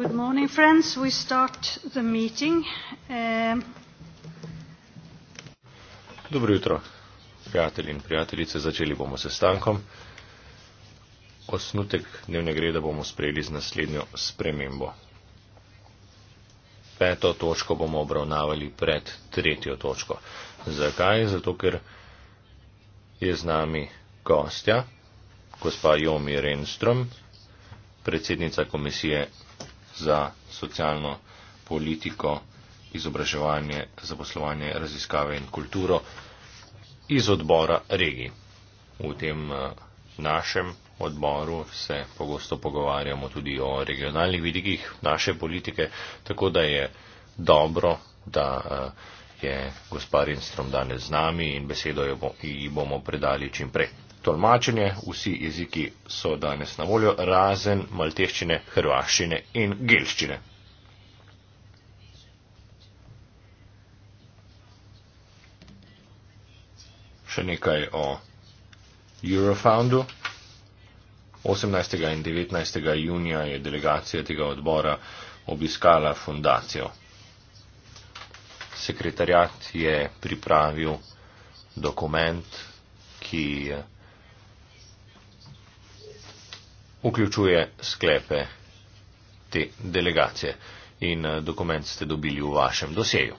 Good morning, friends. We start the meeting. Um, Dobro jutro, prijatelji in prijateljice. Začeli bomo s stankom. Osnutek dnevnega reda bomo sprejeli z naslednjo spremembo. Peto točko bomo obravnavali pred tretjo točko. Zakaj? Zato, ker je z nami gostja, gospa Jomi Renström, predsednica komisije za socialno politiko, izobraževanje, zaposlovanje, raziskave in kulturo iz odbora regij. V tem eh, našem odboru se pogosto pogovarjamo tudi o regionalnih vidikih naše politike, tako da je dobro, da uh, je gospod Rindstrom danes z nami in besedo bo, ji bomo predali čimprej. Tolmačenje, vsi jeziki so danes na voljo, razen malteščine, hrvaščine in gelščine. Še nekaj o Eurofoundu. 18. in 19. junija je delegacija tega odbora obiskala fundacijo sekretarjat je pripravil dokument, ki eh, vključuje sklepe te delegacije in eh, dokument ste dobili v vašem doseju.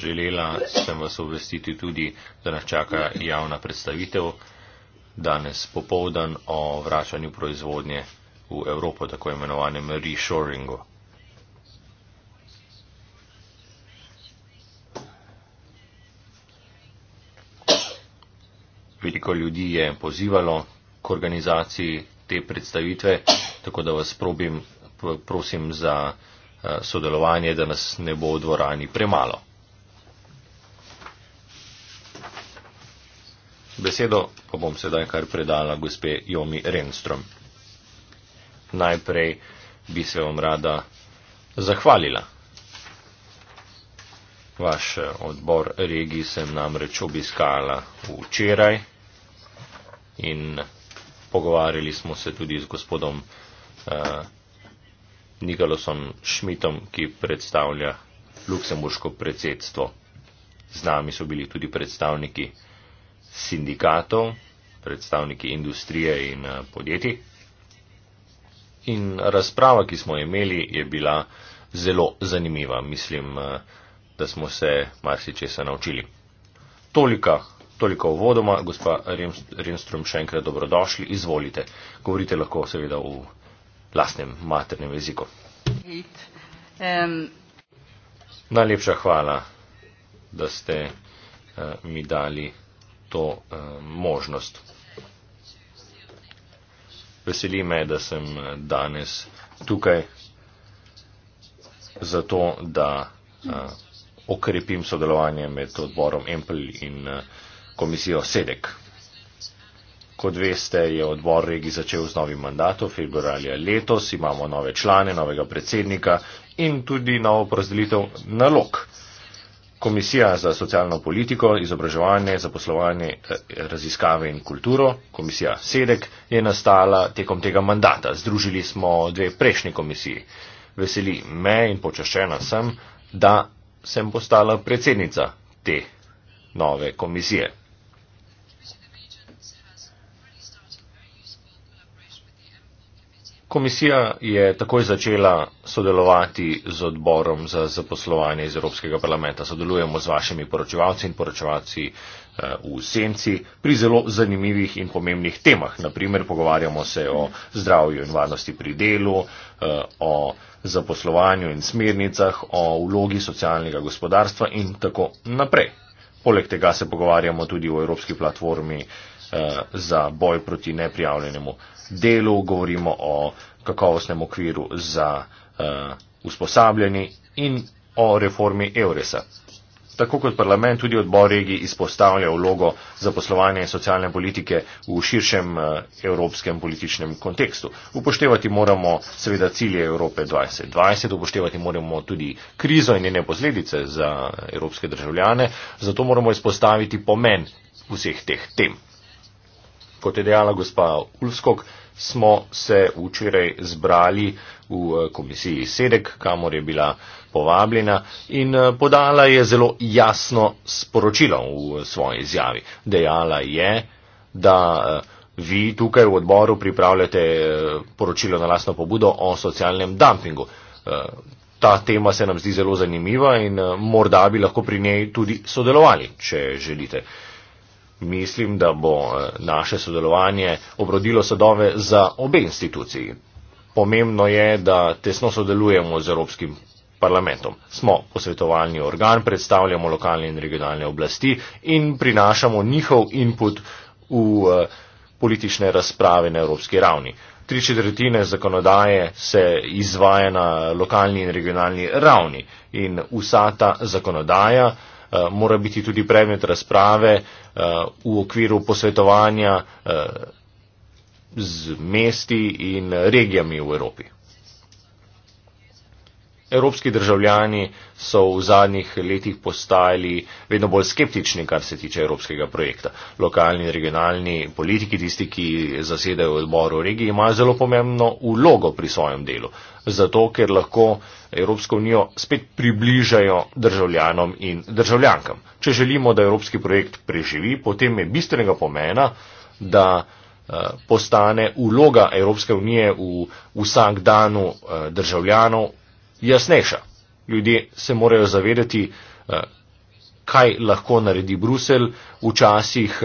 Želela sem vas obvestiti tudi, da nas čaka javna predstavitev danes popovdan o vračanju proizvodnje v Evropo, tako imenovanem reshoringu. Veliko ljudi je pozivalo k organizaciji te predstavitve, tako da vas probim, prosim za eh, sodelovanje, da nas ne bo v dvorani premalo. Besedo pa bom sedaj kar predala gospe Jomi Renstrom najprej bi se vam rada zahvalila. Vaš eh, odbor regij sem namreč obiskala včeraj in pogovarjali smo se tudi z gospodom uh, Nikolosom Šmitom, ki predstavlja luksemburško predsedstvo. Z nami so bili tudi predstavniki sindikatov, predstavniki industrije in uh, podjetij in razprava, ki smo imeli, je bila zelo zanimiva. Mislim, eh, da smo se marsičesa naučili. Tolika, toliko uvodoma, gospa Renström, še enkrat dobrodošli, izvolite. Govorite lahko seveda v lasnem maternem jeziku. Um... Najlepša hvala, da ste uh, mi dali to uh, možnost. Veseli me, da sem danes tukaj zato, da uh, okrepim sodelovanje med odborom Empel in uh, komisijo Sedek. Kot veste, je odbor regi začel z novim mandatom februarja letos, imamo nove člane, novega predsednika in tudi novo porazdelitev nalog. Uh, Komisija za socialno politiko, izobraževanje, zaposlovanje, eh, raziskave in kulturo, komisija Sedek, je nastala tekom tega mandata. Združili smo dve prejšnji komisiji. Veseli me in počaščena sem, da sem postala predsednica te nove komisije. Komisija je takoj začela sodelovati z odborom za zaposlovanje iz Evropskega parlamenta. Sodelujemo z vašimi poročevalci in poročevalci eh, v senci pri zelo zanimivih in pomembnih temah. Naprimer, pogovarjamo se o zdravju in varnosti pri delu, eh, o zaposlovanju in smernicah, o vlogi socialnega gospodarstva in tako naprej. Poleg tega se pogovarjamo tudi o Evropski platformi eh, za boj proti neprijavljenemu delu, govorimo o kakovostnem okviru za uh, usposabljanje in o reformi Euresa. Tako kot parlament, tudi odbor regij izpostavlja vlogo zaposlovanja in socialne politike v širšem eh, evropskem političnem kontekstu. Upoštevati moramo seveda cilje Evrope 2020, upoštevati moramo tudi krizo in njene posledice za eh, evropske državljane, zato moramo izpostaviti pomen vseh teh tem kot je dejala gospa Ulskog, smo se včeraj zbrali v eh, komisiji Sedek, kamor je bila povabljena in eh, podala je zelo jasno sporočilo v eh, svoji izjavi. Dejala je, da vi tukaj v odboru pripravljate poročilo na lasno pobudo o socialnem dumpingu. Ta tema se nam zdi zelo zanimiva in morda bi lahko pri njej tudi sodelovali, če želite. Uh, mislim, da bo eh, naše sodelovanje obrodilo sadove za obe instituciji. Pomembno je, da tesno sodelujemo z Evropskim parlamentom. Smo posvetovalni organ, predstavljamo lokalne in regionalne oblasti in prinašamo njihov input v eh, politične razprave na evropski ravni. Tri četrtine zakonodaje se izvaja na lokalni in regionalni ravni in vsa ta zakonodaja Eh, mora biti tudi predmet razprave eh, v okviru posvetovanja eh, z mesti in regijami v Evropi. Evropski državljani so v zadnjih letih postajali vedno bolj skeptični, kar se tiče evropskega projekta. Lokalni in regionalni politiki, tisti, ki zasedajo v odboru regij, imajo zelo pomembno ulogo pri svojem delu zato ker lahko Evropsko unijo spet približajo državljanom in državljankam. Če želimo, da evropski projekt preživi, potem je bistvenega pomena, da eh, postane uloga Evropske unije v vsak danu eh, državljanov jasnejša. Ljudje se morajo zavedati, eh, kaj lahko naredi Brusel. Včasih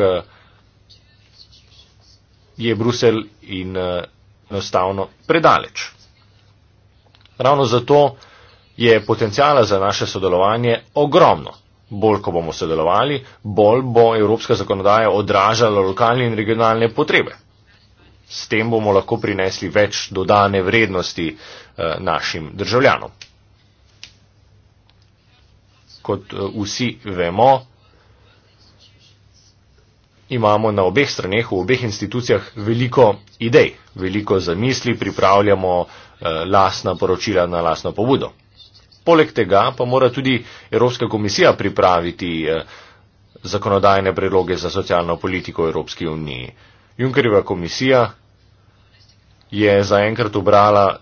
je Brusel in enostavno predaleč. Ravno zato je potencijala za naše sodelovanje ogromno. Bolj, ko bomo sodelovali, bolj bo evropska zakonodaja odražala lokalne in regionalne potrebe. S tem bomo lahko prinesli več dodane vrednosti eh, našim državljanom. Kot eh, vsi vemo, imamo na obeh straneh, v obeh institucijah veliko idej, veliko zamisli, pripravljamo uh, Eh, lasna poročila na lasno pobudo. Poleg tega pa mora tudi Evropska komisija pripraviti eh, zakonodajne predloge za socialno politiko v Evropski uniji. Junkerjeva komisija je zaenkrat obrala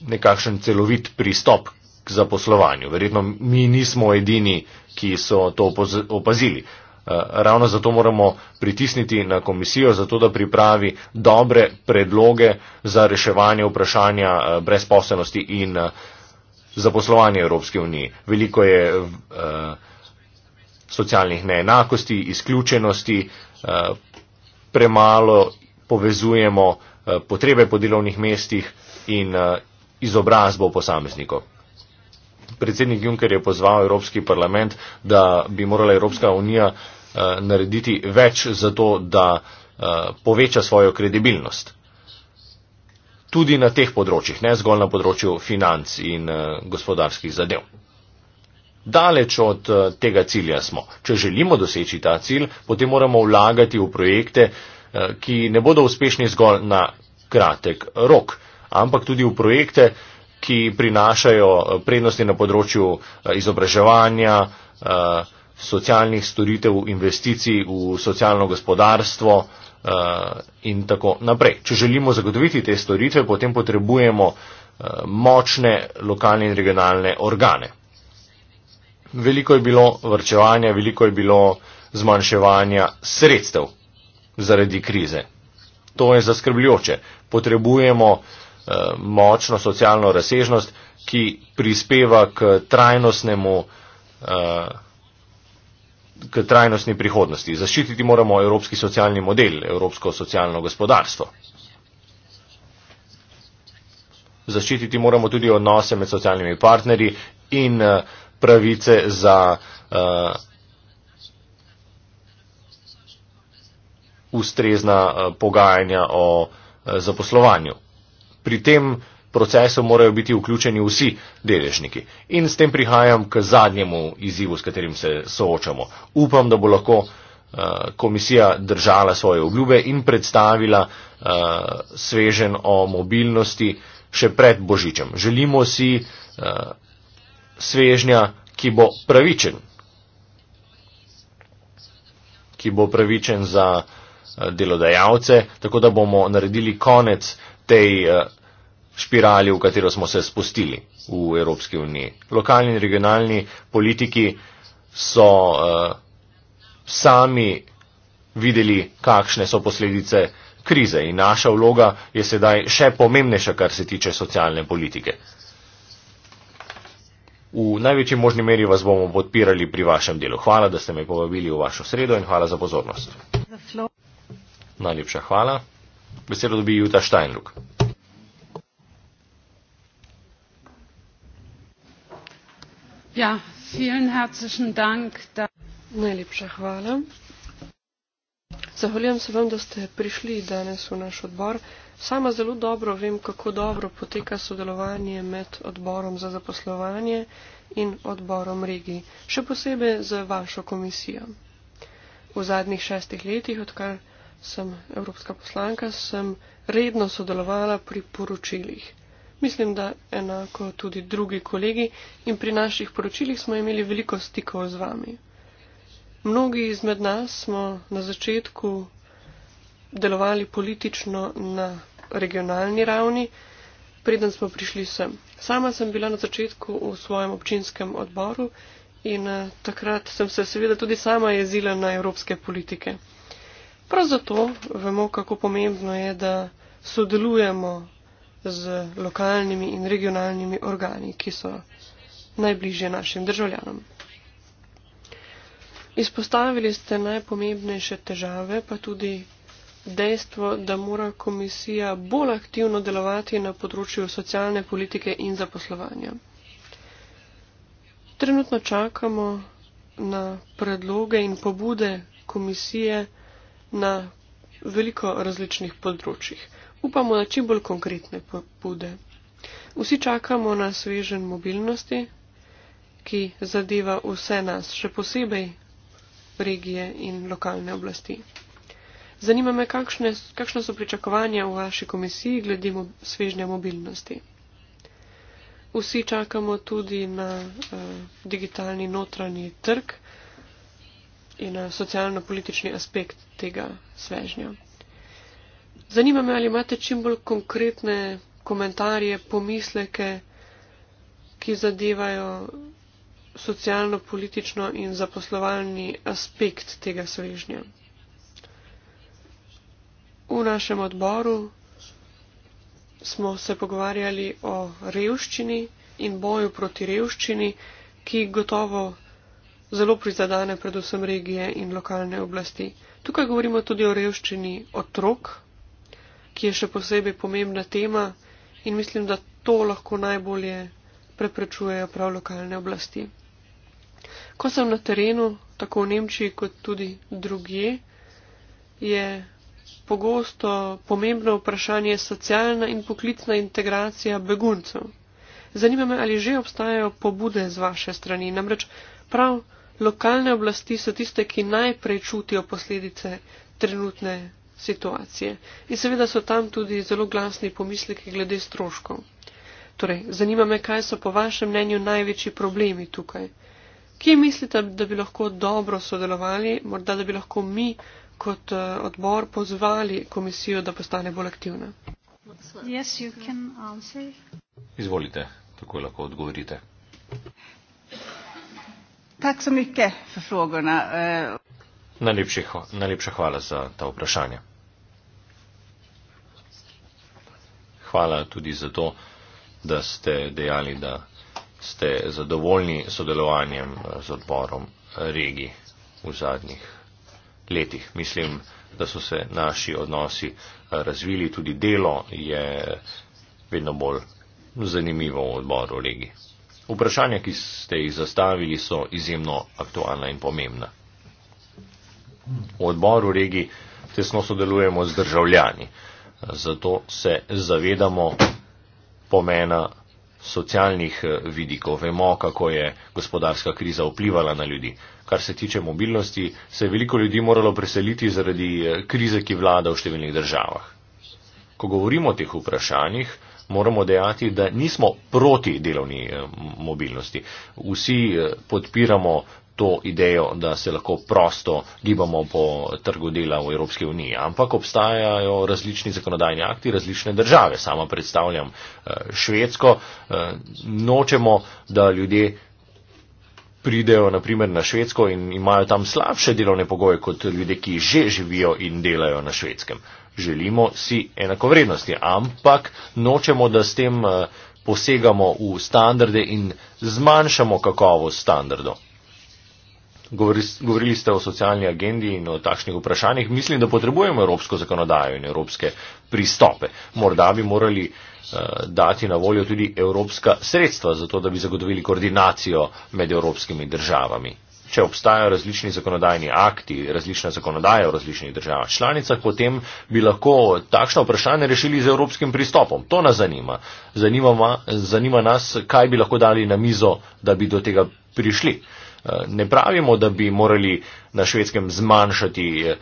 nekakšen celovit pristop k zaposlovanju. Verjetno mi nismo edini, ki so to opazili. Eh, ravno zato moramo pritisniti na komisijo, zato da pripravi dobre predloge za reševanje vprašanja eh, brezposobnosti in eh, zaposlovanja Evropske unije. Veliko je socialnih neenakosti, izključenosti, premalo povezujemo potrebe po delovnih mestih in izobrazbo posameznikov. Predsednik Juncker je pozval Evropski parlament, da bi morala Evropska unija Eh, narediti več za to, da eh, poveča svojo kredibilnost. Tudi na teh področjih, ne zgolj na področju financ in eh, gospodarskih zadev. Daleč od tega cilja smo. Če želimo doseči ta cilj, potem moramo vlagati v projekte, ki ne bodo uspešni zgolj na kratek rok, ampak tudi v projekte, ki prinašajo prednosti na področju izobraževanja, socialnih storitev, investicij v socialno gospodarstvo uh, in tako naprej. Če želimo zagotoviti te storitve, potem potrebujemo uh, močne lokalne in regionalne organe. Veliko je bilo vrčevanja, veliko je bilo zmanjševanja sredstev zaradi krize. To je zaskrbljujoče. Potrebujemo uh, močno socialno razsežnost, ki prispeva k trajnostnemu uh, k trajnostni prihodnosti. Zaščititi moramo evropski socialni model, evropsko socialno gospodarstvo. Zaščititi moramo tudi odnose med socialnimi partnerji in eh, pravice za uh, ustrezna uh, pogajanja o uh, zaposlovanju. Pri tem uh, procesu morajo biti vključeni vsi deležniki. In s tem prihajam k zadnjemu izzivu, s katerim se soočamo. Upam, da bo lahko eh, komisija držala svoje obljube in predstavila eh, svežen o mobilnosti še pred Božičem. Želimo si eh, svežnja, ki bo pravičen, ki bo pravičen za delodajalce, tako da bomo naredili konec tej špirali, v katero smo se spustili v Evropski uniji. Lokalni in regionalni politiki so uh, sami videli, kakšne so posledice krize in naša vloga je sedaj še pomembnejša, kar se tiče socialne politike. V največji možni meri vas bomo podpirali pri vašem delu. Hvala, da ste me povabili v vašo sredo in hvala za pozornost. Najlepša hvala. Besedo dobi Juta Steinruck. Ja, Najlepša hvala. Zahvaljujem se vam, da ste prišli danes v naš odbor. Sama zelo dobro vem, kako dobro poteka sodelovanje med odborom za zaposlovanje in odborom regij, še posebej za vašo komisijo. V zadnjih šestih letih, odkar sem evropska poslanka, sem redno sodelovala pri poročilih. Mislim, da enako tudi drugi kolegi in pri naših poročilih smo imeli veliko stikov z vami. Mnogi izmed nas smo na začetku delovali politično na regionalni ravni, preden smo prišli sem. Sama sem bila na začetku v svojem občinskem odboru in eh, takrat sem se seveda tudi sama jezila na evropske politike. Prav zato vemo, kako pomembno je, da sodelujemo z lokalnimi in regionalnimi organi, ki so najbližje našim državljanom. Izpostavili ste najpomembnejše težave, pa tudi dejstvo, da mora komisija bolj aktivno delovati na področju socialne politike in zaposlovanja. Trenutno čakamo na predloge in pobude komisije na veliko različnih področjih upamo na čim bolj konkretne pobude. Vsi čakamo na svežen mobilnosti, ki zadeva vse nas, še posebej regije in lokalne oblasti. Zanima me, kakšne, kakšne so pričakovanja v vaši komisiji glede mo svežnja mobilnosti. Vsi čakamo tudi na uh, digitalni notranji trg in na socialno-politični aspekt tega svežnja. Zanima me, ali imate čim bolj konkretne komentarje, pomisleke, ki zadevajo socialno-politično in zaposlovalni aspekt tega svežnja. V našem odboru smo se pogovarjali o revščini in boju proti revščini, ki gotovo zelo prizadane predvsem regije in lokalne oblasti. Tukaj govorimo tudi o revščini otrok, ki je še posebej pomembna tema in mislim, da to lahko najbolje preprečujejo prav lokalne oblasti. Ko sem na terenu, tako v Nemčiji kot tudi druge, je pogosto pomembno vprašanje socialna in poklicna integracija beguncev. Zanima me, ali že obstajajo pobude z vaše strani. Namreč prav lokalne oblasti so tiste, ki najprej čutijo posledice trenutne situacije. In seveda so tam tudi zelo glasni pomisleki glede stroškov. Torej, zanima me, kaj so po vašem mnenju največji problemi tukaj. Kje mislite, da bi lahko dobro sodelovali, morda da bi lahko mi kot eh, odbor pozvali komisijo, da postane bolj aktivna? Yes, Izvolite, tako lahko odgovorite. Eh. Najlepša hvala za ta vprašanja. hvala tudi za to, da ste dejali, da ste zadovoljni sodelovanjem eh, z odborom regij v zadnjih letih. Mislim, da so se naši odnosi eh, razvili, tudi delo je vedno bolj zanimivo v odboru regij. Vprašanja, ki ste jih zastavili, so izjemno aktualna in pomembna. V odboru regij tesno sodelujemo z državljani zato se zavedamo pomena socialnih eh, vidikov. Vemo, kako je gospodarska kriza vplivala na ljudi. Kar se tiče mobilnosti, se je veliko ljudi moralo preseliti zaradi eh, krize, ki vlada v številnih državah. Ko govorimo o teh vprašanjih, moramo dejati, da nismo proti delovni eh, mobilnosti. Vsi podpiramo to idejo, da se lahko prosto gibamo po trgu dela v Evropski uniji. Ampak obstajajo različni zakonodajni akti, različne države. Sama predstavljam eh, Švedsko. Eh, nočemo, da ljudje pridejo naprimer na Švedsko in imajo tam slabše delovne pogoje kot ljudje, ki že živijo in delajo na Švedskem. Želimo si enakovrednosti, ampak nočemo, da s tem eh, posegamo v standarde in zmanjšamo kakovost standardov. Govori, govorili ste o socialni agendi in o takšnih vprašanjih. Mislim, da potrebujemo evropsko zakonodajo in evropske pristope. Morda bi morali uh, dati na voljo tudi evropska sredstva, zato da bi zagotovili koordinacijo med evropskimi državami. Če obstajajo različni zakonodajni akti, različna zakonodaja v različnih državah članicah, potem bi lahko takšno vprašanje rešili z evropskim pristopom. To nas zanima. Zanima, zanima nas, kaj bi lahko dali na mizo, da bi do tega prišli. Uh, Ne pravimo, da bi morali na švedskem zmanjšati eh,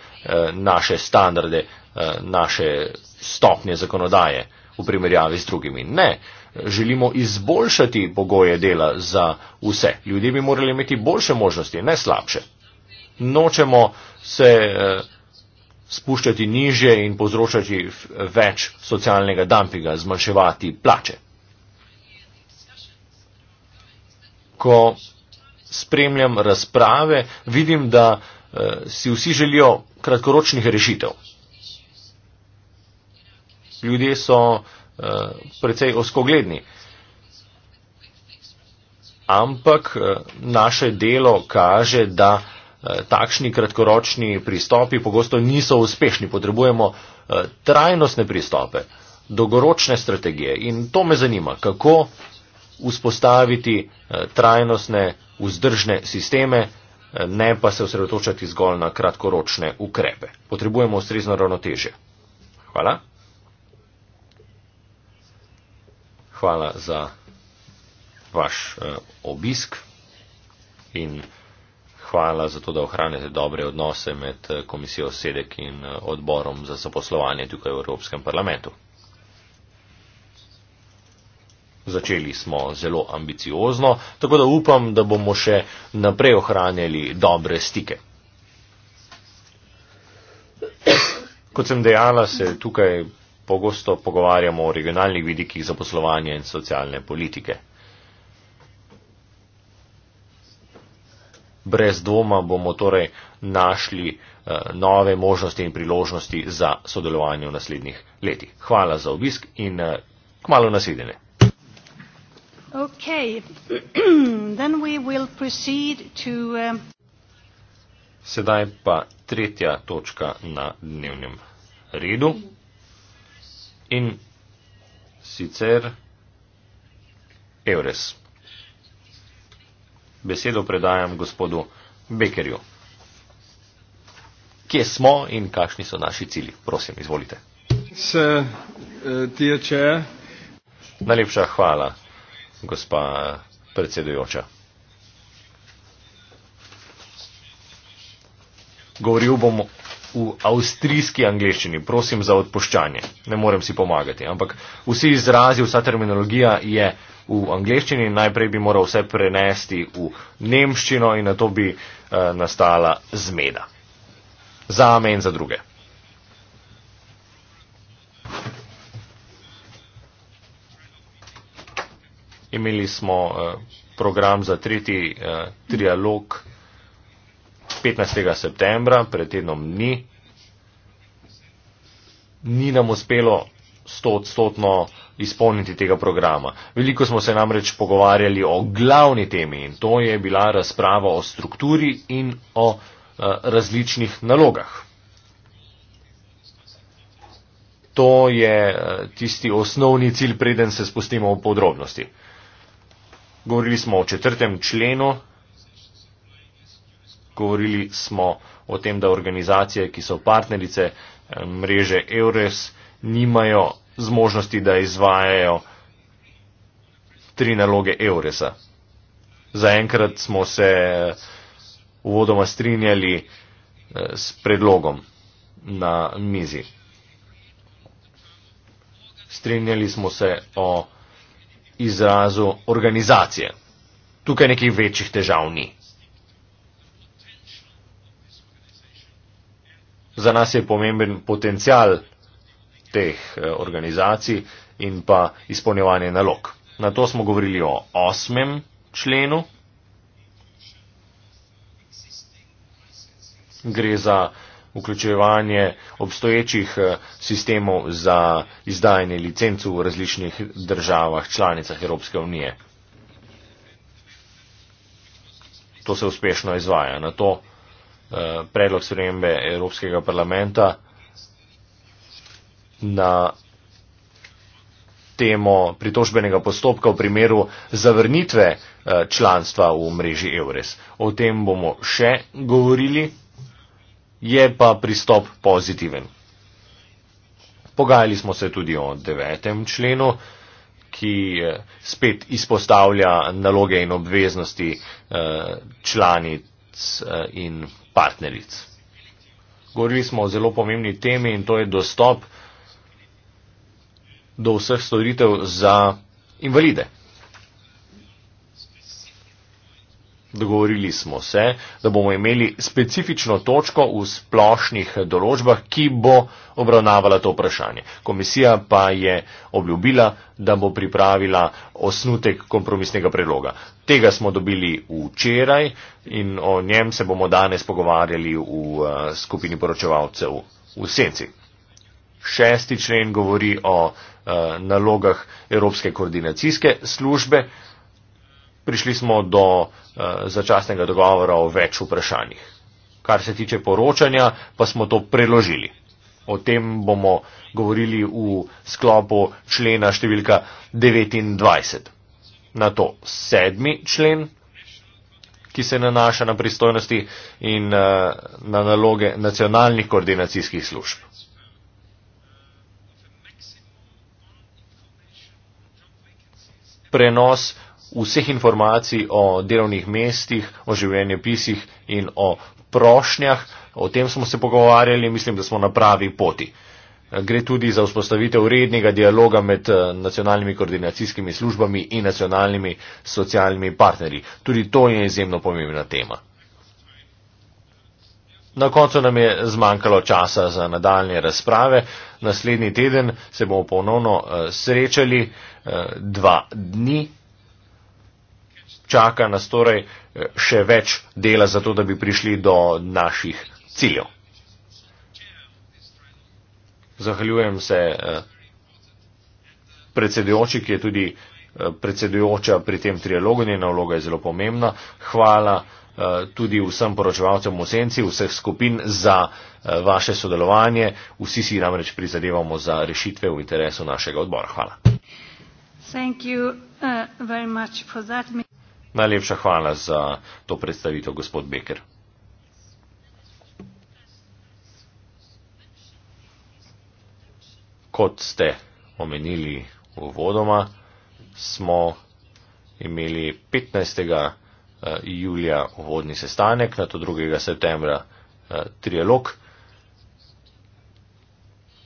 naše standarde, eh, naše stopnje zakonodaje v primerjavi z drugimi. Ne, želimo izboljšati pogoje dela za vse. Ljudje bi morali imeti boljše možnosti, ne slabše. Nočemo se eh, spuščati niže in povzročati več socialnega dampinga, zmanjševati plače. Ko spremljam razprave, vidim, da eh, si vsi želijo kratkoročnih rešitev. Ljudje so eh, precej oskogledni. Ampak eh, naše delo kaže, da takšni kratkoročni pristopi pogosto niso uspešni. Potrebujemo trajnostne pristope, dolgoročne strategije. In to me zanima, kako vzpostaviti trajnostne vzdržne sisteme, ne pa se osredotočati zgolj na kratkoročne ukrepe. Potrebujemo ustrezno ravnotežje. Hvala. Hvala za vaš eh, obisk in hvala za to, da ohranjate dobre odnose med eh, komisijo Sedek in eh, odborom za zaposlovanje tukaj v Evropskem parlamentu. Začeli smo zelo ambiciozno, tako da upam, da bomo še naprej ohranjali dobre stike. Kot sem dejala, se tukaj pogosto pogovarjamo o regionalnih vidikih zaposlovanja in socialne politike. Brez dvoma bomo torej našli eh, nove možnosti in priložnosti za sodelovanje v naslednjih letih. Hvala za obisk in eh, k malu nasvidenje. Okay, then we will proceed to. Um... Sedaj pa tretja točka na dnevnem redu in sicer Eures. Besedo predajam gospodu Bekerju. Kje smo in kakšni so naši cilji? Prosim, izvolite. Se, uh, Najlepša hvala gospa predsedujoča. Govoril bom v avstrijski angliščini, prosim za odpoščanje, ne morem si pomagati, ampak vsi izrazi, vsa terminologija je v angliščini, najprej bi moral vse prenesti v nemščino in na to bi uh, nastala zmeda. Za me in za druge. Imeli smo eh, program za tretji eh, trialog 15. septembra, pred tednom dni. Ni nam uspelo stotno izpolniti tega programa. Veliko smo se namreč pogovarjali o glavni temi in to je bila razprava o strukturi in o eh, različnih nalogah. To je tisti osnovni cilj, preden se spustimo v podrobnosti. Govorili smo o četrtem členu, govorili smo o tem, da organizacije, ki so partnerice eh, mreže EURES, nimajo zmožnosti, da izvajajo tri naloge EURES-a. Zaenkrat smo se eh, uvodoma strinjali eh, s predlogom na mizi. Strinjali smo se o izrazu organizacije. Tukaj nekih večjih težav ni. Za nas je pomemben potencial teh eh, organizacij in pa izpolnjevanje nalog. Na to smo govorili o osmem členu. Gre za vključevanje obstoječih eh, sistemov za izdajanje licenc v različnih državah, članicah Evropske unije. To se uspešno izvaja. Na to eh, predlog spremembe Evropskega parlamenta na temo pritožbenega postopka v primeru zavrnitve eh, članstva v mreži EURES. O tem bomo še govorili je pa pristop pozitiven. Pogajali smo se tudi o devetem členu, ki eh, spet izpostavlja naloge in obveznosti eh, članic eh, in partneric. Govorili smo o zelo pomembni temi in to je dostop do vseh storitev za invalide. Dogovorili smo se, da bomo imeli specifično točko v splošnih določbah, ki bo obravnavala to vprašanje. Komisija pa je obljubila, da bo pripravila osnutek kompromisnega predloga. Tega smo dobili včeraj in o njem se bomo danes pogovarjali v eh, skupini poročevalcev v senci. Šesti člen govori o eh, nalogah Evropske koordinacijske službe prišli smo do uh, začasnega dogovora o več vprašanjih. Kar se tiče poročanja, pa smo to preložili. O tem bomo govorili v sklopu člena številka 29. Na to sedmi člen, ki se nanaša na pristojnosti in eh, na naloge nacionalnih koordinacijskih služb. Prenos vseh informacij o delovnih mestih, o življenjepisih in o prošnjah. O tem smo se pogovarjali in mislim, da smo na pravi poti. Gre tudi za vzpostavitev rednega dialoga med eh, nacionalnimi koordinacijskimi službami in nacionalnimi socialnimi partnerji. Tudi to je izjemno pomembna tema. Na koncu nam je zmanjkalo časa za nadaljne razprave. Naslednji teden se bomo ponovno eh, srečali eh, dva dni čaka nas torej eh, še več dela za to, da bi prišli do naših ciljev. Zahvaljujem se eh, predsedujoči, ki je tudi eh, predsedujoča pri tem trialogu, njena vloga je zelo pomembna. Hvala tudi vsem poročevalcem v senci, vseh skupin za vaše sodelovanje. Vsi si namreč prizadevamo za rešitve v interesu našega odbora. Hvala. Thank you uh, very much for that. Najlepša hvala za to predstavitev, gospod Becker. Kot ste omenili uvodoma, smo imeli 15. Eh, julija uvodni sestanek, nato 2. septembra eh, trialog,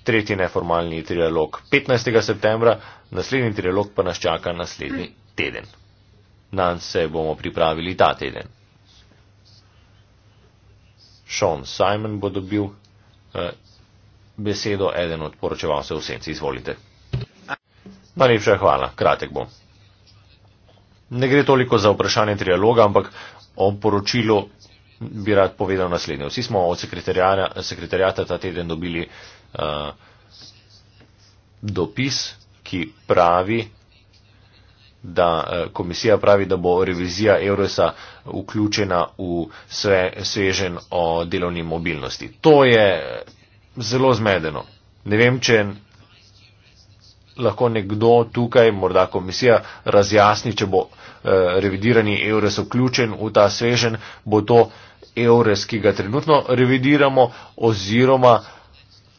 tretji neformalni trialog 15. septembra, naslednji trialog pa nas čaka naslednji teden. Na nj se bomo pripravili ta teden. Sean Simon bo dobil eh, besedo, eden od poročevalcev v senci. Izvolite. Najlepša hvala, kratek bom. Ne gre toliko za vprašanje trialoga, ampak o poročilu bi rad povedal naslednje. Vsi smo od sekretarjata ta teden dobili eh, dopis, ki pravi, da eh, komisija pravi, da bo revizija Eurosa vključena v sve, svežen o delovni mobilnosti. To je zelo zmedeno. Ne vem, če lahko nekdo tukaj, morda komisija, razjasni, če bo eh, revidirani Eures vključen v ta svežen, bo to Eures, ki ga trenutno revidiramo, oziroma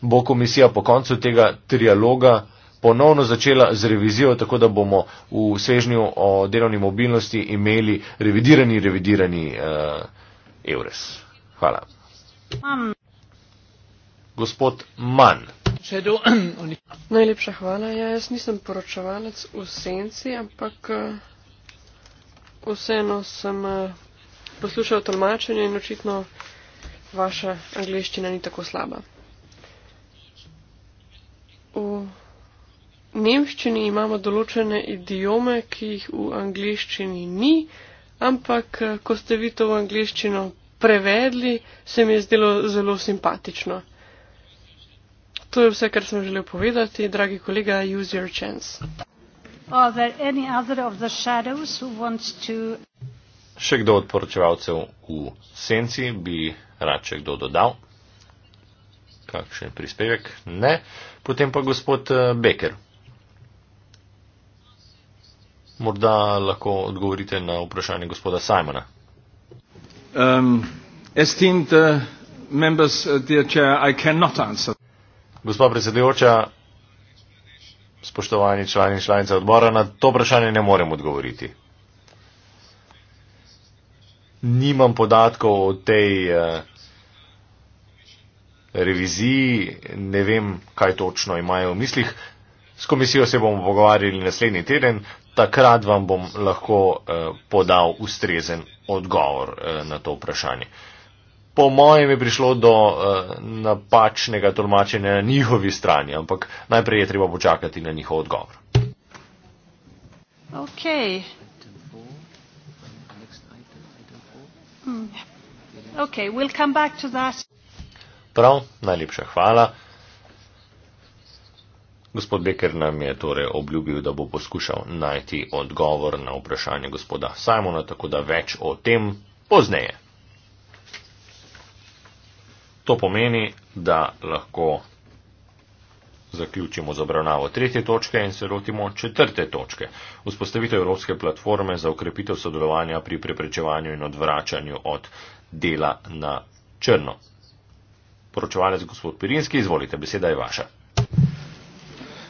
bo komisija po koncu tega trialoga ponovno začela z revizijo, tako da bomo v svežnju o delovni mobilnosti imeli revidirani, revidirani uh, EURES. Hvala. Um. Gospod Mann. Najlepša hvala. Ja, jaz nisem poročevalec v senci, ampak uh, vseeno sem uh, poslušal tolmačenje in očitno vaša angliščina ni tako slaba nemščini imamo določene idiome, ki jih v angliščini ni, ampak eh, ko ste vi to v angliščino prevedli, se mi je zdelo zelo simpatično. To je vse, kar sem želel povedati. Dragi kolega, use your chance. Še kdo od poročevalcev v senci bi rad še kdo dodal? Kakšen prispevek? Ne. Potem pa gospod eh, Becker. Morda lahko odgovorite na vprašanje gospoda Simona. Um, uh, uh, Gospa predsedujoča, spoštovani člani in članice odbora, na to vprašanje ne morem odgovoriti. Nimam podatkov o tej uh, reviziji, ne vem, kaj točno imajo v mislih. S komisijo se bomo pogovarjali naslednji teden, takrat vam bom lahko eh, podal ustrezen odgovor eh, na to vprašanje. Po mojem je prišlo do eh, napačnega tolmačenja na njihovi strani, ampak najprej je treba počakati na njihov odgovor. Ok. Hmm. Ok, we'll come back to that. Prav, najlepša hvala. Gospod Becker nam je torej obljubil, da bo poskušal najti odgovor na vprašanje gospoda Simona, tako da več o tem pozneje. To pomeni, da lahko zaključimo z obravnavo tretje točke in se lotimo četrte točke. Vzpostavitev Evropske platforme za ukrepitev sodelovanja pri preprečevanju in odvračanju od dela na črno. Poročevalec gospod Pirinski, izvolite, beseda je vaša.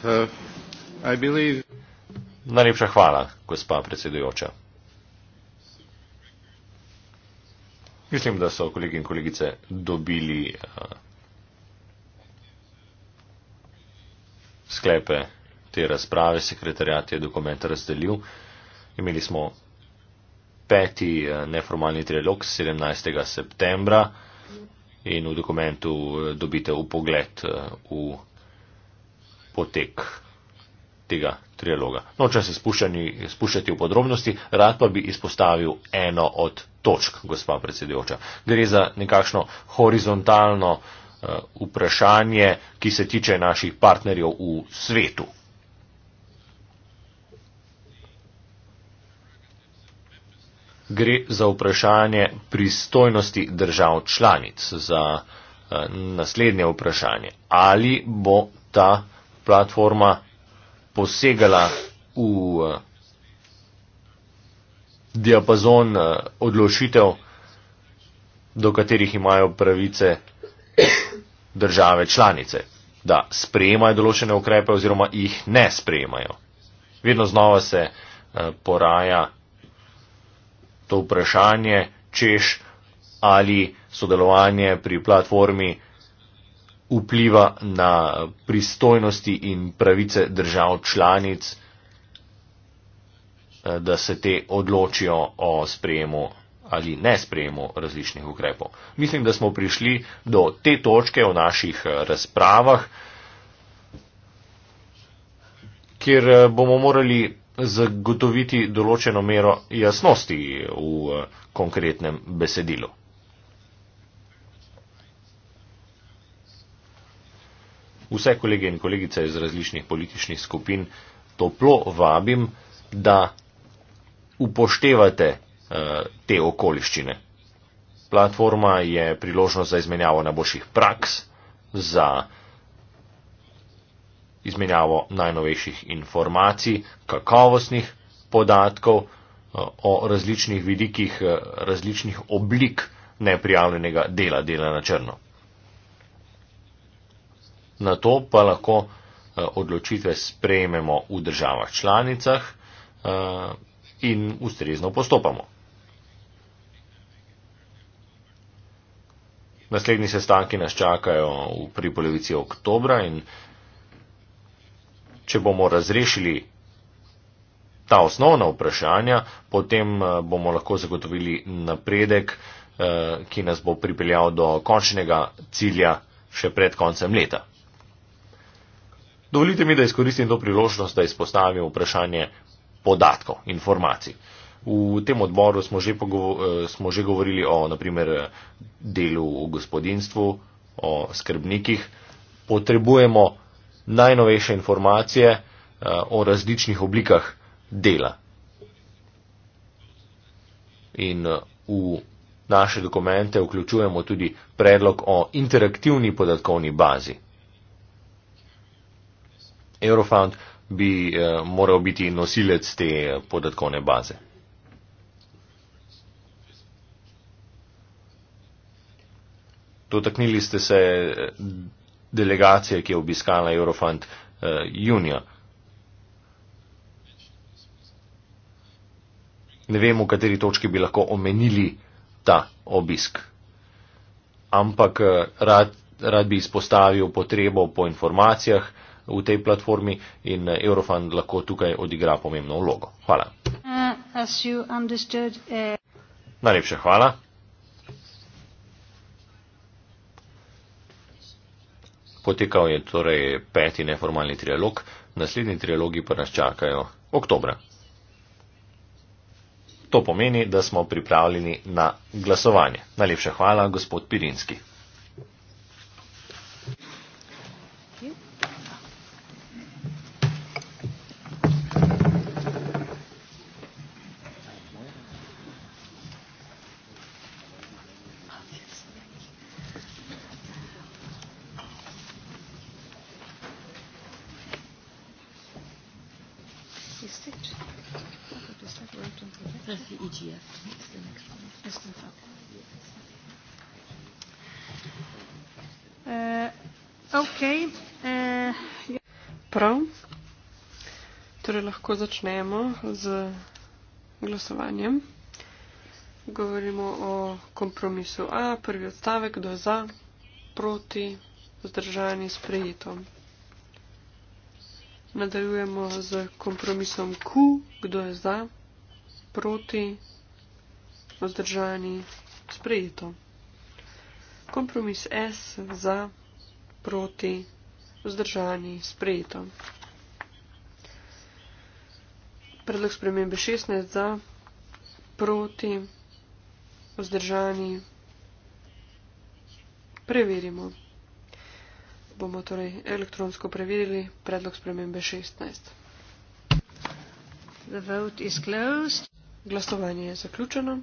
Uh, Najlepša hvala, gospa predsedujoča. Mislim, da so kolegi in kolegice dobili uh, sklepe te razprave. Sekretarjat je dokument razdelil. Imeli smo peti uh, neformalni trilog 17. septembra in v dokumentu uh, dobite upogled v. Pogled, uh, v potek tega trialoga. Nočem se spuščani, spuščati v podrobnosti, rad pa bi izpostavil eno od točk, gospa predsedujoča. Gre za nekakšno horizontalno uh, vprašanje, ki se tiče naših partnerjev v svetu. Gre za vprašanje pristojnosti držav članic, za uh, naslednje vprašanje. Ali bo ta uh, platforma posegala v eh, diapazon eh, odločitev, do katerih imajo pravice države članice, da sprejemajo določene ukrepe oziroma jih ne sprejemajo. Vedno znova se eh, poraja to vprašanje, češ ali sodelovanje pri platformi vpliva na pristojnosti in pravice držav članic, eh, da se te odločijo o sprejemu ali ne sprejemu različnih ukrepov. Mislim, da smo prišli do te točke v naših eh, razpravah, kjer eh, bomo morali zagotoviti določeno mero jasnosti v konkretnem besedilu. vse kolege in kolegice iz različnih političnih skupin toplo vabim, da upoštevate uh, te okoliščine. Platforma je priložnost za izmenjavo najboljših praks, za izmenjavo najnovejših informacij, kakovostnih podatkov uh, o različnih vidikih, uh, različnih oblik neprijavljenega dela, dela na črno na to pa lahko eh, odločitve sprejmemo v državah članicah eh, in ustrezno postopamo. Naslednji sestanki nas čakajo pri polovici oktobra in če bomo razrešili ta osnovna vprašanja, potem eh, bomo lahko zagotovili napredek, ki nas bo pripeljal do končnega cilja še pred koncem leta. Dovolite mi, da izkoristim to priložnost, da izpostavim vprašanje podatkov, informacij. V tem odboru smo že, eh, smo že govorili o naprimer, delu v gospodinstvu, o skrbnikih. Potrebujemo najnovejše informacije eh, o različnih oblikah dela. In eh, v naše dokumente vključujemo tudi predlog o interaktivni podatkovni bazi. Eurofound bi eh, moral biti nosilec te eh, podatkovne baze. Dotaknili ste se eh, delegacije, ki je obiskala Eurofund junija. Ne vem, v kateri točki bi lahko omenili ta obisk, ampak rad, rad bi izpostavil potrebo po informacijah, v tej platformi in eh, Eurofund lahko tukaj odigra pomembno vlogo. Hvala. Uh, eh, Najlepša hvala. Potekal je torej peti neformalni trialog, naslednji trialogi pa nas čakajo oktobra. To pomeni, da smo pripravljeni na glasovanje. Najlepša hvala, gospod Pirinski. Okay, uh, ja. Prav. Torej lahko začnemo z glasovanjem. Govorimo o kompromisu A, prvi odstavek, kdo je za, proti, zdržani, sprejeto. Nadaljujemo z kompromisom Q, kdo je za, proti, zdržani, sprejeto. Kompromis S, za, proti proti, vzdržani, sprejeto. Predlog spremembe 16 za, proti, vzdržani, preverimo. Bomo torej elektronsko preverili predlog spremembe 16. The vote is closed. Glasovanje je zaključeno.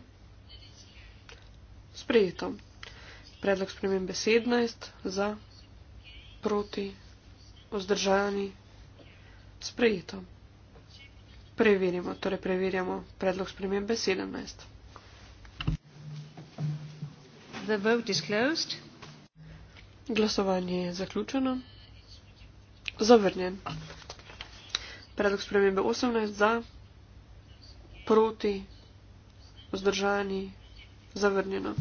Sprejeto. Predlog spremembe 17 za, proti, vzdržani, sprejeto. Preverimo, torej preverjamo predlog spremembe 17. The vote is closed. Glasovanje je zaključeno. Zavrnjen. Predlog spremembe 18 za, proti, vzdržani, zavrnjeno.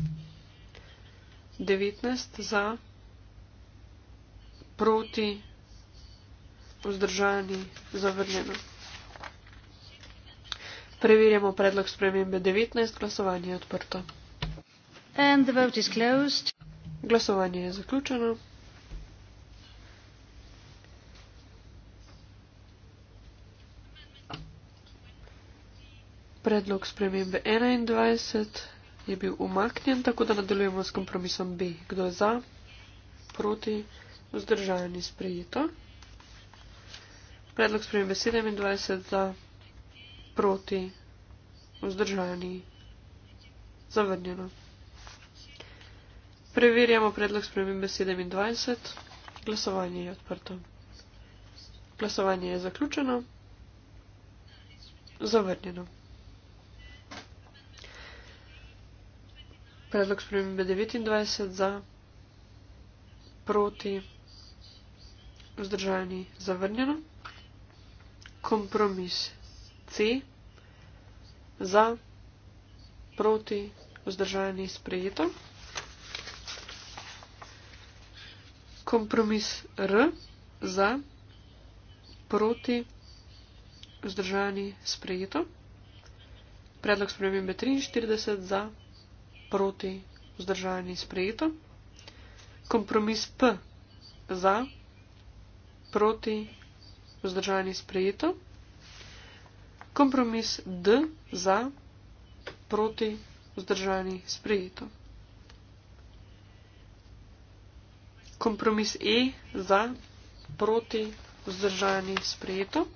19 za proti, vzdržani, zavrnjeno. Preverjamo predlog spremembe 19, glasovanje je odprto. And the vote is closed. Glasovanje je zaključeno. Predlog spremembe 21 je bil umaknjen, tako da nadaljujemo s kompromisom B. Kdo je za? Proti? Vzdržajanje sprejeto. Predlog spremembe 27 za proti vzdržajanje zavrnjeno. Preverjamo predlog spremembe 27. Glasovanje je odprto. Glasovanje je zaključeno. Zavrnjeno. Predlog spremembe 29 za proti vzdržajanje vzdržani zavrnjeno. Kompromis C za proti vzdržani sprejeto. Kompromis R za proti vzdržani sprejeto. Predlog spremembe 43 za proti vzdržani sprejeto. Kompromis P za proti vzdržani sprejeto proti, vzdržani sprejeto. Kompromis D za, proti, vzdržani sprejeto. Kompromis E za, proti, vzdržani sprejeto.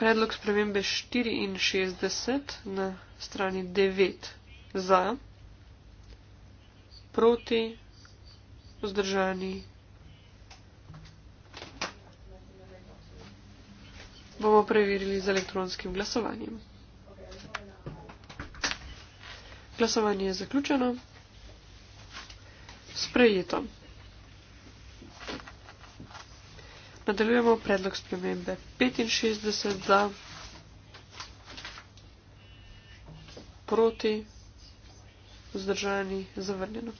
Predlog spremembe 64 na strani 9 za, proti, vzdržani sprejeto. Vzdržani. Bomo preverili z elektronskim glasovanjem. Glasovanje je zaključeno. Sprejeto. Nadaljujemo predlog spremembe 65 za proti vzdržani zavrnjeno.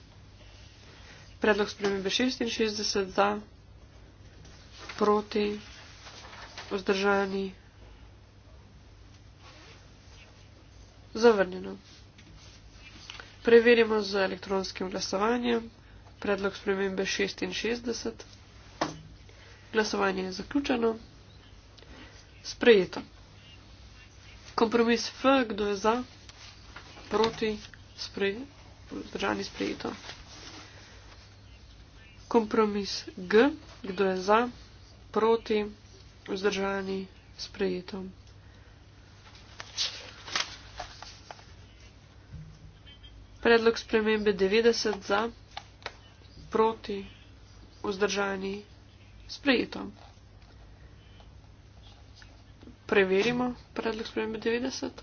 Predlog spremembe 66 za, proti, vzdržani, zavrnjeno. Preverimo z elektronskim glasovanjem. Predlog spremembe 66. Glasovanje je zaključeno. Sprejeto. Kompromis F, kdo je za, proti, sprej, vzdržani, sprejeto kompromis G, kdo je za, proti, vzdržani, sprejeto. Predlog spremembe 90 za, proti, vzdržani, sprejeto. Preverimo predlog spremembe 90.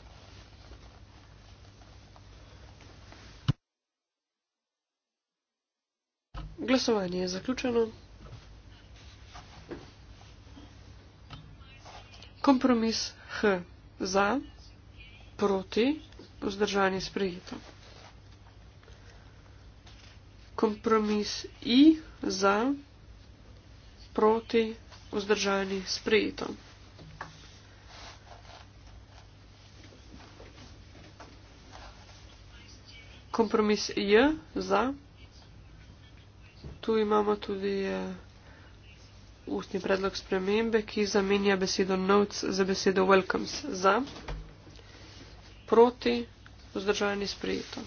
Glasovanje je zaključeno. Kompromis H za, proti, vzdržanje sprejeto. Kompromis I za, proti, vzdržanje sprejeto. Kompromis J za, proti, vzdržanje sprejeto tu imamo tudi uh, ustni predlog spremembe, ki zamenja besedo notes za besedo welcomes za, proti, vzdržani sprejeto.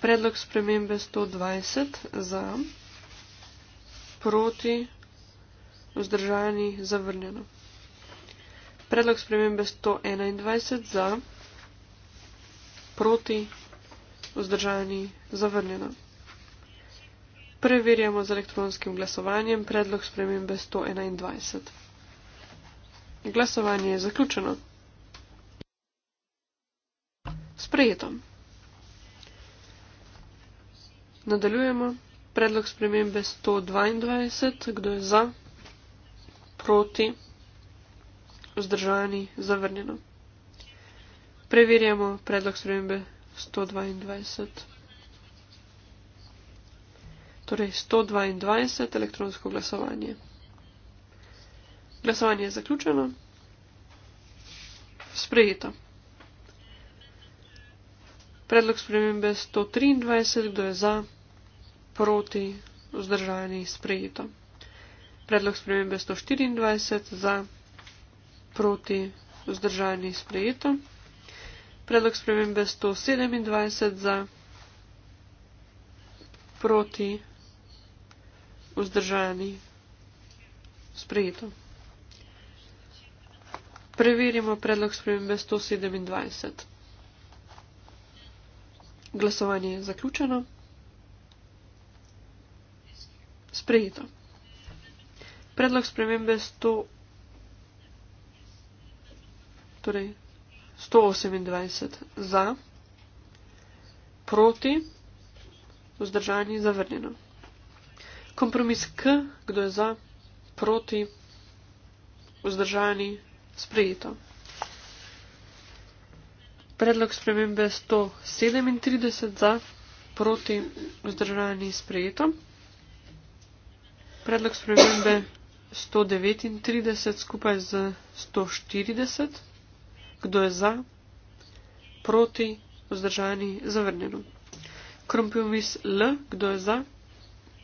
Predlog spremembe 120 za, proti, vzdržani zavrnjeno. Predlog spremembe 121 za, proti, vzdržani, zavrnjeno. Preverjamo z elektronskim glasovanjem predlog spremembe 121. Glasovanje je zaključeno. Sprejeto. Nadaljujemo. Predlog spremembe 122. Kdo je za? Proti? Vzdržani? Zavrnjeno. Preverjamo predlog spremembe 122. 122. Torej 122 elektronsko glasovanje. Glasovanje je zaključeno. Sprejeto. Predlog spremembe 123, kdo je za, proti, vzdržani, sprejeto. Predlog spremembe 124, za, proti, vzdržani, sprejeto. Predlog spremembe 127 za, proti, vzdržani, sprejeto. Preverimo predlog spremembe 127. Glasovanje je zaključeno. Sprejeto. Predlog spremembe 100. Torej, 128 za, proti, vzdržani, zavrnjeno. Kompromis K, kdo je za, proti, vzdržani, sprejeto. Predlog spremembe 137 za, proti, vzdržani, sprejeto. Predlog spremembe 139 skupaj z 140. Kdo je za? Proti, vzdržani, zavrnjeno. Krompomis L, kdo je za?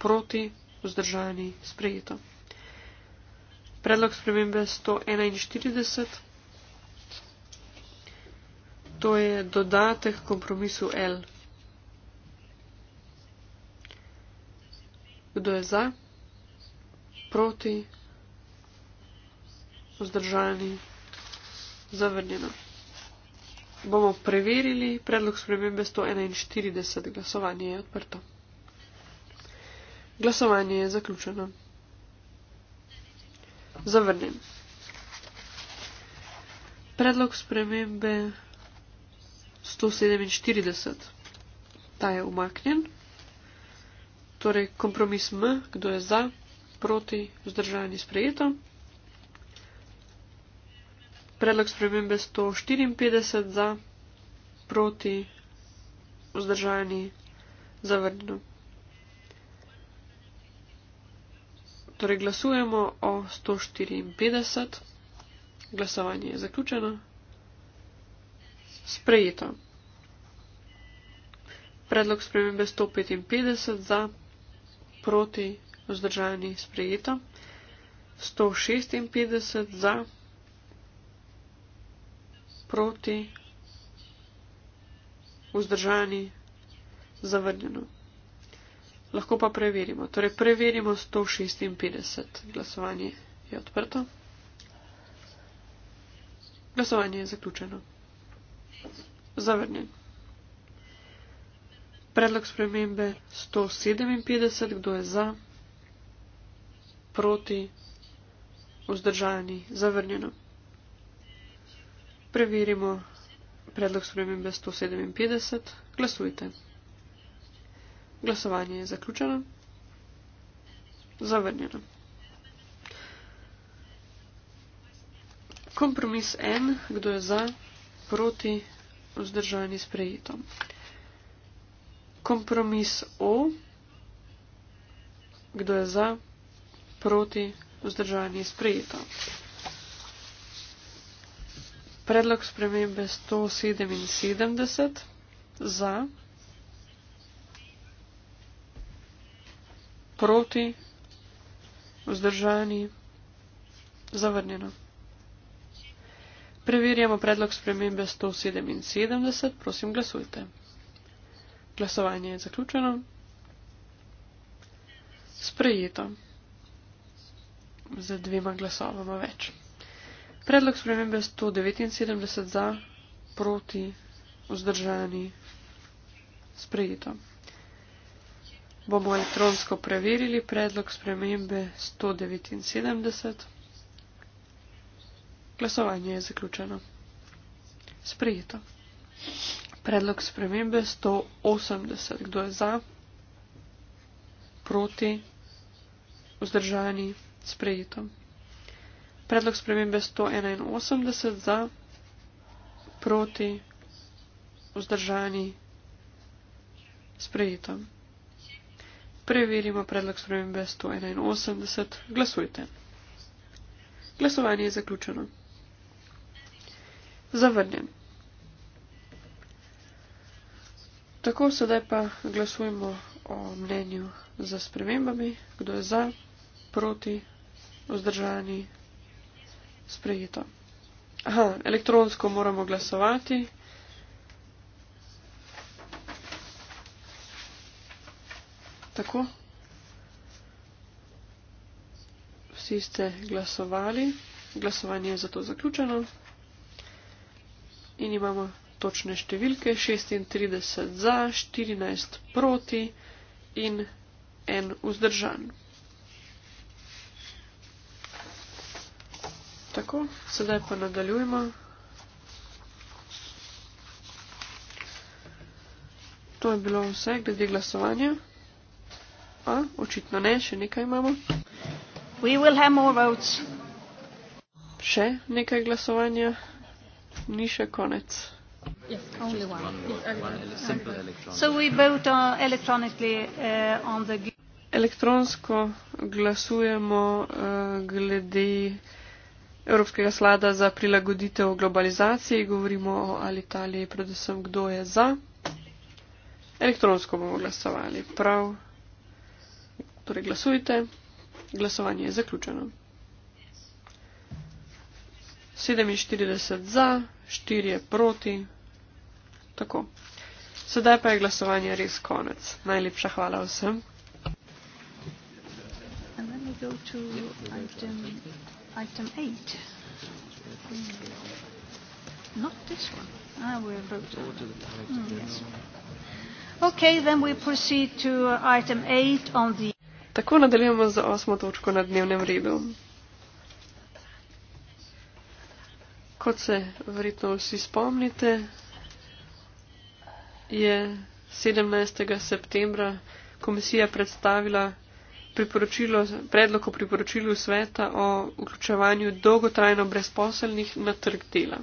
Proti, vzdržani, sprejeto. Predlog spremembe 141. To je dodatek kompromisu L. Kdo je za? Proti, vzdržani, zavrnjeno. Bomo preverili predlog spremembe 141. Glasovanje je odprto. Glasovanje je zaključeno. Zavrnjen. Predlog spremembe 147. Ta je umaknjen. Torej, kompromis M, kdo je za, proti, vzdržani, sprejeto. Predlog spremembe 154 za, proti, vzdržani, zavrnjeno. Torej glasujemo o 154. Glasovanje je zaključeno. Sprejeto. Predlog spremembe 155 za, proti, vzdržani, sprejeto. 156 za proti, vzdržani, zavrnjeno. Lahko pa preverimo. Torej, preverimo 156. Glasovanje je odprto. Glasovanje je zaključeno. Zavrnjen. Predlog spremembe 157. Kdo je za? Proti, vzdržani, zavrnjeno. Preverimo predlog spremembe 157. Glasujte. Glasovanje je zaključeno. Zavrnjeno. Kompromis en, kdo je za, proti, vzdržani s prejetom. Kompromis o, kdo je za, proti, vzdržani s prejetom. Predlog spremembe 177 za, proti, vzdržani, zavrnjeno. Preverjamo predlog spremembe 177, prosim glasujte. Glasovanje je zaključeno. Sprejeto. Za dvema glasovama več. Predlog spremembe 179 za, proti, vzdržani, sprejeto. Bomo elektronsko preverili predlog spremembe 179. Glasovanje je zaključeno. Sprejeto. Predlog spremembe 180. Kdo je za? Proti? Vzdržani? Sprejeto. Predlog spremembe 181 za, proti, vzdržani, sprejeto. Preverimo predlog spremembe 181. Glasujte. Glasovanje je zaključeno. Zavrnjen. Tako sedaj pa glasujemo o mnenju za spremembami, kdo je za, proti, vzdržani, sprejeto. Aha, elektronsko moramo glasovati. Tako. Vsi ste glasovali, glasovanje je zato zaključeno. In imamo točne številke 36 za, 14 proti in en vzdržan. Tako, sedaj pa nadaljujemo. To je bilo vse, glede glasovanja. A, očitno ne, še nekaj imamo. We will have more votes. Še nekaj glasovanja, ni še konec. Uh, uh, Elektronsko glasujemo uh, glede. Evropskega slada za prilagoditev globalizaciji, govorimo o Alitaliji, predvsem kdo je za. Elektronsko bomo glasovali, prav. Torej glasujte, glasovanje je zaključeno. 47 za, 4 je proti. Tako. Sedaj pa je glasovanje res konec. Najlepša hvala vsem. And then we go to item item eight. Mm. Not this one. Ah, we have voted. Mm, yes. Okay, then we proceed to item eight on the. Tako nadaljujemo z osmo točko na dnevnem redu. Kot se verjetno vsi spomnite, je 17. septembra komisija predstavila priporočilo, predlog o priporočilu sveta o vključevanju dolgotrajno brezposelnih na trg dela.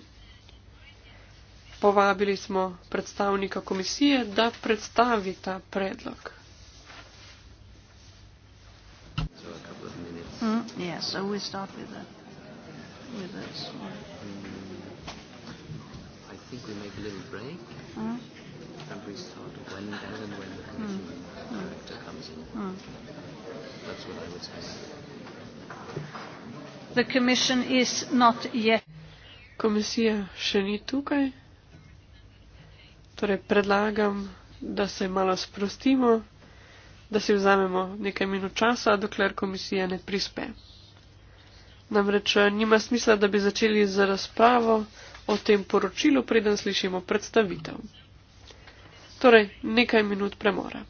Povabili smo predstavnika komisije, da predstavi ta predlog. Mm, yeah, so we start with that. With this. Mm, I think we make a little break mm. and we start when and when the mm. mm. director comes in. Mm. That's what I would say. The Commission is not yet. Komisija še ni tukaj. Torej predlagam, da se malo sprostimo, da si vzamemo nekaj minut časa, dokler komisija ne prispe. Namreč eh, nima smisla, da bi začeli z razpravo o tem poročilu, preden slišimo predstavitev. Torej, nekaj minut premora.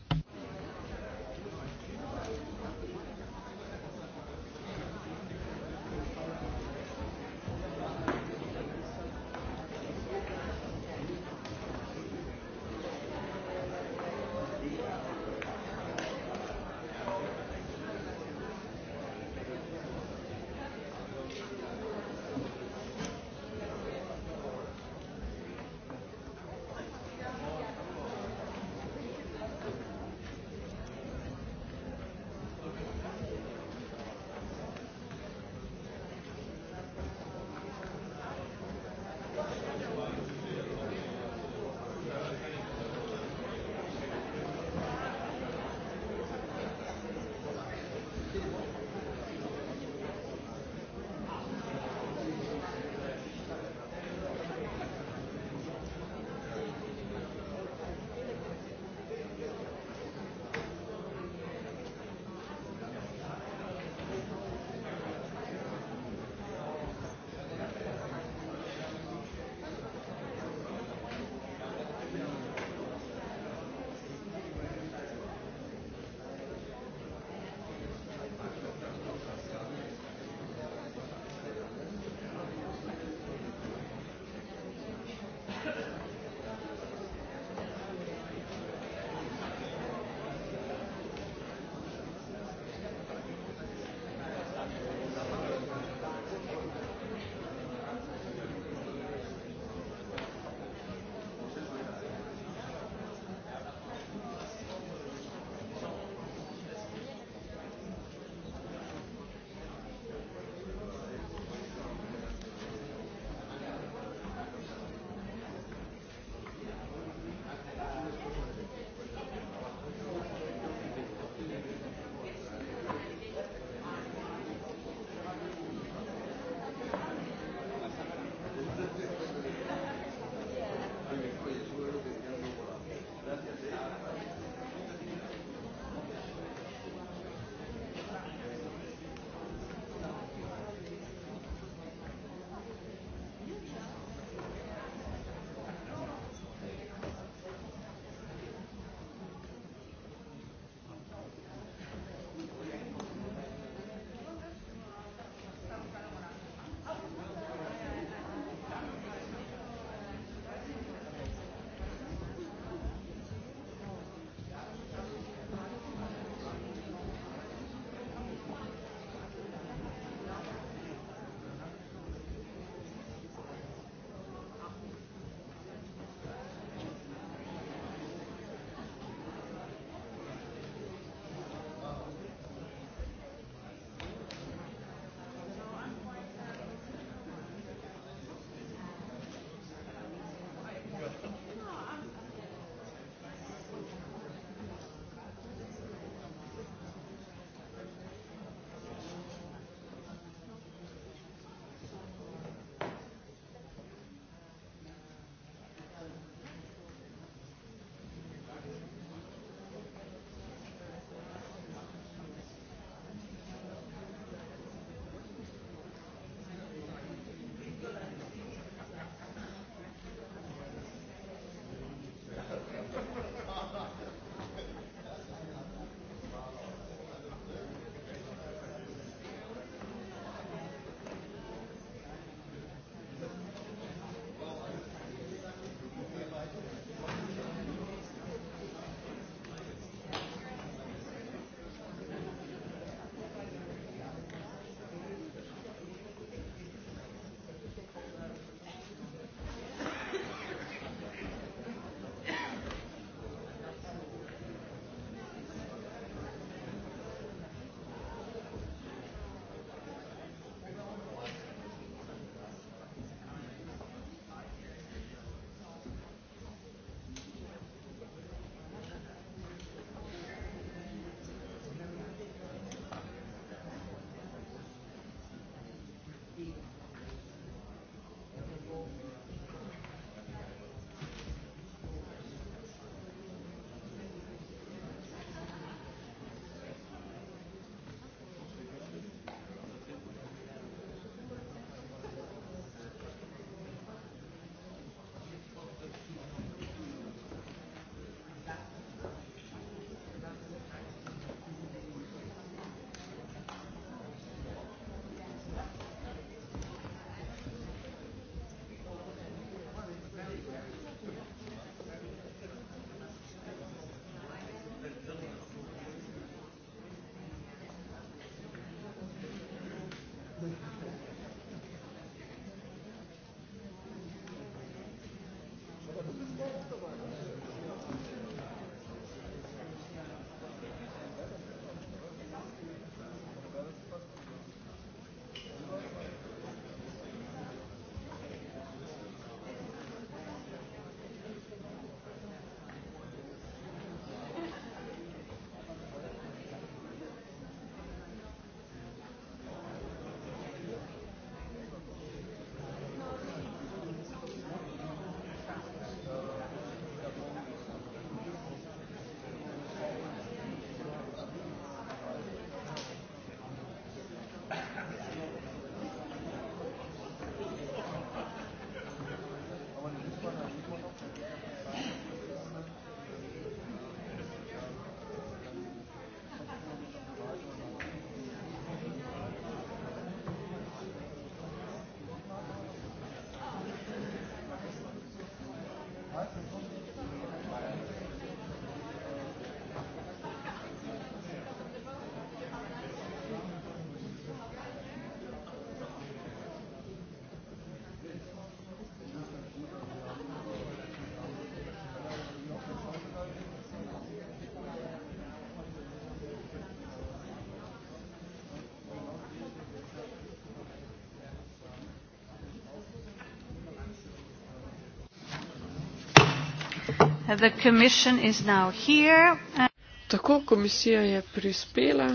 Tako, komisija je prispela.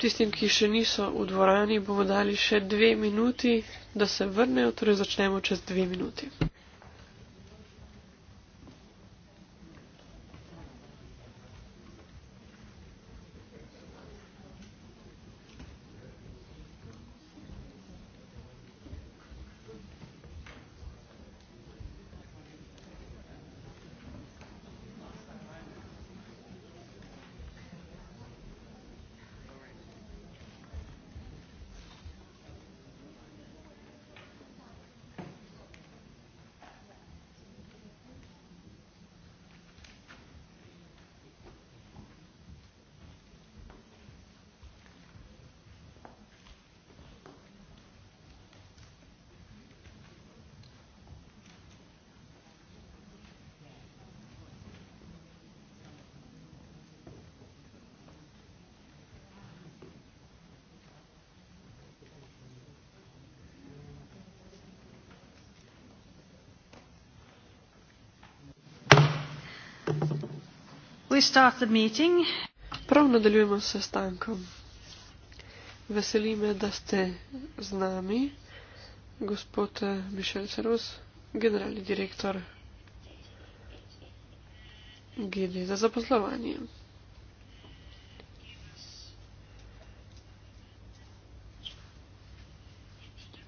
Tistim, ki še niso v dvorani, bomo dali še dve minuti, da se vrnejo, torej začnemo čez dve minuti. Prav nadaljujemo s sestankom. Veseli me, da ste z nami, gospod eh, Mišel Cerus, generalni direktor GD za zaposlovanje.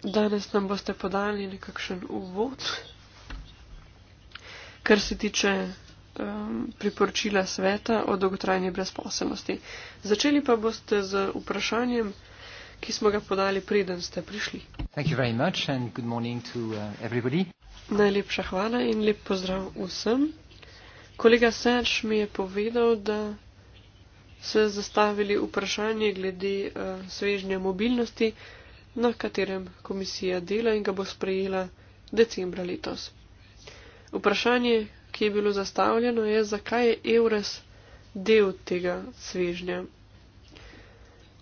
Danes nam boste podali nekakšen uvod, kar se tiče um, priporočila sveta o dolgotrajni brezposelnosti. Začeli pa boste z vprašanjem, ki smo ga podali, preden ste prišli. To, uh, Najlepša hvala in lep pozdrav vsem. Kolega Serž mi je povedal, da se je zastavili vprašanje glede uh, svežnja mobilnosti, na katerem komisija dela in ga bo sprejela decembra letos. Vprašanje, ki je bilo zastavljeno, je, zakaj je Eures del tega svežnja.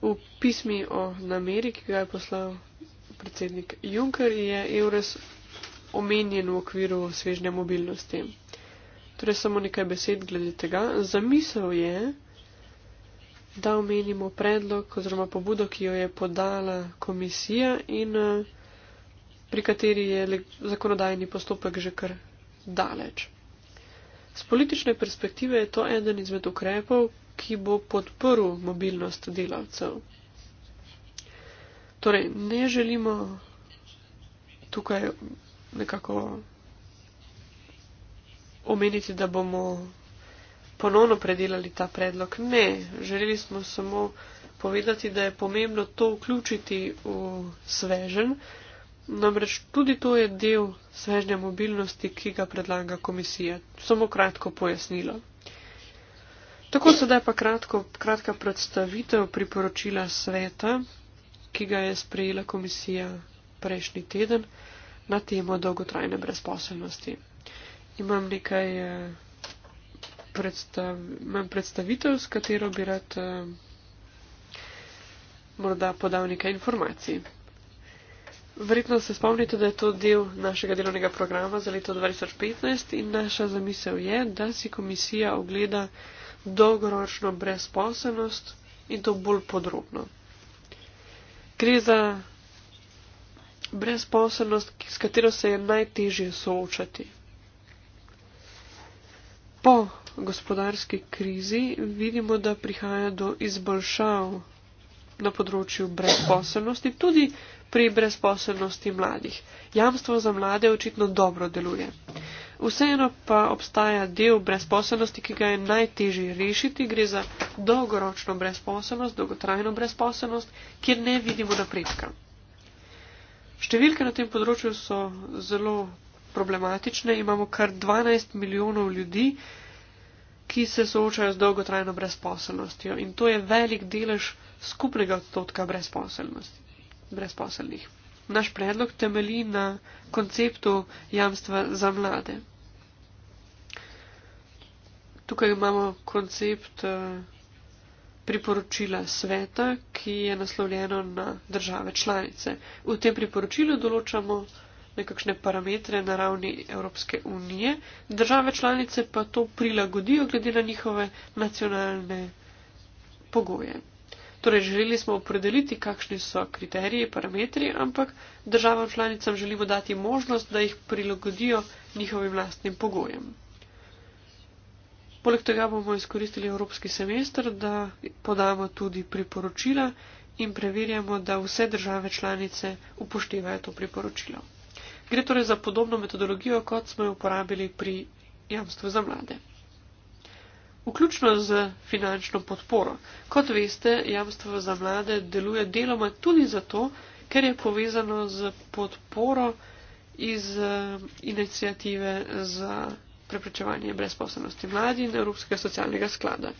V pismi o nameri, ki ga je poslal predsednik Juncker, je Eures omenjen v okviru svežnja mobilnosti. Torej, samo nekaj besed glede tega. Zamisel je, da omenimo predlog oziroma pobudo, ki jo je podala komisija in eh, pri kateri je zakonodajni postopek že kar daleč. Z politične perspektive je to eden izmed ukrepov, ki bo podprl mobilnost delavcev. Torej, ne želimo tukaj nekako omeniti, da bomo ponovno predelali ta predlog. Ne, želeli smo samo povedati, da je pomembno to vključiti v svežen. Namreč tudi to je del svežnja mobilnosti, ki ga predlaga komisija. Samo kratko pojasnilo. Tako sedaj pa kratko, kratka predstavitev priporočila sveta, ki ga je sprejela komisija prejšnji teden na temo dolgotrajne brezposelnosti. Imam nekaj eh, predstav, imam predstavitev, s katero bi rad eh, morda podal nekaj informacij. Verjetno se spomnite, da je to del našega delovnega programa za leto 2015 in naša zamisel je, da si komisija ogleda dolgoročno brezposelnost in to bolj podrobno. Gre za brezposelnost, s katero se je najtežje soočati. Po gospodarski krizi vidimo, da prihaja do izboljšav na področju brezposelnosti, tudi pri brezposelnosti mladih. Jamstvo za mlade očitno dobro deluje. Vseeno pa obstaja del brezposelnosti, ki ga je najtežje rešiti, gre za dolgoročno brezposelnost, dolgotrajno brezposelnost, kjer ne vidimo napredka. Številke na tem področju so zelo problematične. Imamo kar 12 milijonov ljudi, ki se soočajo z dolgotrajno brezposelnostjo in to je velik delež skupnega odstotka brezposelnosti brezposelnih. Naš predlog temelji na konceptu jamstva za mlade. Tukaj imamo koncept eh, priporočila sveta, ki je naslovljeno na države članice. V tem priporočilu določamo nekakšne parametre na ravni Evropske unije, države članice pa to prilagodijo glede na njihove nacionalne pogoje. Torej, želeli smo opredeliti, kakšni so kriteriji, parametri, ampak državam članicam želimo dati možnost, da jih prilagodijo njihovim vlastnim pogojem. Poleg tega bomo izkoristili evropski semester, da podamo tudi priporočila in preverjamo, da vse države članice upoštevajo to priporočilo. Gre torej za podobno metodologijo, kot smo jo uporabili pri jamstvu za mlade vključno z finančno podporo. Kot veste, jamstvo za mlade deluje deloma tudi zato, ker je povezano z podporo iz eh, inicijative za preprečevanje brezposobnosti mladi in Evropskega socialnega sklada.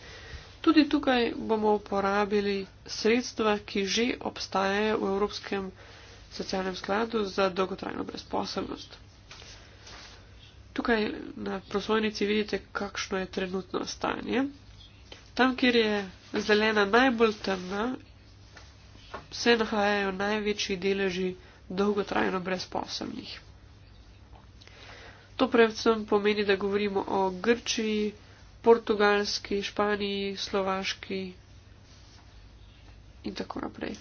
Tudi tukaj bomo uporabili sredstva, ki že obstajajo v Evropskem socialnem skladu za dolgotrajno brezposobnost. Tukaj na prosojnici vidite, kakšno je trenutno stanje. Tam, kjer je zelena najbolj temna, se nahajajo največji deleži dolgotrajno brezposobnih. To predvsem pomeni, da govorimo o Grčiji, Portugalski, Španiji, Slovaški in tako naprej.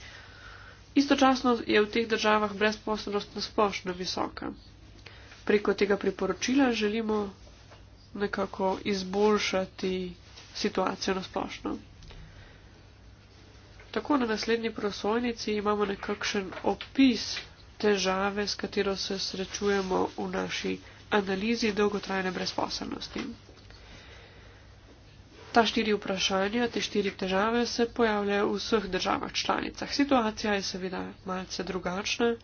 Istočasno je v teh državah brezposobnost nasplošno visoka preko tega priporočila želimo nekako izboljšati situacijo na splošno. Tako na naslednji prosojnici imamo nekakšen opis težave, s katero se srečujemo v naši analizi dolgotrajne brezposobnosti. Ta štiri vprašanja, te štiri težave se pojavljajo v vseh državah članicah. Situacija je seveda malce drugačna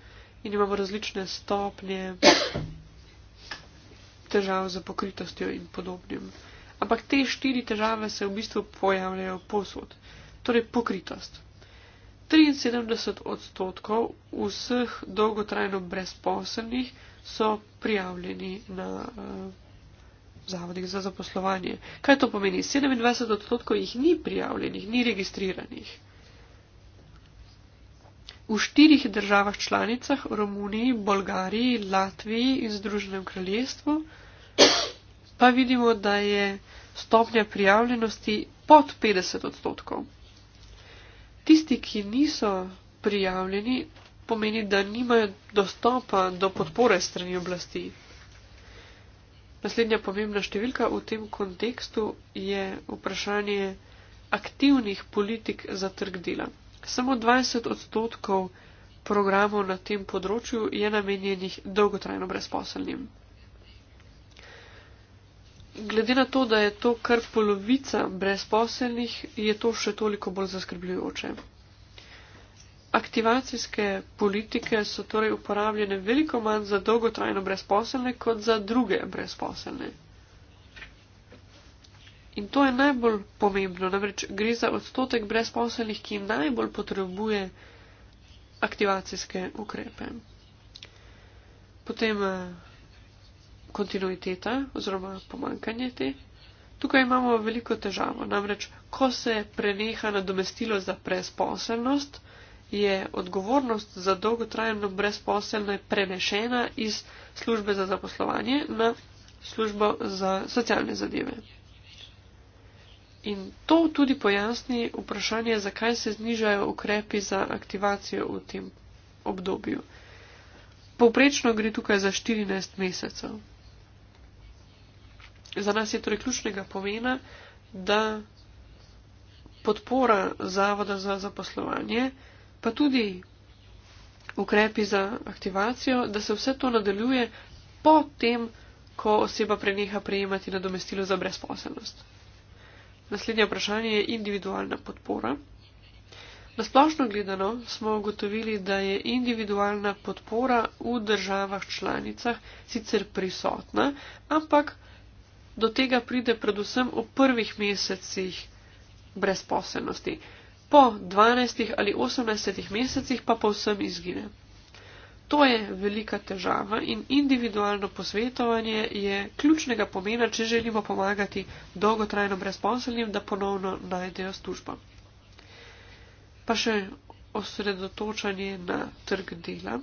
in imamo različne stopnje težav z pokritostjo in podobnim. Ampak te štiri težave se v bistvu pojavljajo posod, torej pokritost. 73 odstotkov vseh dolgotrajno brezposobnih so prijavljeni na uh, zavodih za zaposlovanje. Kaj to pomeni? 27 odstotkov jih ni prijavljenih, ni registriranih. V štirih državah članicah, v Romuniji, Bolgariji, Latviji in Združenem kraljestvu, pa vidimo, da je stopnja prijavljenosti pod 50 odstotkov. Tisti, ki niso prijavljeni, pomeni, da nimajo dostopa do podpore strani oblasti. Naslednja pomembna številka v tem kontekstu je vprašanje aktivnih politik za trg dela. Samo 20 odstotkov programov na tem področju je namenjenih dolgotrajno brezposelnim glede na to, da je to kar polovica brezposelnih, je to še toliko bolj zaskrbljujoče. Aktivacijske politike so torej uporabljene veliko manj za dolgotrajno brezposelne kot za druge brezposelne. In to je najbolj pomembno, namreč gre za odstotek brezposelnih, ki najbolj potrebuje aktivacijske ukrepe. Potem eh, kontinuiteta oziroma pomankanje te. Tukaj imamo veliko težavo, namreč, ko se preneha nadomestilo za brezposelnost, je odgovornost za dolgotrajno brezposelno prenešena iz službe za zaposlovanje na službo za socialne zadeve. In to tudi pojasni vprašanje, zakaj se znižajo ukrepi za aktivacijo v tem obdobju. Povprečno gre tukaj za 14 mesecev, Za nas je torej ključnega pomena, da podpora Zavoda za zaposlovanje, pa tudi ukrepi za aktivacijo, da se vse to nadaljuje po tem, ko oseba preneha prejemati nadomestilo za brezposelnost. Naslednje vprašanje je individualna podpora. Na splošno gledano smo ugotovili, da je individualna podpora v državah članicah sicer prisotna, ampak Do tega pride predvsem v prvih mesecih brezposelnosti. Po 12 ali 18 mesecih pa povsem izgine. To je velika težava in individualno posvetovanje je ključnega pomena, če želimo pomagati dolgotrajno brezposelnim, da ponovno najdejo službo. Pa še osredotočanje na trg dela.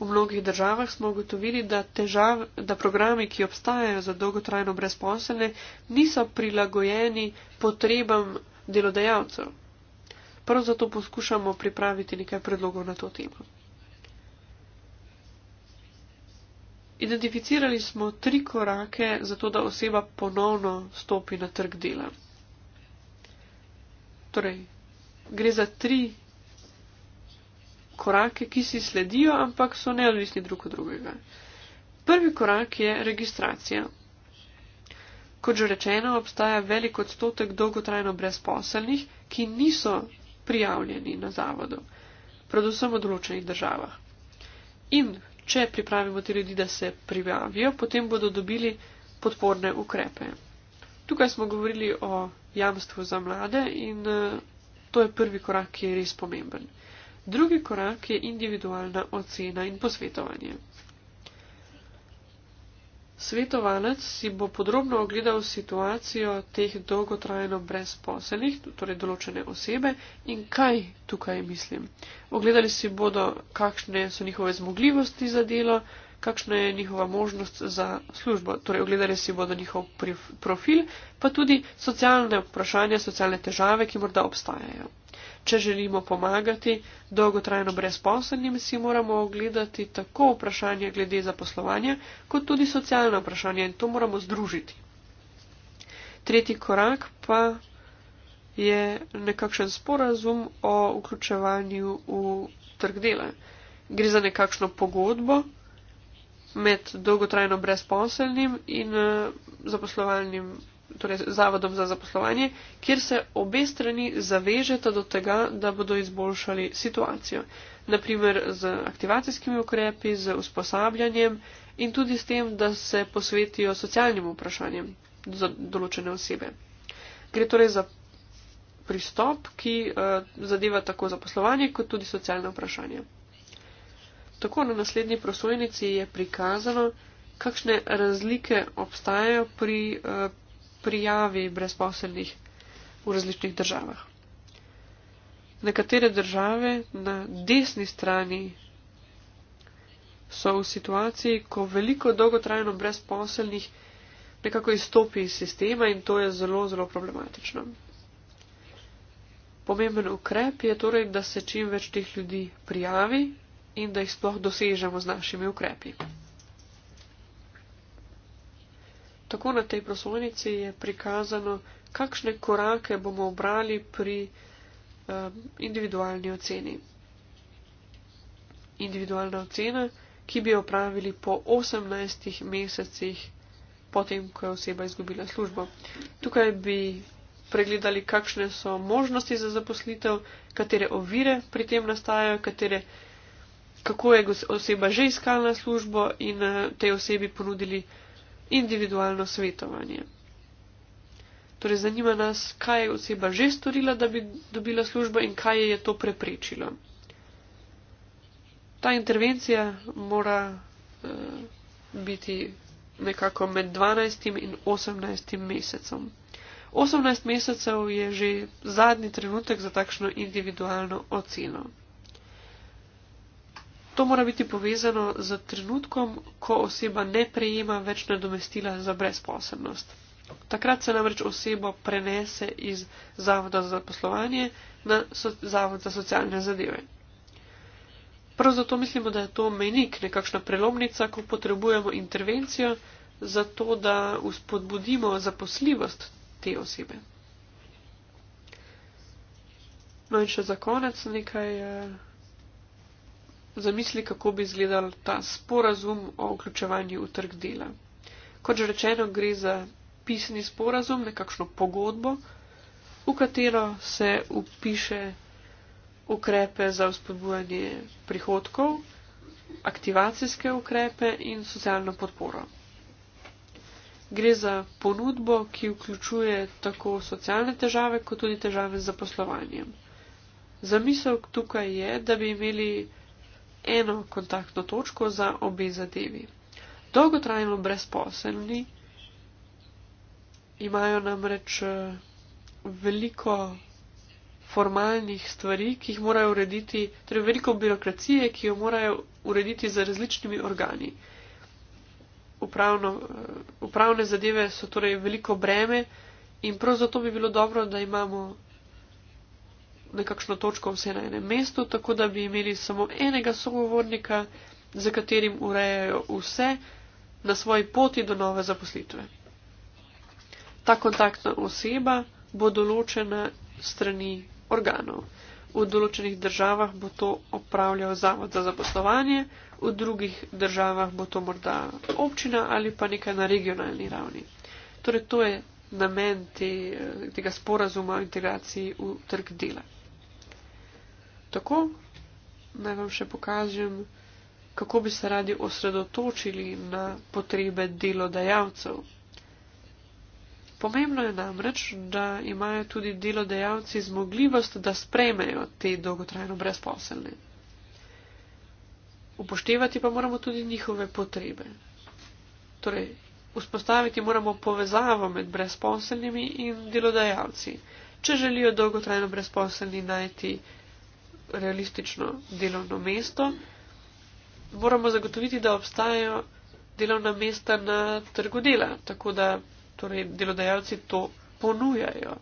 V mnogih državah smo ugotovili, da, težav, da programi, ki obstajajo za dolgotrajno brezposelne, niso prilagojeni potrebam delodajalcev. Prav zato poskušamo pripraviti nekaj predlogov na to temo. Identificirali smo tri korake za to, da oseba ponovno stopi na trg dela. Torej, gre za tri korake, ki si sledijo, ampak so neodvisni drug od drugega. Prvi korak je registracija. Kot že rečeno, obstaja velik odstotek dolgotrajno brezposelnih, ki niso prijavljeni na zavodu, predvsem v določenih državah. In če pripravimo te ljudi, da se prijavijo, potem bodo dobili podporne ukrepe. Tukaj smo govorili o jamstvu za mlade in eh, to je prvi korak, ki je res pomemben. Drugi korak je individualna ocena in posvetovanje. Svetovalec si bo podrobno ogledal situacijo teh dolgotrajno brezposelnih, torej določene osebe in kaj tukaj mislim. Ogledali si bodo, kakšne so njihove zmogljivosti za delo, kakšna je njihova možnost za službo. Torej, ogledali si bodo njihov profil, pa tudi socialne vprašanja, socialne težave, ki morda obstajajo. Če želimo pomagati dolgotrajno brezposobnim, si moramo ogledati tako vprašanje glede zaposlovanja, kot tudi socialno vprašanje in to moramo združiti. Tretji korak pa je nekakšen sporazum o vključevanju v trg dela. Gre za nekakšno pogodbo med dolgotrajno brezposobnim in eh, zaposlovalnim torej zavodov za zaposlovanje, kjer se obe strani zavežeta do tega, da bodo izboljšali situacijo. Naprimer z aktivacijskimi ukrepi, z usposabljanjem in tudi s tem, da se posvetijo socialnim vprašanjem za določene osebe. Gre torej za pristop, ki uh, zadeva tako zaposlovanje kot tudi socialne vprašanje. Tako na naslednji prosojnici je prikazano, kakšne razlike obstajajo pri uh, prijavi brezposelnih v različnih državah. Nekatere države na desni strani so v situaciji, ko veliko dolgotrajno brezposelnih nekako izstopi iz sistema in to je zelo, zelo problematično. Pomemben ukrep je torej, da se čim več teh ljudi prijavi in da jih sploh dosežemo z našimi ukrepi. Tako na tej prosojnici je prikazano, kakšne korake bomo obrali pri um, individualni oceni. Individualna ocena, ki bi jo opravili po 18 mesecih, potem, ko je oseba izgubila službo. Tukaj bi pregledali, kakšne so možnosti za zaposlitev, katere ovire pri tem nastajajo, katere, kako je oseba že iskala službo in eh, tej osebi ponudili službo individualno svetovanje. Torej, zanima nas, kaj je oseba že storila, da bi dobila službo in kaj je to preprečilo. Ta intervencija mora uh, biti nekako med 12 in 18 mesecem. 18 mesecev je že zadnji trenutek za takšno individualno oceno. To mora biti povezano z trenutkom, ko oseba ne prejema več nadomestila za brezposobnost. Takrat se namreč osebo prenese iz zavoda za poslovanje na so, zavod za socialne zadeve. Prav zato mislimo, da je to menik, nekakšna prelomnica, ko potrebujemo intervencijo, zato da uspodbudimo zaposljivost te osebe. No in še za konec nekaj. Eh, zamisli, kako bi izgledal ta sporazum o vključevanju v trg dela. Kot že rečeno, gre za pisni sporazum, nekakšno pogodbo, v katero se upiše ukrepe za vzpodbujanje prihodkov, aktivacijske ukrepe in socialno podporo. Gre za ponudbo, ki vključuje tako socialne težave, kot tudi težave z zaposlovanjem. Zamisel tukaj je, da bi imeli eno kontaktno točko za obe zadevi. Dolgotrajno brezposelni imajo namreč eh, veliko formalnih stvari, ki jih morajo urediti, torej veliko birokracije, ki jo morajo urediti z različnimi organi. Upravno, eh, upravne zadeve so torej veliko breme in prav zato bi bilo dobro, da imamo nekakšno točko vse na enem mestu, tako da bi imeli samo enega sogovornika, za katerim urejajo vse na svoji poti do nove zaposlitve. Ta kontaktna oseba bo določena strani organov. V določenih državah bo to opravljal zavod za zaposlovanje, v drugih državah bo to morda občina ali pa nekaj na regionalni ravni. Torej, to je namen te, tega sporazuma o integraciji v trg dela tako, naj vam še pokažem, kako bi se radi osredotočili na potrebe delodajalcev. Pomembno je namreč, da imajo tudi delodajalci zmogljivost, da sprejmejo te dolgotrajno brezposelne. Upoštevati pa moramo tudi njihove potrebe. Torej, vzpostaviti moramo povezavo med brezposelnimi in delodajalci. Če želijo dolgotrajno brezposelni najti realistično delovno mesto. Moramo zagotoviti, da obstajajo delovna mesta na trgu dela, tako da torej, delodajalci to ponujajo.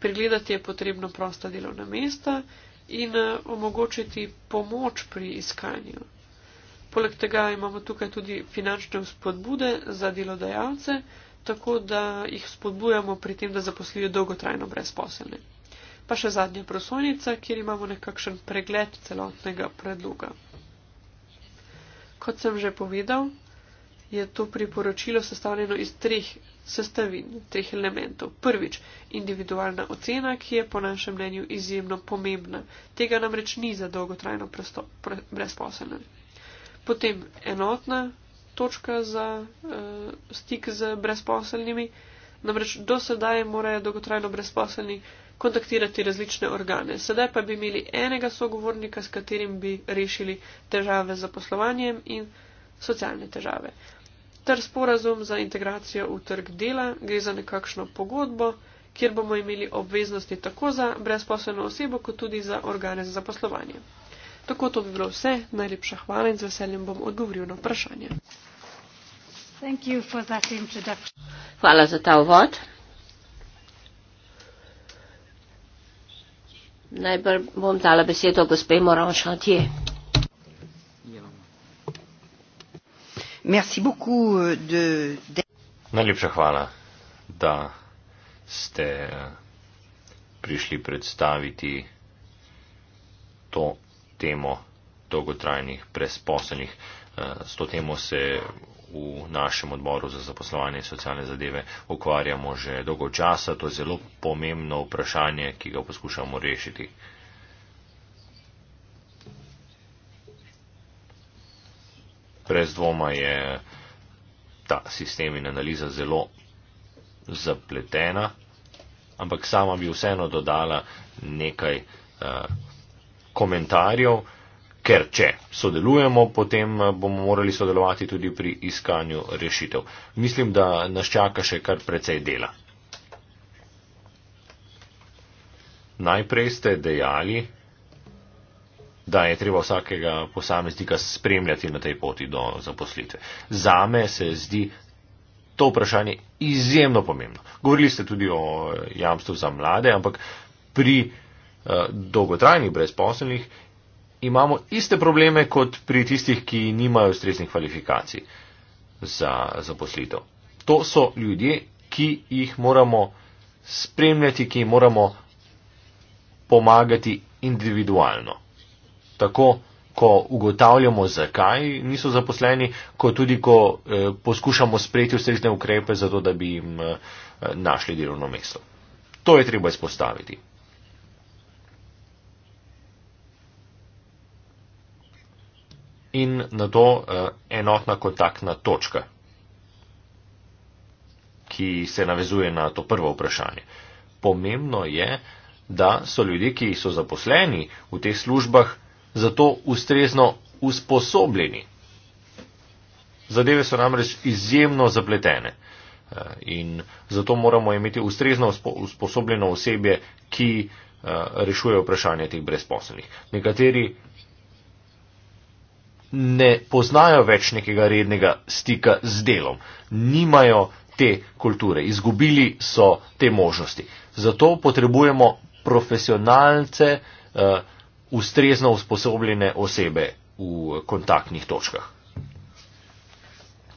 Pregledati je potrebno prosta delovna mesta in eh, omogočiti pomoč pri iskanju. Poleg tega imamo tukaj tudi finančne vzpodbude za delodajalce, tako da jih spodbujamo pri tem, da zaposlijo dolgotrajno brezposelne pa še zadnja prosojnica, kjer imamo nekakšen pregled celotnega predloga. Kot sem že povedal, je to priporočilo sestavljeno iz treh sestavin, treh elementov. Prvič, individualna ocena, ki je po našem mnenju izjemno pomembna. Tega namreč ni za dolgotrajno brezposelne. Potem enotna točka za uh, stik z brezposelnimi. Namreč do sedaj morajo dolgotrajno brezposelni uh, kontaktirati različne organe. Sedaj pa bi imeli enega sogovornika, s katerim bi rešili težave z zaposlovanjem in socialne težave. Ter sporazum za integracijo v trg dela gre za nekakšno pogodbo, kjer bomo imeli obveznosti tako za brezposelno osebo, kot tudi za organe za zaposlovanje. Tako to bi bilo vse. Najlepša hvala in z veseljem bom odgovoril na vprašanje. Hvala za ta uvod. Najprej bom dala besedo gospe Moran Chantier. Euh, Najlepša hvala, da ste eh, prišli predstaviti to temo dolgotrajnih, presposenih. Eh, s to temo se v našem odboru za zaposlovanje in socialne zadeve ukvarjamo že dolgo časa. To je zelo pomembno vprašanje, ki ga poskušamo rešiti. Brez dvoma je ta sistem in analiza zelo zapletena, ampak sama bi vseeno dodala nekaj uh, komentarjev ker če sodelujemo, potem eh, bomo morali sodelovati tudi pri iskanju rešitev. Mislim, da nas čaka še kar precej dela. Najprej ste dejali, da je treba vsakega posameznika spremljati na tej poti do zaposlitve. Zame se zdi to vprašanje izjemno pomembno. Govorili ste tudi o jamstvu za mlade, ampak pri uh, dolgotrajnih brezposelnih imamo iste probleme kot pri tistih, ki nimajo ustreznih kvalifikacij za zaposlitev. To so ljudje, ki jih moramo spremljati, ki jim moramo pomagati individualno. Tako, ko ugotavljamo, zakaj niso zaposleni, ko tudi, ko eh, poskušamo sprejeti ustrezne ukrepe, zato da bi jim eh, našli delovno mesto. To je treba izpostaviti. in na to uh, eh, enotna kontaktna točka, ki se navezuje na to prvo vprašanje. Pomembno je, da so ljudje, ki so zaposleni v teh službah, zato ustrezno usposobljeni. Zadeve so namreč izjemno zapletene eh, in zato moramo imeti ustrezno usposobljeno osebje, ki eh, rešuje vprašanje teh brezposobnih. Nekateri ne poznajo več nekega rednega stika z delom, nimajo te kulture, izgubili so te možnosti. Zato potrebujemo profesionalce, eh, ustrezno usposobljene osebe v kontaktnih točkah.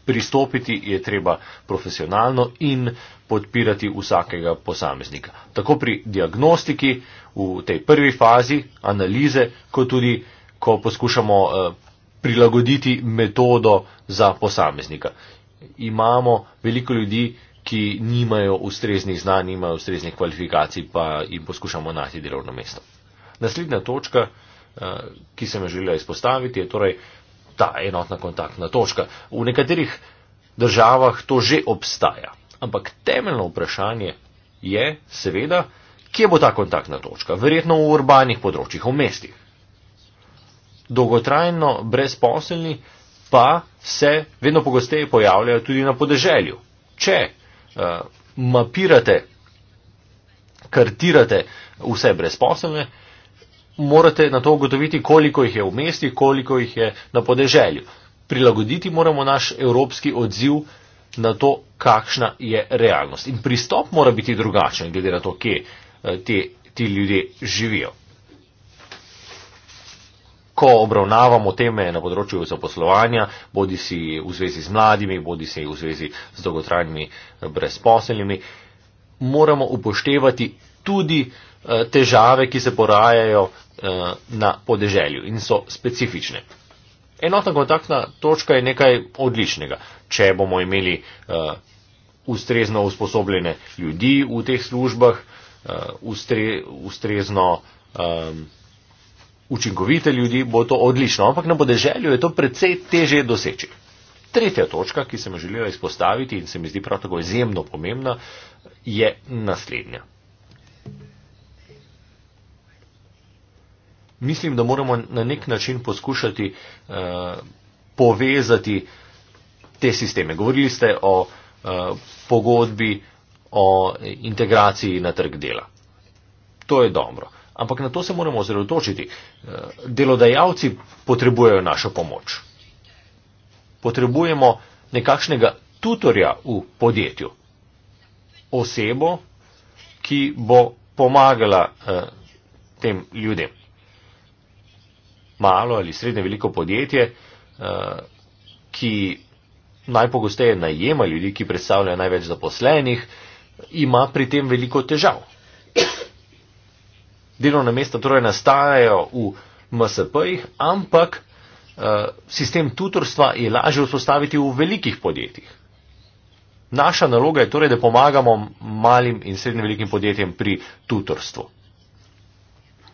Pristopiti je treba profesionalno in podpirati vsakega posameznika. Tako pri diagnostiki v tej prvi fazi analize, kot tudi, ko poskušamo eh, prilagoditi metodo za posameznika. Imamo veliko ljudi, ki nimajo ustreznih znanj, nimajo ustreznih kvalifikacij, pa jim poskušamo najti delovno mesto. Naslednja točka, eh, ki sem jo želela izpostaviti, je torej ta enotna kontaktna točka. V nekaterih državah to že obstaja, ampak temeljno vprašanje je seveda, kje bo ta kontaktna točka. Verjetno v urbanih področjih, v mestih dolgotrajno brezposelni pa se vedno pogosteje pojavljajo tudi na podeželju. Če uh, mapirate, kartirate vse brezposelne, morate na to ugotoviti, koliko jih je v mesti, koliko jih je na podeželju. Prilagoditi moramo naš evropski odziv na to, kakšna je realnost. In pristop mora biti drugačen, glede na to, kje uh, te, ti ljudje živijo ko obravnavamo teme na področju zaposlovanja, bodi si v zvezi z mladimi, bodi si v zvezi z dolgotrajnimi eh, brezposeljnimi, moramo upoštevati tudi eh, težave, ki se porajajo eh, na podeželju in so specifične. Enotna kontaktna točka je nekaj odličnega. Če bomo imeli uh, ustrezno usposobljene ljudi v teh službah, uh, ustre, ustrezno um, učinkovite ljudi, bo to odlično, ampak na podeželju je to precej teže doseči. Tretja točka, ki sem želela izpostaviti in se mi zdi prav tako izjemno pomembna, je naslednja. Mislim, da moramo na nek način poskušati uh, povezati te sisteme. Govorili ste o uh, pogodbi, o integraciji na trg dela. To je dobro ampak na to se moramo ozredotočiti. Eh, delodajalci potrebujejo našo pomoč. Potrebujemo nekakšnega tutorja v podjetju. Osebo, ki bo pomagala eh, tem ljudem. Malo ali srednje veliko podjetje, eh, ki najpogosteje najema ljudi, ki predstavljajo največ zaposlenih, ima pri tem veliko težav delovna mesta torej nastajajo v MSP-jih, ampak uh, sistem tutorstva je lažje vzpostaviti v velikih podjetjih. Naša naloga je torej, da pomagamo malim in srednjim velikim podjetjem pri tutorstvu.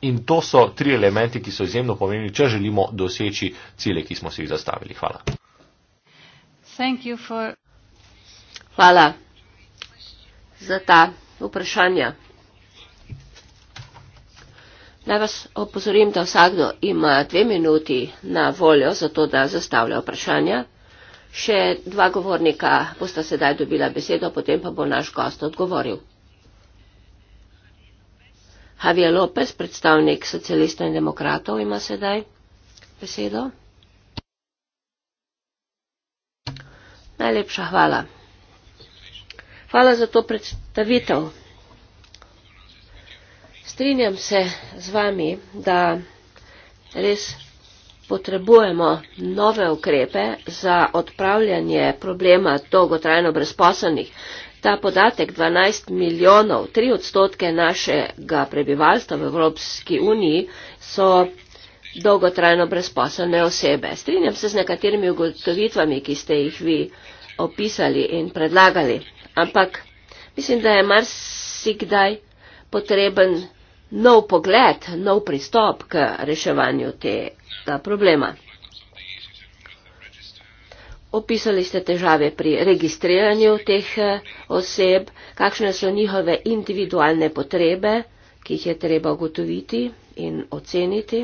In to so tri elementi, ki so izjemno pomembni, če želimo doseči cilje, ki smo si jih zastavili. Hvala. For... Hvala za ta vprašanja. Naj vas opozorim, da vsakdo ima dve minuti na voljo za to, da zastavlja vprašanja. Še dva govornika bosta sedaj dobila besedo, potem pa bo naš gost odgovoril. Javier Lopez, predstavnik socialistov in demokratov, ima sedaj besedo. Najlepša hvala. Hvala za to predstavitev strinjam se z vami, da res potrebujemo nove ukrepe za odpravljanje problema dolgotrajno brezposobnih. Ta podatek 12 milijonov, 3 odstotke našega prebivalstva v Evropski uniji so dolgotrajno brezposobne osebe. Strinjam se z nekaterimi ugotovitvami, ki ste jih vi opisali in predlagali, ampak mislim, da je marsikdaj potreben nov pogled, nov pristop k reševanju tega problema. Opisali ste težave pri registriranju teh eh, oseb, kakšne so njihove individualne potrebe, ki jih je treba ugotoviti in oceniti.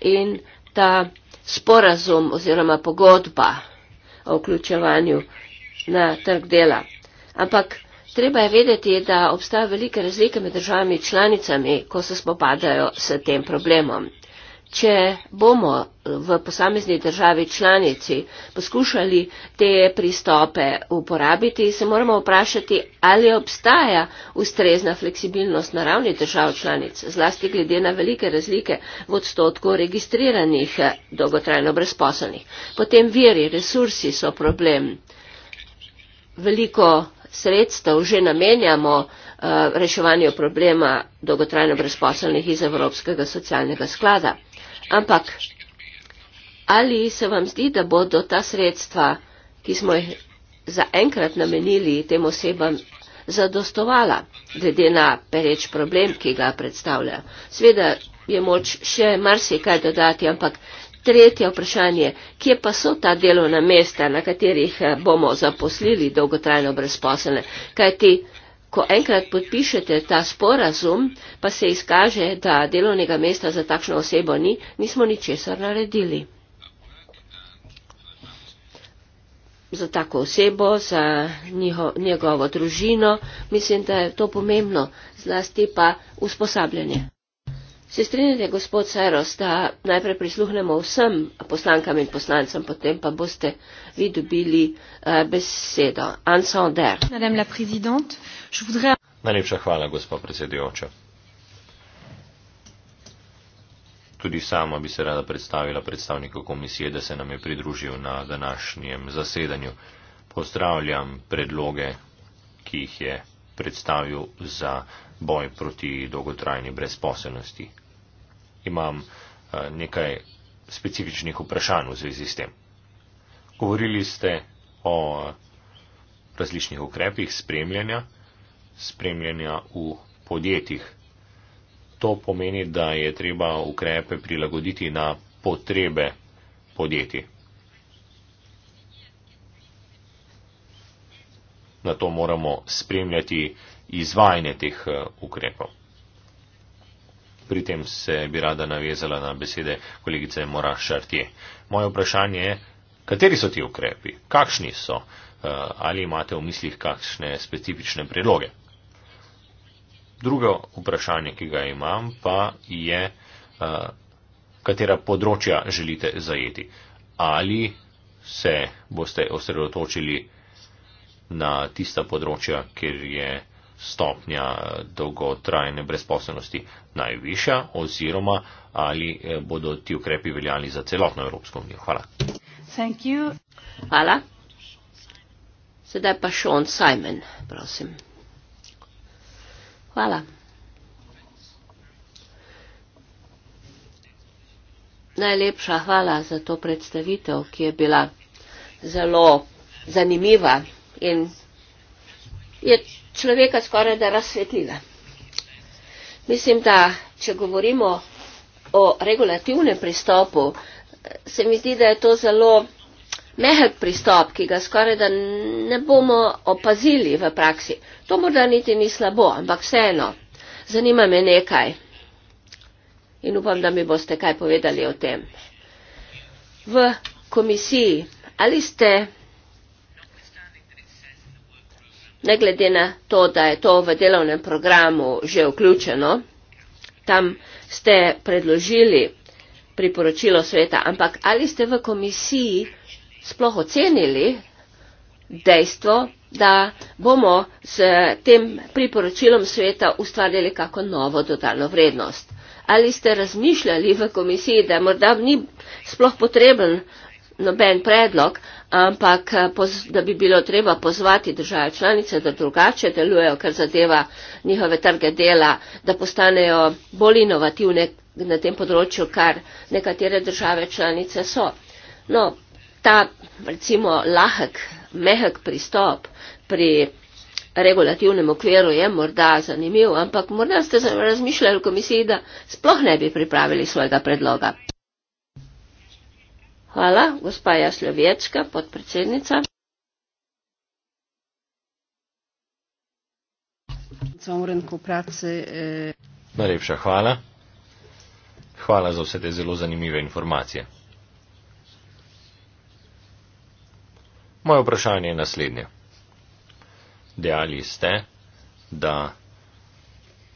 In ta sporazum oziroma pogodba o vključevanju na trg dela. Ampak Treba je vedeti, da obstaja velika razlika med državami članicami, ko se spopadajo s tem problemom. Če bomo v posamezni državi članici poskušali te pristope uporabiti, se moramo vprašati, ali obstaja ustrezna fleksibilnost na ravni držav članic, zlasti glede na velike razlike v odstotku registriranih dolgotrajno brezposelnih. Potem viri, resursi so problem. Veliko sredstev že namenjamo eh, reševanju problema dolgotrajno brezposelnih iz Evropskega socialnega sklada. Ampak ali se vam zdi, da bodo ta sredstva, ki smo jih zaenkrat namenili tem osebam, zadostovala, glede na pereč problem, ki ga predstavlja. Sveda je moč še marsikaj dodati, ampak Tretje vprašanje, kje pa so ta delovna mesta, na katerih eh, bomo zaposlili dolgotrajno brezposelne? Kajti, ko enkrat podpišete ta sporazum, pa se izkaže, da delovnega mesta za takšno osebo ni, nismo ničesar naredili. Za tako osebo, za njiho, njegovo družino, mislim, da je to pomembno, zlasti pa usposabljanje. Se strinjate, gospod Saros, da najprej prisluhnemo vsem poslankam in poslancem, potem pa boste vi dobili eh, besedo. Ansander. Najlepša hvala, gospod predsedujoča. Tudi sama bi se rada predstavila predstavniku komisije, da se nam je pridružil na današnjem zasedanju. Pozdravljam predloge, ki jih je predstavil za boj proti dolgotrajni brezposelnosti. Imam eh, nekaj specifičnih vprašanj v zvezi s tem. Govorili ste o eh, različnih ukrepih spremljanja, spremljanja v podjetjih. To pomeni, da je treba ukrepe prilagoditi na potrebe podjetij. Na to moramo spremljati izvajanje teh eh, ukrepov. Pri tem se bi rada navezala na besede kolegice Mora Šartje. Moje vprašanje je, kateri so ti ukrepi, kakšni so, eh, ali imate v mislih kakšne specifične predloge. Drugo vprašanje, ki ga imam, pa je, eh, katera področja želite zajeti. Ali se boste osredotočili na tista področja, kjer je stopnja dolgotrajne brezposobnosti najviša oziroma ali eh, bodo ti ukrepi veljali za celotno Evropsko unijo. Hvala. Hvala. Sedaj pa Sean Simon, prosim. Hvala. Najlepša hvala za to predstavitev, ki je bila zelo zanimiva in je človeka skoraj da razsvetlila. Mislim, da če govorimo o regulativnem pristopu, se mi zdi, da je to zelo mehek pristop, ki ga skoraj da ne bomo opazili v praksi. To morda niti ni slabo, ampak vseeno, zanima me nekaj in upam, da mi boste kaj povedali o tem. V komisiji, ali ste ne glede na to, da je to v delovnem programu že vključeno, tam ste predložili priporočilo sveta, ampak ali ste v komisiji sploh ocenili dejstvo, da bomo s tem priporočilom sveta ustvarjali kako novo dodano vrednost. Ali ste razmišljali v komisiji, da morda ni sploh potreben noben predlog, ampak eh, da bi bilo treba pozvati države članice, da drugače delujejo, kar zadeva njihove trge dela, da postanejo bolj inovativne na tem področju, kar nekatere države članice so. No, ta recimo lahek, mehek pristop pri regulativnem okviru je morda zanimiv, ampak morda ste razmišljali v komisiji, da sploh ne bi pripravili svojega predloga. Hvala, gospa Jasljoviečka, podpredsednica. Najlepša hvala. Hvala za vse te zelo zanimive informacije. Moje vprašanje je naslednje. Dejali ste, da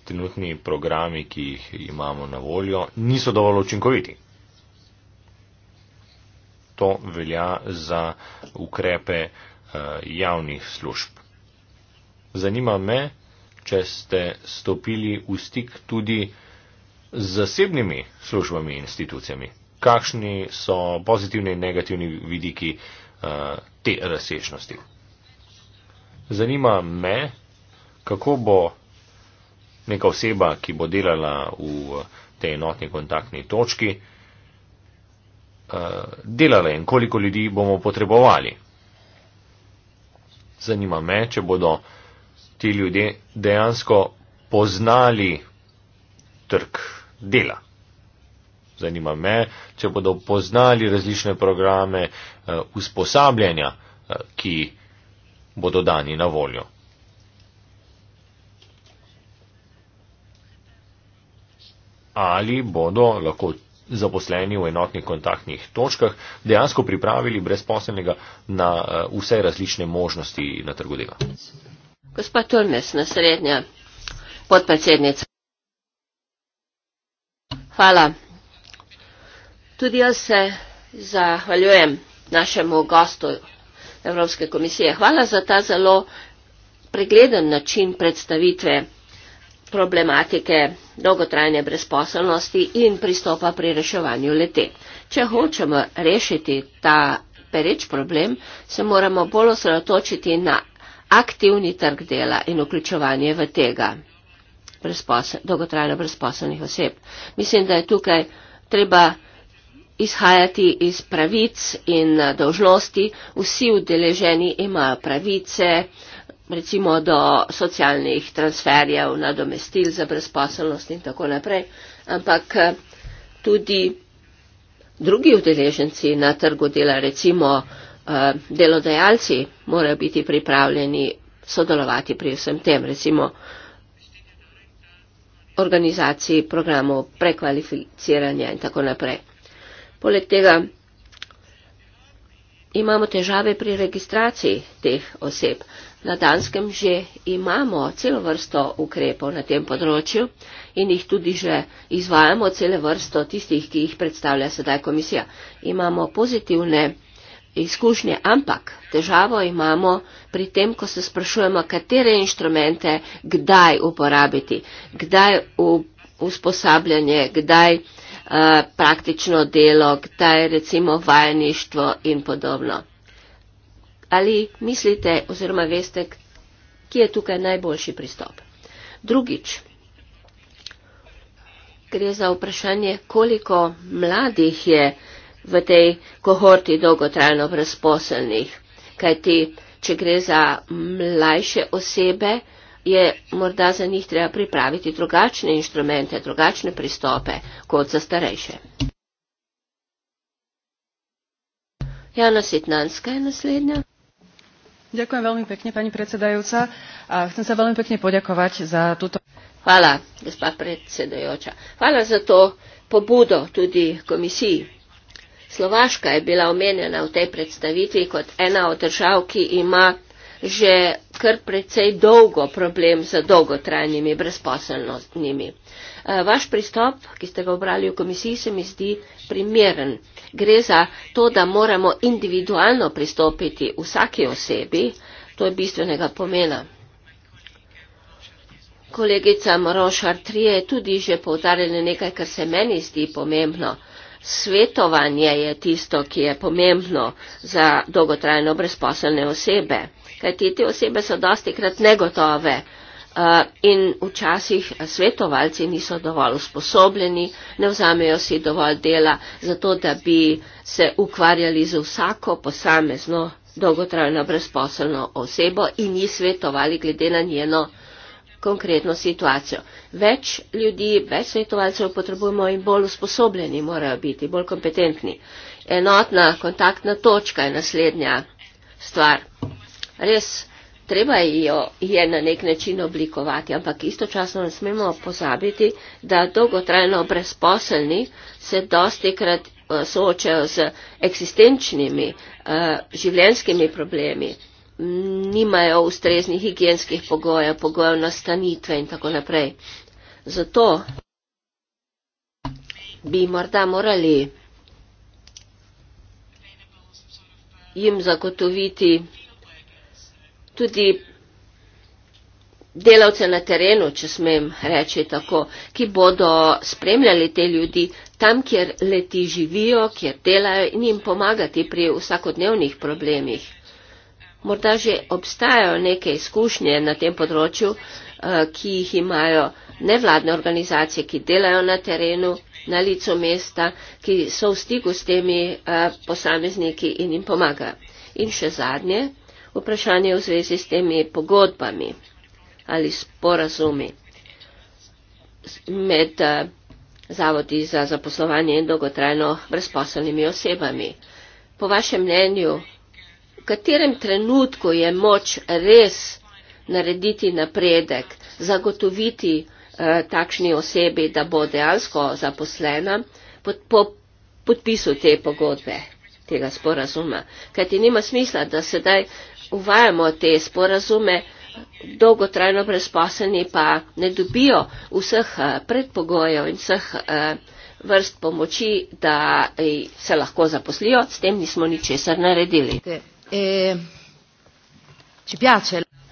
trenutni programi, ki jih imamo na voljo, niso dovolj učinkoviti to velja za ukrepe eh, javnih služb. Zanima me, če ste stopili v stik tudi z zasebnimi službami in institucijami. Kakšni so pozitivni in negativni vidiki eh, te razsečnosti? Zanima me, kako bo neka oseba, ki bo delala v tej enotni kontaktni točki, Eh, delale in koliko ljudi bomo potrebovali. Zanima me, če bodo ti ljudje dejansko poznali trg dela. Zanima me, če bodo poznali različne programe eh, usposabljanja, eh, ki bodo dani na voljo. Ali bodo lahko zaposleni v enotnih kontaktnih točkah dejansko pripravili brezposelnega na eh, vse različne možnosti na trgu dela. Gospa Tulmes, naslednja podpredsednica. Hvala. Tudi jaz se zahvaljujem našemu gostu Evropske komisije. Hvala za ta zelo pregleden način predstavitve problematike dolgotrajne brezposelnosti in pristopa pri reševanju lete. Če hočemo rešiti ta pereč problem, se moramo bolj osredotočiti na aktivni trg dela in vključovanje v tega brezposel, dolgotrajno brezposelnih oseb. Mislim, da je tukaj treba izhajati iz pravic in dožnosti. Vsi udeleženi imajo pravice, recimo do socialnih transferjev, nadomestil za brezposelnost in tako naprej, ampak eh, tudi drugi udeleženci na trgu dela, recimo eh, delodajalci, morajo biti pripravljeni sodelovati pri vsem tem, recimo organizaciji programov prekvalificiranja in tako naprej. Poleg tega imamo težave pri registraciji teh oseb. Na Danskem že imamo celo vrsto ukrepov na tem področju in jih tudi že izvajamo celo vrsto tistih, ki jih predstavlja sedaj komisija. Imamo pozitivne izkušnje, ampak težavo imamo pri tem, ko se sprašujemo, katere inštrumente kdaj uporabiti, kdaj usposabljanje, kdaj. Uh, Eh, praktično delo, kdaj recimo vajeništvo in podobno. Ali mislite oziroma veste, ki je tukaj najboljši pristop? Drugič, gre za vprašanje, koliko mladih je v tej kohorti dolgotrajno brezposelnih, kajti, če gre za mlajše osebe, je morda za njih treba pripraviti drugačne inštrumente, drugačne pristope kot za starejše. Jana Sitnanska je naslednja. Ďakujem veľmi pekne, pani predsedajúca. A chcem sa veľmi pekne poďakovať za túto... Hvala, gospa predsedajúca. Hvala za to pobudo tudi komisii. Slovaška je bila omenjena v tej predstavitvi kot ena od držav, ki ima že kar precej dolgo problem z dolgotrajnimi brezposelnostnimi. Eh, vaš pristop, ki ste ga obrali v komisiji, se mi zdi primeren. Gre za to, da moramo individualno pristopiti vsake osebi, to je bistvenega pomena. Kolegica Morošar Trije je tudi že povdarjala nekaj, kar se meni zdi pomembno. Svetovanje je tisto, ki je pomembno za dolgotrajno brezposelne osebe kajti te osebe so dosti krat negotove eh, in včasih svetovalci niso dovolj usposobljeni, ne vzamejo si dovolj dela za to, da bi se ukvarjali z vsako posamezno dolgotrajno brezposelno osebo in ji svetovali glede na njeno konkretno situacijo. Več ljudi, več svetovalcev potrebujemo in bolj usposobljeni morajo biti, bolj kompetentni. Enotna kontaktna točka je naslednja stvar res treba jo je na nek način oblikovati, ampak istočasno ne smemo pozabiti, da dolgotrajno brezposelni se dostikrat eh, soočajo z eksistenčnimi eh, življenjskimi problemi, nimajo ustreznih higijenskih pogojev, pogojev nastanitve in tako naprej. Zato bi morda morali jim zagotoviti tudi delavce na terenu, če smem reči tako, ki bodo spremljali te ljudi tam, kjer leti živijo, kjer delajo in jim pomagati pri vsakodnevnih problemih. Morda že obstajajo neke izkušnje na tem področju, eh, ki jih imajo nevladne organizacije, ki delajo na terenu, na licu mesta, ki so v stiku s temi eh, posamezniki in jim pomagajo. In še zadnje, vprašanje v zvezi s temi pogodbami ali sporazumi med eh, zavodi za zaposlovanje in dolgotrajno brezposelnimi osebami. Po vašem mnenju, v katerem trenutku je moč res narediti napredek, zagotoviti eh, takšni osebi, da bo dejansko zaposlena pod, po podpisu te pogodbe, tega sporazuma. Kajti nima smisla, da sedaj uvajamo te sporazume, dolgotrajno brezposelni pa ne dobijo vseh eh, predpogojev in vseh eh, vrst pomoči, da eh, se lahko zaposlijo, s tem nismo ničesar naredili. E,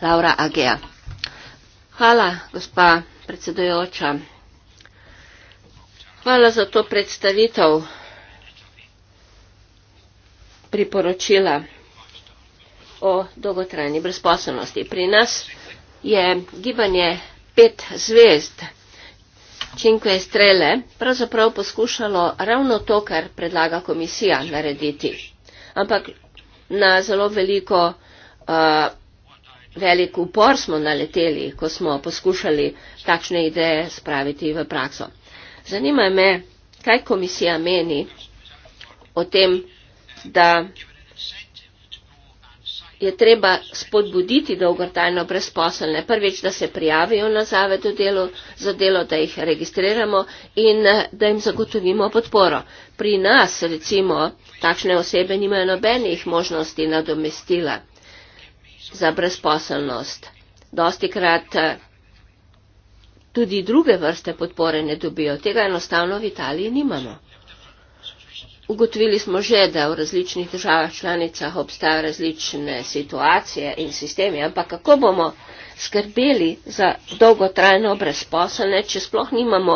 Laura Agea. Hvala, gospa predsedojoča. Hvala za to predstavitev priporočila o dolgotrajni brezposobnosti. Pri nas je gibanje pet zvezd, Cinque Strele, pravzaprav poskušalo ravno to, kar predlaga komisija narediti. Ampak na zelo veliko, uh, velik upor smo naleteli, ko smo poskušali takšne ideje spraviti v prakso. Zanima me, kaj komisija meni o tem, da je treba spodbuditi dolgotrajno brezposelne. Prvič, da se prijavijo na zavedu delo, za delo, da jih registriramo in eh, da jim zagotovimo podporo. Pri nas, recimo, takšne osebe nimajo nobenih možnosti nadomestila za brezposelnost. Dosti krat eh, tudi druge vrste podpore ne dobijo. Tega enostavno v Italiji nimamo. Ugotovili smo že, da v različnih državah članicah obstajajo različne situacije in sistemi, ampak kako bomo skrbeli za dolgotrajno brezposelne, če sploh nimamo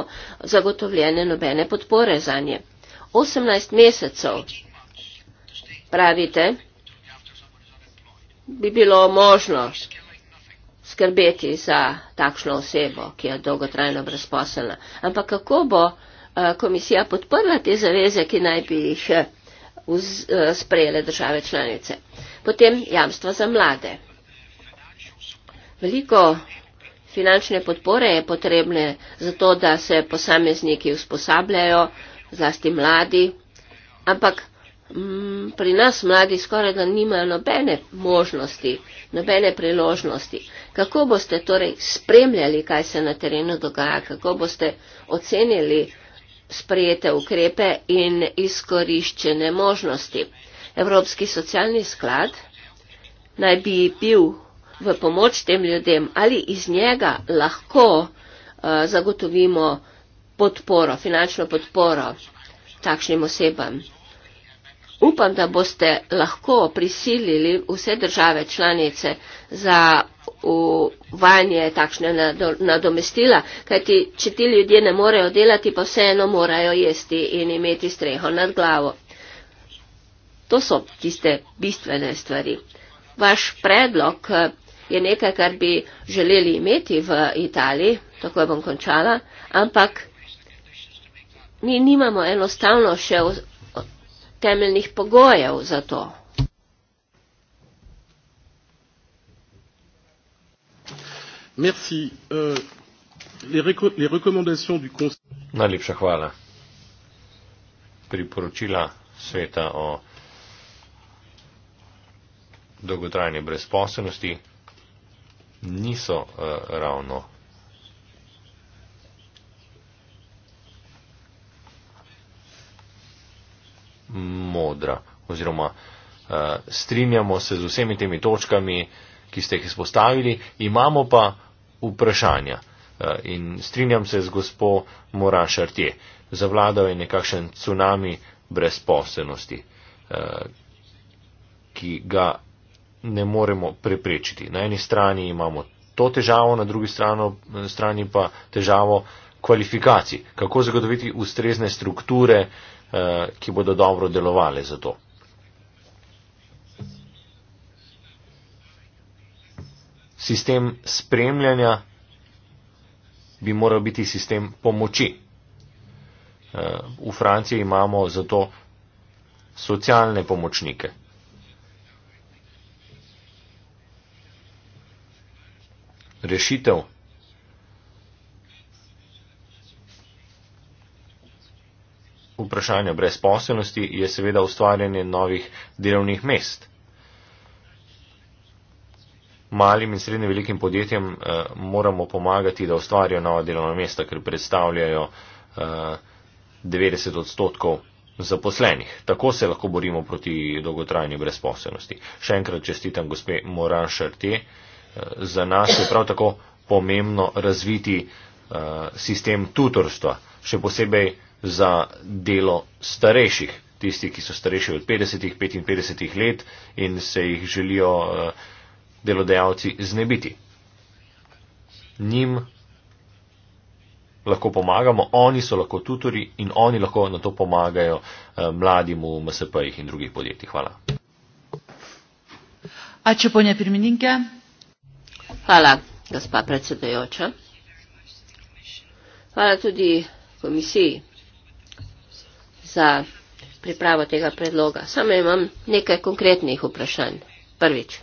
zagotovljene nobene podpore za nje. 18 mesecev, pravite, bi bilo možno skrbeti za takšno osebo, ki je dolgotrajno brezposelna. Ampak kako bo Eh, komisija podprla te zaveze, ki naj bi jih eh, eh, sprejele države članice. Potem jamstva za mlade. Veliko finančne podpore je potrebne za to, da se posamezniki usposabljajo, zlasti mladi, ampak mm, pri nas mladi skoraj da nimajo nobene možnosti, nobene priložnosti. Kako boste torej spremljali, kaj se na terenu dogaja, kako boste ocenili, sprejete ukrepe in izkoriščene možnosti. Evropski socialni sklad naj bi bil v pomoč tem ljudem ali iz njega lahko eh, zagotovimo podporo, finančno podporo takšnim osebam. Upam, da boste lahko prisilili vse države članice za uvajanje takšne nadomestila, kajti če ti ljudje ne morejo delati, pa vseeno morajo jesti in imeti streho nad glavo. To so tiste bistvene stvari. Vaš predlog eh, je nekaj, kar bi želeli imeti v Italiji, tako bom končala, ampak mi nimamo enostavno še temeljnih pogojev za to. Euh, najlepša hvala priporočila sveta o dolgotrajni brezposelnosti niso uh, ravno modra oziroma uh, strinjamo se z vsemi temi točkami, ki ste jih izpostavili, imamo pa vprašanja. Eh, in strinjam se z gospo Moran Šartje, zavladal je nekakšen tsunami brezposobnosti, eh, ki ga ne moremo preprečiti. Na eni strani imamo to težavo, na drugi strani pa težavo kvalifikacij, kako zagotoviti ustrezne strukture, eh, ki bodo dobro delovale za to. sistem spremljanja bi moral biti sistem pomoči. Eh, v Franciji imamo zato socialne pomočnike. Rešitev vprašanja brezposelnosti je seveda ustvarjanje novih delovnih mest malim in srednje velikim podjetjem uh, moramo pomagati, da ustvarjajo nova delovna mesta, ker predstavljajo uh, eh, 90 odstotkov zaposlenih. Tako se lahko borimo proti dolgotrajni brezposobnosti. Še enkrat čestitam gospe Moran Šarte. Uh, za nas je prav tako pomembno razviti uh, sistem tutorstva, še posebej za delo starejših, tisti, ki so starejši od 50-ih, 55-ih let in se jih želijo uh, delodajalci znebiti. Njim lahko pomagamo, oni so lahko tutori in oni lahko na to pomagajo eh, mladim v MSP-jih in drugih podjetjih. Hvala. A če ponje primeninke? Hvala, gospa predsedajoča. Hvala tudi komisiji za pripravo tega predloga. Samo imam nekaj konkretnih vprašanj. Prvič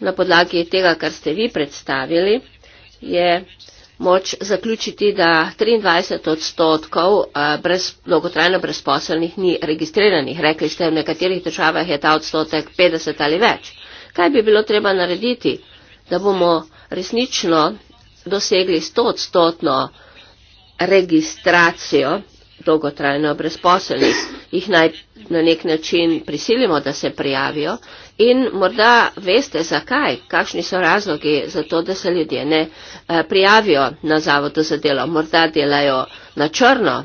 na podlagi tega, kar ste vi predstavili, je moč zaključiti, da 23 odstotkov brez, dolgotrajno brezposelnih ni registriranih. Rekli ste, v nekaterih državah je ta odstotek 50 ali več. Kaj bi bilo treba narediti, da bomo resnično dosegli 100 odstotno registracijo dolgotrajno brezposelnih, jih naj na nek način prisilimo, da se prijavijo in morda veste, zakaj, kakšni so razlogi za to, da se ljudje ne eh, prijavijo na zavodu za delo. Morda delajo na črno.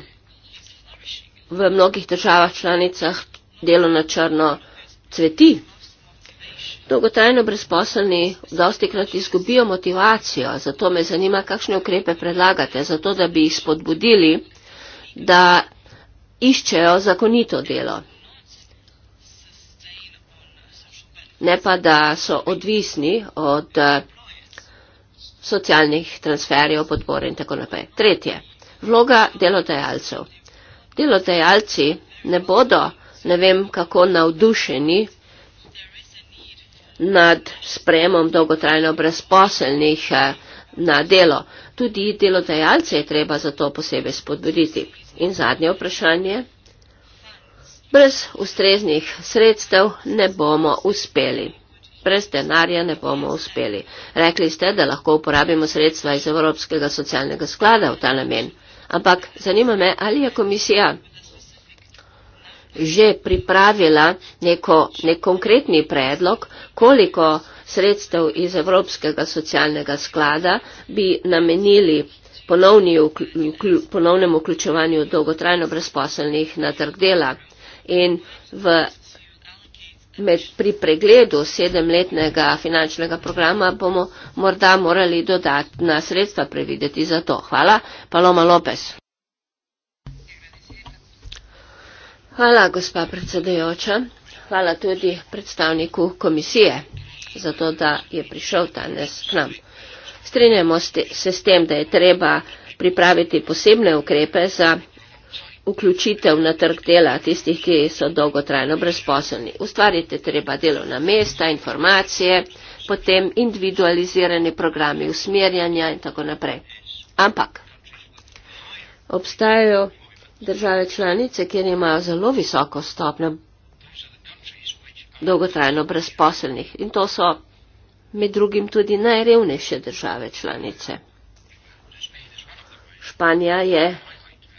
V mnogih državah članicah delo na črno cveti. Dolgotrajno brezposelni dosti krat izgubijo motivacijo, zato me zanima, kakšne ukrepe predlagate, zato da bi jih spodbudili da iščejo zakonito delo, ne pa da so odvisni od eh, socialnih transferjev, podpore in tako naprej. Tretje, vloga delodajalcev. Delodajalci ne bodo, ne vem kako, navdušeni nad spremom dolgotrajno brezposelnih eh, na delo. Tudi delodajalce je treba za to posebej spodbuditi. In zadnje vprašanje. Brez ustreznih sredstev ne bomo uspeli. Brez denarja ne bomo uspeli. Rekli ste, da lahko uporabimo sredstva iz Evropskega socialnega sklada v ta namen. Ampak zanima me, ali je komisija že pripravila neko, nek konkretni predlog, koliko sredstev iz Evropskega socialnega sklada bi namenili ponovni, vklju, ponovnem vključevanju dolgotrajno brezposelnih na trg dela. In v, med, pri pregledu sedemletnega finančnega programa bomo morda morali dodatna sredstva prevideti za to. Hvala. Paloma Lopes. Hvala, gospa predsedajoča. Hvala tudi predstavniku komisije za to, da je prišel danes k nam. Strenjamo se s tem, da je treba pripraviti posebne ukrepe za vključitev na trg dela tistih, ki so dolgotrajno brezposobni. Ustvarite treba delovna mesta, informacije, potem individualizirani programi usmerjanja in tako naprej. Ampak obstajajo države članice, kjer imajo zelo visoko stopnjo dolgotrajno brezposobnih in to so med drugim tudi najrevnejše države članice. Španija je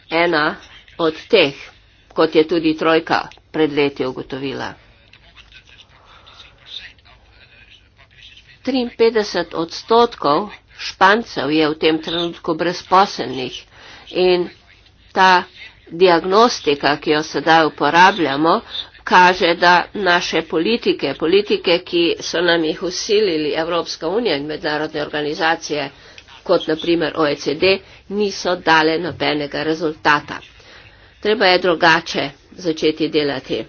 ena od teh, kot je tudi trojka pred leti ugotovila. 53 odstotkov špancev je v tem trenutku brezposelnih in ta diagnostika, ki jo sedaj uporabljamo, kaže, da naše politike, politike, ki so nam jih usilili Evropska unija in mednarodne organizacije, kot naprimer OECD, niso dale nobenega rezultata. Treba je drugače začeti delati.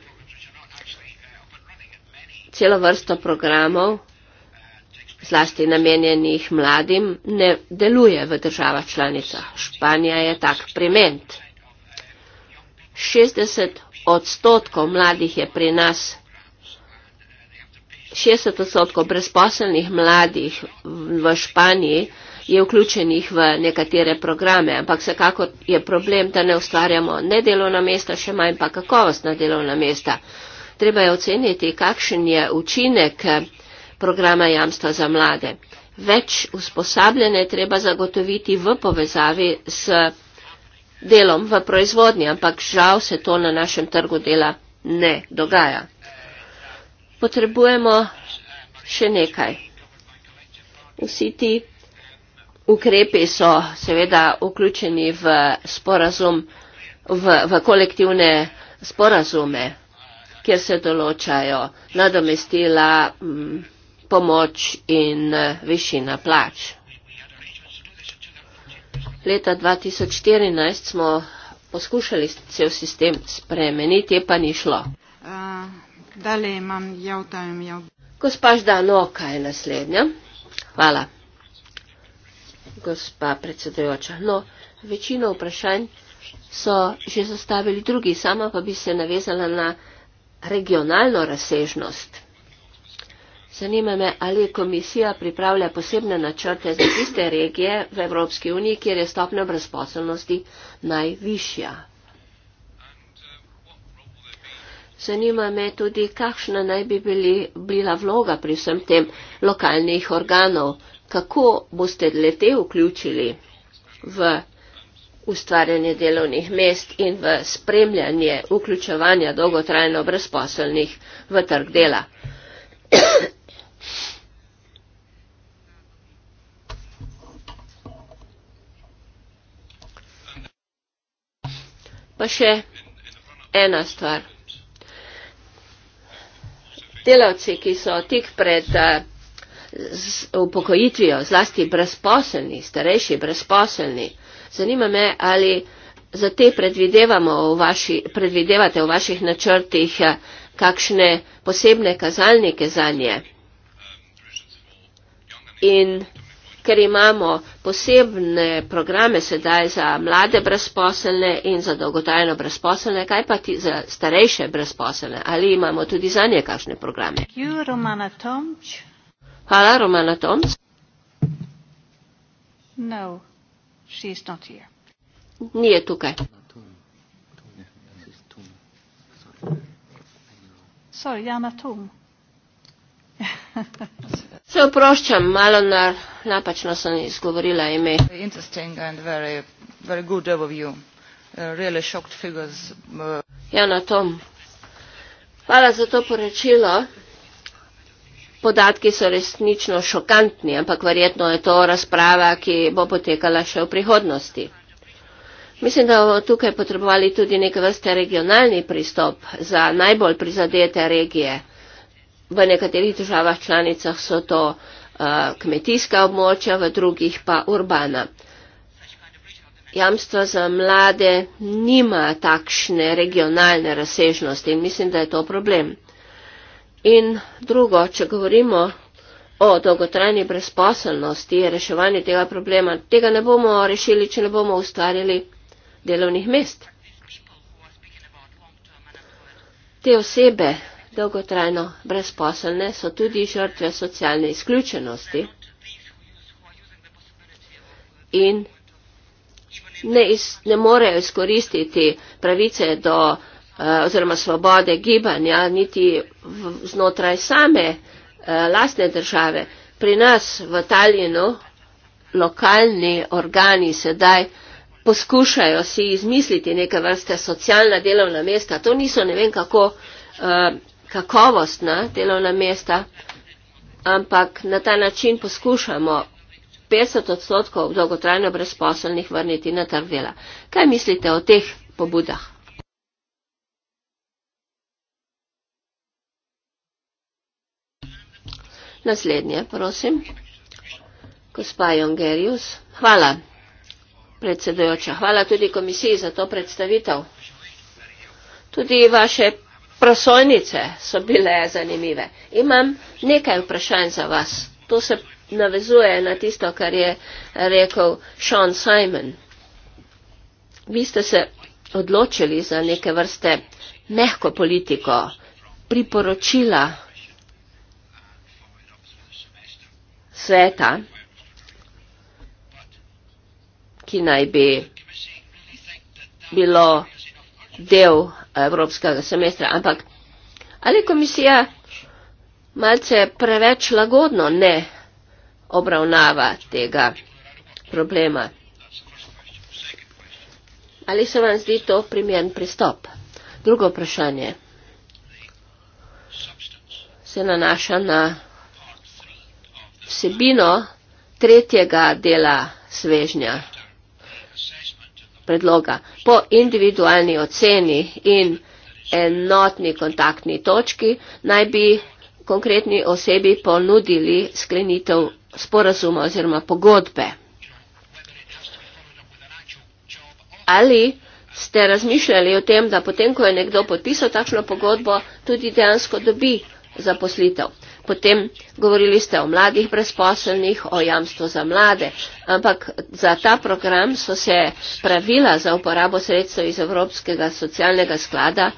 Celo vrsto programov, zlasti namenjenih mladim, ne deluje v državah članicah. Španija je tak prement. 60 odstotkov mladih je pri nas, 60 odstotkov brezposelnih mladih v Španiji je vključenih v nekatere programe, ampak vsekakor je problem, da ne ustvarjamo ne delovna mesta, še manj pa kakovostna delovna mesta. Treba je oceniti, kakšen je učinek eh, programa jamstva za mlade. Več usposabljene treba zagotoviti v povezavi s delom v proizvodnji, ampak žal se to na našem trgu dela ne dogaja. Potrebujemo še nekaj. Vsi ti ukrepi so seveda vključeni v, sporazum, v, v kolektivne sporazume, kjer se določajo nadomestila, mm, pomoč in eh, višina plač leta 2014 smo poskušali cel sistem spremeniti, pa ni šlo. Uh, dale imam jav, da imam jav. Gospa Ždanoka je naslednja. Hvala. Gospa predsedujoča. No, večino vprašanj so že zastavili drugi, sama pa bi se navezala na regionalno razsežnost. Zanima me, ali komisija pripravlja posebne načrte za tiste regije v Evropski uniji, kjer je stopnja brezposobnosti najvišja. Zanima me tudi, kakšna naj bi bili, bila vloga pri vsem tem lokalnih organov, kako boste le te vključili v ustvarjanje delovnih mest in v spremljanje vključevanja dolgotrajno brezposobnih v trg dela. Pa še ena stvar. Delavci, ki so tik pred eh, upokojitvijo, zlasti brezposelni, starejši brezposelni, zanima me, ali za te predvidevamo v vaši, predvidevate v vaših načrtih eh, kakšne posebne kazalnike za nje. In ker imamo posebne programe sedaj za mlade brezposelne in za dolgotrajno brezposelne, kaj pa ti za starejše brezposelne? Ali imamo tudi za nje kakšne programe? Hvala, Romana Tomč. No, Ni je tukaj. Sorry, Jana Tom. Se oproščam, malo na, napačno sem izgovorila ime. Very good overview. Uh, really shocked figures. Uh. Ja, na tom. Hvala za to poročilo. Podatki so resnično šokantni, ampak verjetno je to razprava, ki bo potekala še v prihodnosti. Mislim, da bomo tukaj potrebovali tudi neke vrste regionalni pristop za najbolj prizadete regije v nekaterih državah članicah so to uh, kmetijska območja, v drugih pa urbana. Jamstva za mlade nima takšne regionalne razsežnosti in mislim, da je to problem. In drugo, če govorimo o dolgotrajni brezposelnosti, reševanju tega problema, tega ne bomo rešili, če ne bomo ustvarjali delovnih mest. Te osebe, dolgotrajno brezposelne so tudi žrtve socialne izključenosti in ne, iz, ne morejo izkoristiti pravice do eh, oziroma svobode gibanja, niti v, znotraj same eh, lastne države. Pri nas v Talinu lokalni organi sedaj poskušajo si izmisliti neke vrste socialna delovna mesta. To niso ne vem kako eh, kakovostna delovna mesta, ampak na ta način poskušamo 50 odstotkov dolgotrajno brezposelnih vrniti na trg dela. Kaj mislite o teh pobudah? Naslednje, prosim. Gospa Jongerius, hvala, predsedojoča. Hvala tudi komisiji za to predstavitev. Tudi vaše prosojnice so bile zanimive. Imam nekaj vprašanj za vas. To se navezuje na tisto, kar je rekel Sean Simon. Vi ste se odločili za neke vrste mehko politiko, priporočila sveta, ki naj bi bilo del evropskega semestra. Ampak ali komisija malce preveč lagodno ne obravnava tega problema? Ali se vam zdi to primern pristop? Drugo vprašanje se nanaša na vsebino tretjega dela svežnja predloga. Po individualni oceni in enotni kontaktni točki naj bi konkretni osebi ponudili sklenitev sporazuma oziroma pogodbe. Ali ste razmišljali o tem, da potem, ko je nekdo podpisal takšno pogodbo, tudi dejansko dobi zaposlitev? Potem govorili ste o mladih brezposelnih, o jamstvu za mlade, ampak za ta program so se pravila za uporabo sredstev iz Evropskega socialnega sklada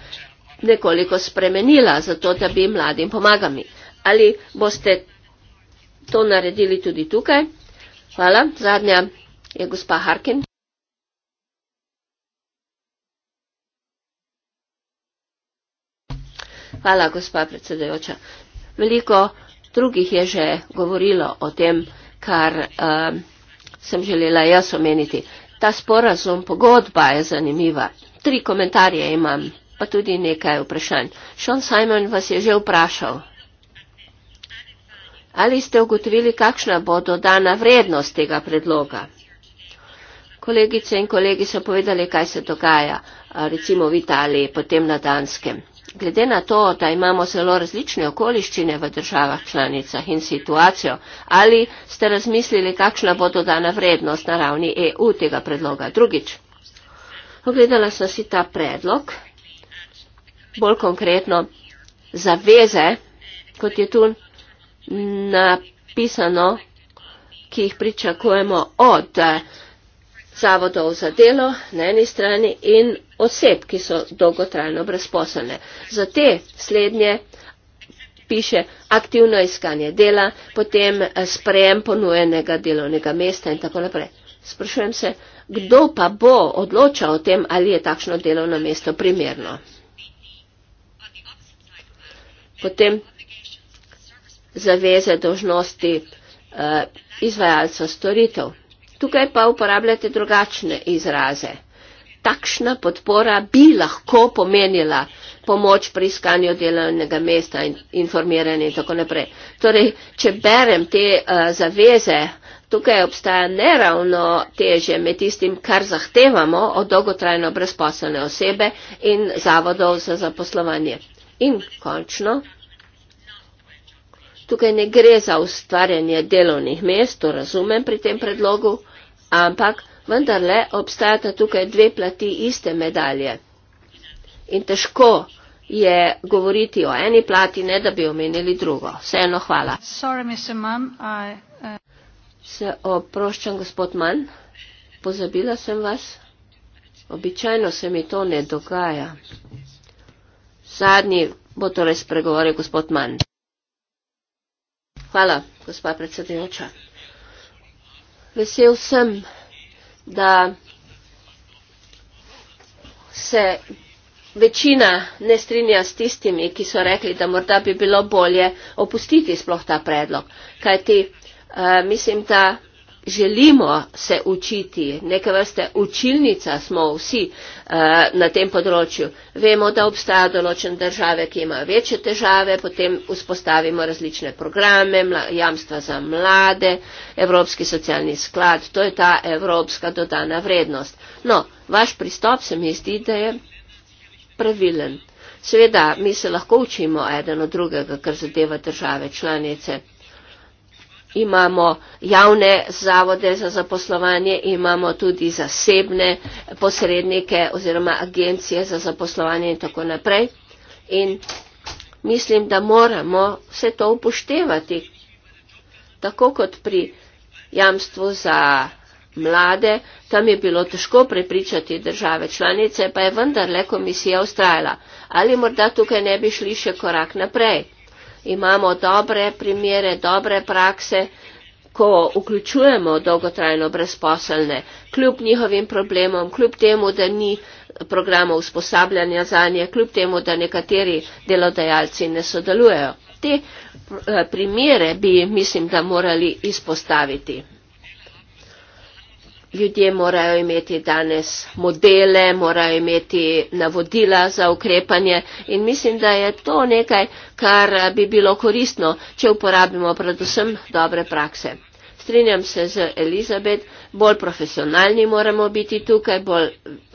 nekoliko spremenila, zato da bi mladim pomagali. Ali boste to naredili tudi tukaj? Hvala. Zadnja je gospa Harkin. Hvala, gospa predsedajoča. Veliko drugih je že govorilo o tem, kar um, sem želela jaz omeniti. Ta sporazum, pogodba je zanimiva. Tri komentarje imam, pa tudi nekaj vprašanj. Sean Simon vas je že vprašal. Ali ste ugotovili, kakšna bo dodana vrednost tega predloga? Kolegice in kolegi so povedali, kaj se dogaja, recimo v Italiji, potem na Danskem glede na to, da imamo zelo različne okoliščine v državah članicah in situacijo, ali ste razmislili, kakšna bo dodana vrednost na ravni EU tega predloga? Drugič, ogledala sem si ta predlog, bolj konkretno zaveze, kot je tu napisano, ki jih pričakujemo od zavodov za delo na eni strani in oseb, ki so dolgotrajno brezposelne. Za te slednje piše aktivno iskanje dela, potem eh, sprejem ponujenega delovnega mesta in tako naprej. Sprašujem se, kdo pa bo odločal o tem, ali je takšno delovno mesto primerno. Potem zaveze, dožnosti eh, izvajalca storitev tukaj pa uporabljate drugačne izraze. Takšna podpora bi lahko pomenila pomoč pri iskanju delovnega mesta in informiranje in tako naprej. Torej, če berem te uh, zaveze, tukaj obstaja neravno teže med tistim, kar zahtevamo od dolgotrajno brezposelne osebe in zavodov za zaposlovanje. In končno, tukaj ne gre za ustvarjanje delovnih mest, to razumem pri tem predlogu ampak vendarle obstajata tukaj dve plati iste medalje. In težko je govoriti o eni plati, ne da bi omenili drugo. Vseeno hvala. Sorry, Mann, I, uh... Se oproščam, gospod Mann, pozabila sem vas. Običajno se mi to ne dogaja. Zadnji bo torej spregovoril gospod Mann. Hvala, gospa predsedujoča. Vesel sem, da se večina ne strinja s tistimi, ki so rekli, da morda bi bilo bolje opustiti sploh ta predlog. Kajti uh, mislim, da želimo se učiti, neke vrste učilnica smo vsi uh, na tem področju. Vemo, da obstajajo določene države, ki imajo večje težave, potem vzpostavimo različne programe, jamstva za mlade, Evropski socialni sklad, to je ta evropska dodana vrednost. No, vaš pristop se mi zdi, da je pravilen. Seveda, mi se lahko učimo eden od drugega, kar zadeva države članice imamo javne zavode za zaposlovanje, imamo tudi zasebne posrednike oziroma agencije za zaposlovanje in tako naprej. In mislim, da moramo vse to upoštevati, tako kot pri jamstvu za mlade, tam je bilo težko prepričati države članice, pa je vendarle komisija ustrajala. Ali morda tukaj ne bi šli še korak naprej? imamo dobre primere, dobre prakse, ko vključujemo dolgotrajno brezposelne, kljub njihovim problemom, kljub temu, da ni programov usposabljanja za nje, kljub temu, da nekateri delodajalci ne sodelujejo. Te eh, primere bi, mislim, da morali izpostaviti ljudje morajo imeti danes modele, morajo imeti navodila za ukrepanje in mislim, da je to nekaj, kar bi bilo koristno, če uporabimo predvsem dobre prakse. Strinjam se z Elizabet, bolj profesionalni moramo biti tukaj, bolj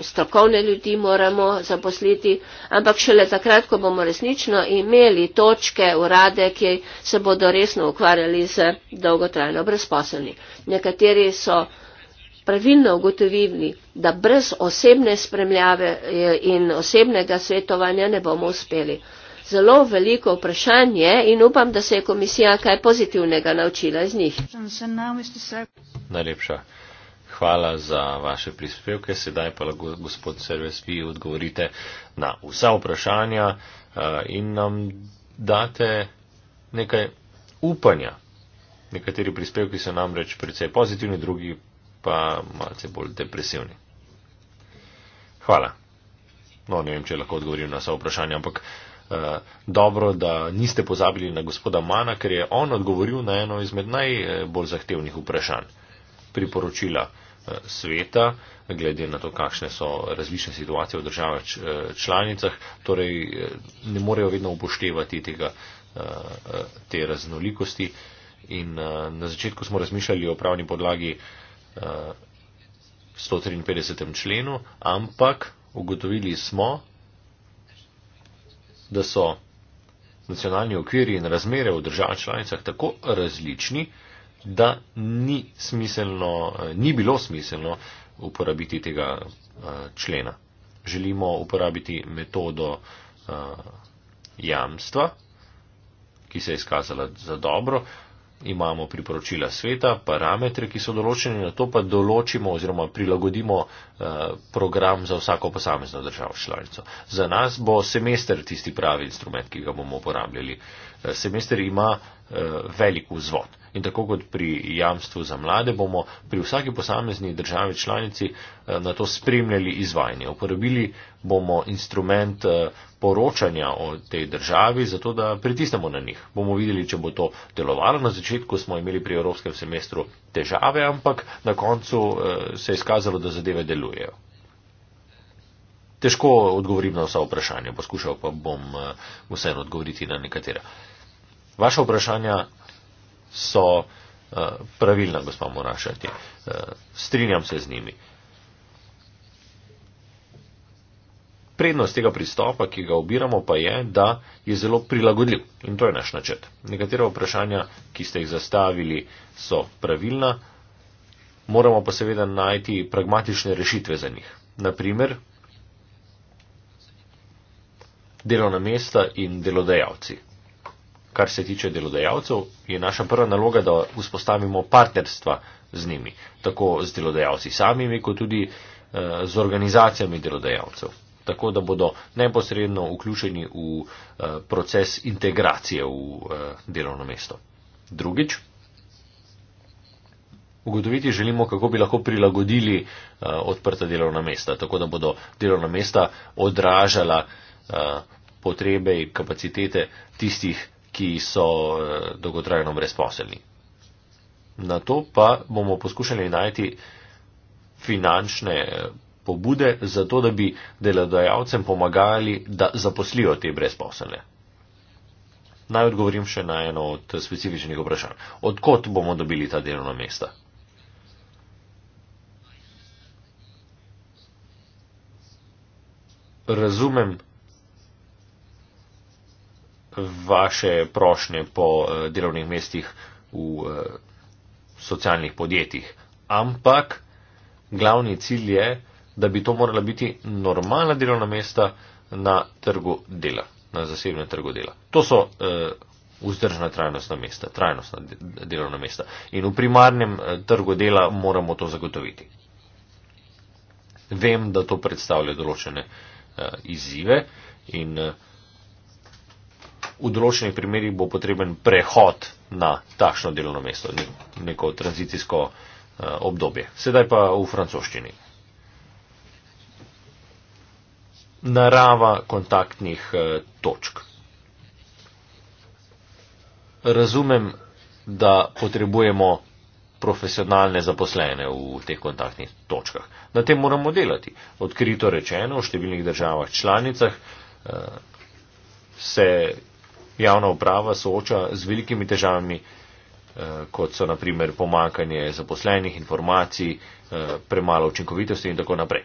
strokovne ljudi moramo zaposliti, ampak šele takrat, ko bomo resnično imeli točke, urade, ki se bodo resno ukvarjali z dolgotrajno brezposobni. Nekateri so pravilno ugotovili, da brez osebne spremljave eh, in osebnega svetovanja ne bomo uspeli. Zelo veliko vprašanje in upam, da se je komisija kaj pozitivnega naučila iz njih. Najlepša hvala za vaše prispevke. Sedaj pa lahko gospod Serves vi odgovorite na vsa vprašanja eh, in nam date nekaj upanja. Nekateri prispevki so namreč precej pozitivni, drugi pa malce bolj depresivni. Hvala. No, ne vem, če lahko odgovorim na vse vprašanje, ampak eh, dobro, da niste pozabili na gospoda Mana, ker je on odgovoril na eno izmed najbolj zahtevnih vprašanj. Priporočila eh, sveta, glede na to, kakšne so različne situacije v državah č, eh, članicah, torej eh, ne morejo vedno upoštevati tega, eh, eh, te raznolikosti. In eh, na začetku smo razmišljali o pravni podlagi eh, 153. Eh, členu, ampak ugotovili smo, da so nacionalni okviri in razmere v državah članicah tako različni, da ni, smiselno, eh, ni bilo smiselno uporabiti tega eh, člena. Želimo uporabiti metodo jamstva, ki se je izkazala za dobro, imamo priporočila sveta, parametre, ki so določeni, na to pa določimo oziroma prilagodimo Eh, program za vsako posamezno državo članico. Za nas bo semester tisti pravi instrument, ki ga bomo uporabljali. Eh, semester ima eh, velik vzvod. In tako kot pri jamstvu za mlade bomo pri vsaki posamezni državi članici na to spremljali izvajanje. Uporabili bomo instrument poročanja o tej državi, zato da pritisnemo na njih. Bomo videli, če bo to delovalo. Na začetku smo imeli pri evropskem semestru težave, ampak na koncu se je izkazalo, da zadeve delujejo delujejo. Težko odgovorim na vsa vprašanja, poskušal pa bom eh, vseeno odgovoriti na nekatera. Vaša vprašanja so eh, pravilna, gospa Morašati. Eh, strinjam se z njimi. Prednost tega pristopa, ki ga obiramo, pa je, da je zelo prilagodljiv. In to je naš načet. Nekatera vprašanja, ki ste jih zastavili, so pravilna moramo pa seveda najti pragmatične rešitve za njih. Naprimer, delovna mesta in delodajalci. Kar se tiče delodajalcev, je naša prva naloga, da vzpostavimo partnerstva z njimi, tako z delodajalci samimi, kot tudi eh, z organizacijami delodajalcev, tako da bodo neposredno vključeni v eh, proces integracije v eh, delovno mesto. Drugič, ugotoviti želimo, kako bi lahko prilagodili uh, odprta delovna mesta, tako da bodo delovna mesta odražala uh, potrebe in kapacitete tistih, ki so uh, dolgotrajno brezposelni. Na to pa bomo poskušali najti finančne pobude, zato da bi delodajalcem pomagali, da zaposlijo te brezposelne. Naj odgovorim še na eno od specifičnih vprašanj. Odkot bomo dobili ta delovna mesta? razumem vaše prošnje po eh, delovnih mestih v eh, socialnih podjetjih, ampak glavni cilj je, da bi to morala biti normalna delovna mesta na trgu dela, na zasebnem trgu dela. To so eh, vzdržna trajnostna mesta, trajnostna delovna mesta. In v primarnem trgu dela moramo to zagotoviti. Vem, da to predstavlja določene uh, Eh, izzive in eh, v določenih primerjih bo potreben prehod na takšno delovno mesto, neko tranzicijsko eh, obdobje. Sedaj pa v francoščini. Narava kontaktnih točk. Razumem, da potrebujemo profesionalne zaposlene v teh kontaktnih točkah. Na tem moramo delati. Odkrito rečeno, v številnih državah članicah eh, se javna uprava sooča z velikimi težavami, eh, kot so naprimer pomankanje zaposlenih, informacij, eh, premalo učinkovitosti in tako naprej.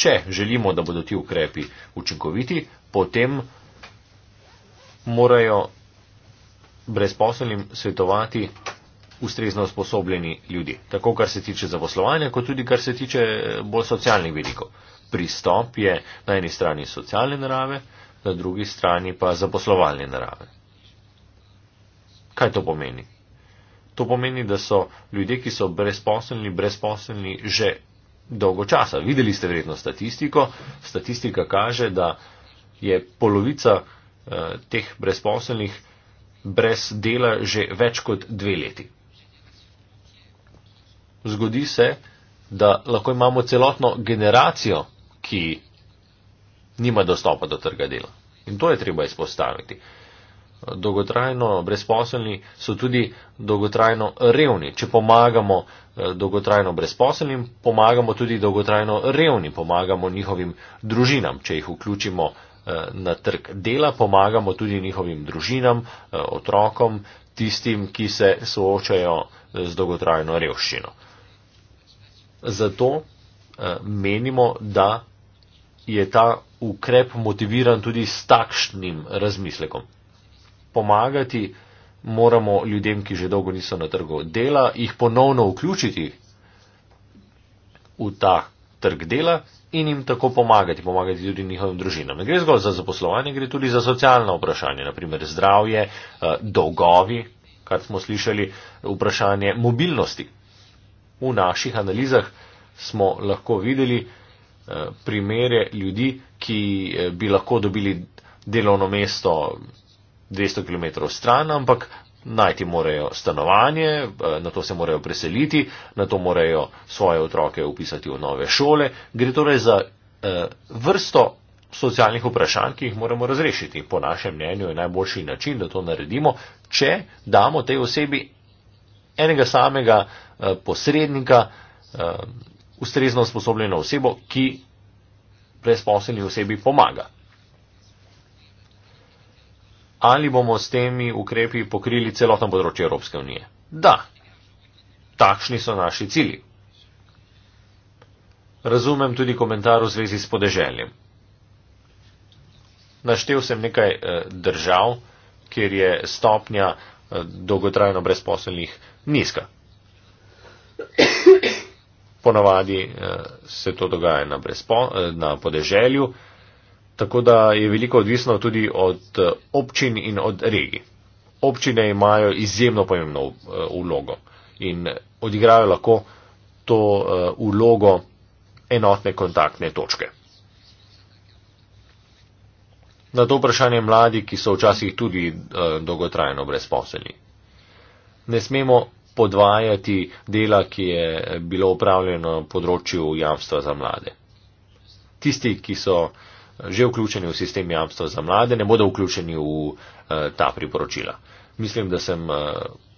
Če želimo, da bodo ti ukrepi učinkoviti, potem morajo brezposelnim svetovati ustrezno usposobljeni ljudi, tako kar se tiče zaposlovanja, kot tudi kar se tiče eh, bolj socialnih vidikov. Pristop je na eni strani socialne narave, na drugi strani pa zaposlovalne narave. Kaj to pomeni? To pomeni, da so ljudje, ki so brezposelni, brezposelni že dolgo časa. Videli ste vredno statistiko. Statistika kaže, da je polovica eh, teh brezposelnih brez dela že več kot dve leti. Zgodi se, da lahko imamo celotno generacijo, ki nima dostopa do trga dela. In to je treba izpostaviti. Dolgotrajno brezposelni so tudi dolgotrajno revni. Če pomagamo eh, dolgotrajno brezposelnim, pomagamo tudi dolgotrajno revni, pomagamo njihovim družinam, če jih vključimo Eh, na trg dela, pomagamo tudi njihovim družinam, eh, otrokom, tistim, ki se soočajo eh, z dolgotrajno revščino. Zato menimo, da je ta ukrep motiviran tudi s takšnim razmislekom. Pomagati moramo ljudem, ki že dolgo niso na trgu dela, jih ponovno vključiti v ta trg dela in jim tako pomagati, pomagati tudi njihovim družinam. Ne gre zgolj za zaposlovanje, gre tudi za socialna vprašanja, naprimer zdravje, eh, dolgovi, kar smo slišali, vprašanje mobilnosti. V naših analizah smo lahko videli eh, primere ljudi, ki eh, bi lahko dobili delovno mesto 200 km stran, ampak najti morajo stanovanje, eh, na to se morajo preseliti, na to morajo svoje otroke upisati v nove šole. Gre torej za eh, vrsto socialnih vprašanj, ki jih moramo razrešiti. Po našem mnenju je najboljši način, da to naredimo, če damo tej osebi enega samega eh, posrednika, ustrezno usposobljeno osebo, ki brezposelni osebi pomaga ali bomo s temi ukrepi pokrili celotno področje Evropske unije. Da, takšni so naši cilji. Razumem tudi komentar v zvezi s podeželjem. Naštel sem nekaj eh, držav, kjer je stopnja eh, dolgotrajno brezposelnih nizka. Ponavadi eh, se to dogaja na, brezpo, na podeželju tako da je veliko odvisno tudi od eh, občin in od regij. Občine imajo izjemno pomembno ulogo eh, in odigrajo lahko to ulogo eh, enotne kontaktne točke. Na to vprašanje mladi, ki so včasih tudi dolgotrajno brezposelni. Ne smemo podvajati dela, ki je bilo upravljeno področju javstva za mlade. Tisti, ki so uh, že vključeni v sistem jamstva za mlade, ne bodo vključeni v eh, ta priporočila. Mislim, da sem eh,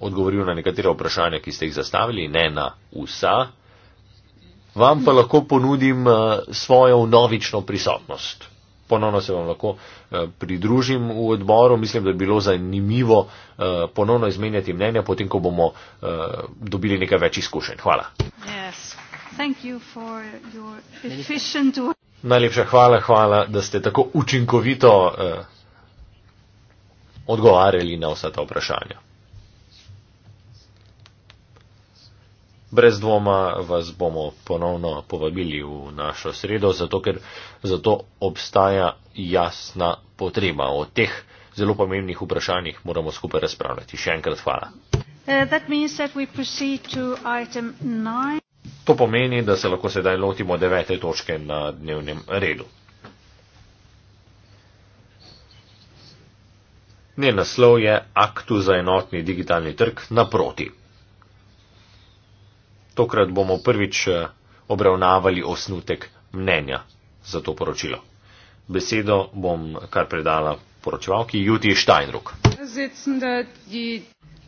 odgovoril na nekatera vprašanja, ki ste jih zastavili, ne na vsa. Vam pa lahko ponudim eh, svojo novično prisotnost. Ponovno se vam lahko pridružim v odboru. Mislim, da bi bilo zanimivo ponovno izmenjati mnenja, potem, ko bomo dobili nekaj več izkušenj. Hvala. Yes. Najlepša hvala, hvala, da ste tako učinkovito eh, odgovarjali na vsa ta vprašanja. Brez dvoma vas bomo ponovno povabili v našo sredo, zato ker zato obstaja jasna potreba. O teh zelo pomembnih vprašanjih moramo skupaj razpravljati. Še enkrat hvala. Uh, To pomeni, da se lahko sedaj lotimo devete točke na dnevnem redu. Njen naslov je Aktu za enotni digitalni trg naproti. Tokrat bomo prvič eh, obravnavali osnutek mnenja za to poročilo. Besedo bom kar predala poročevalki Juti Steinruck.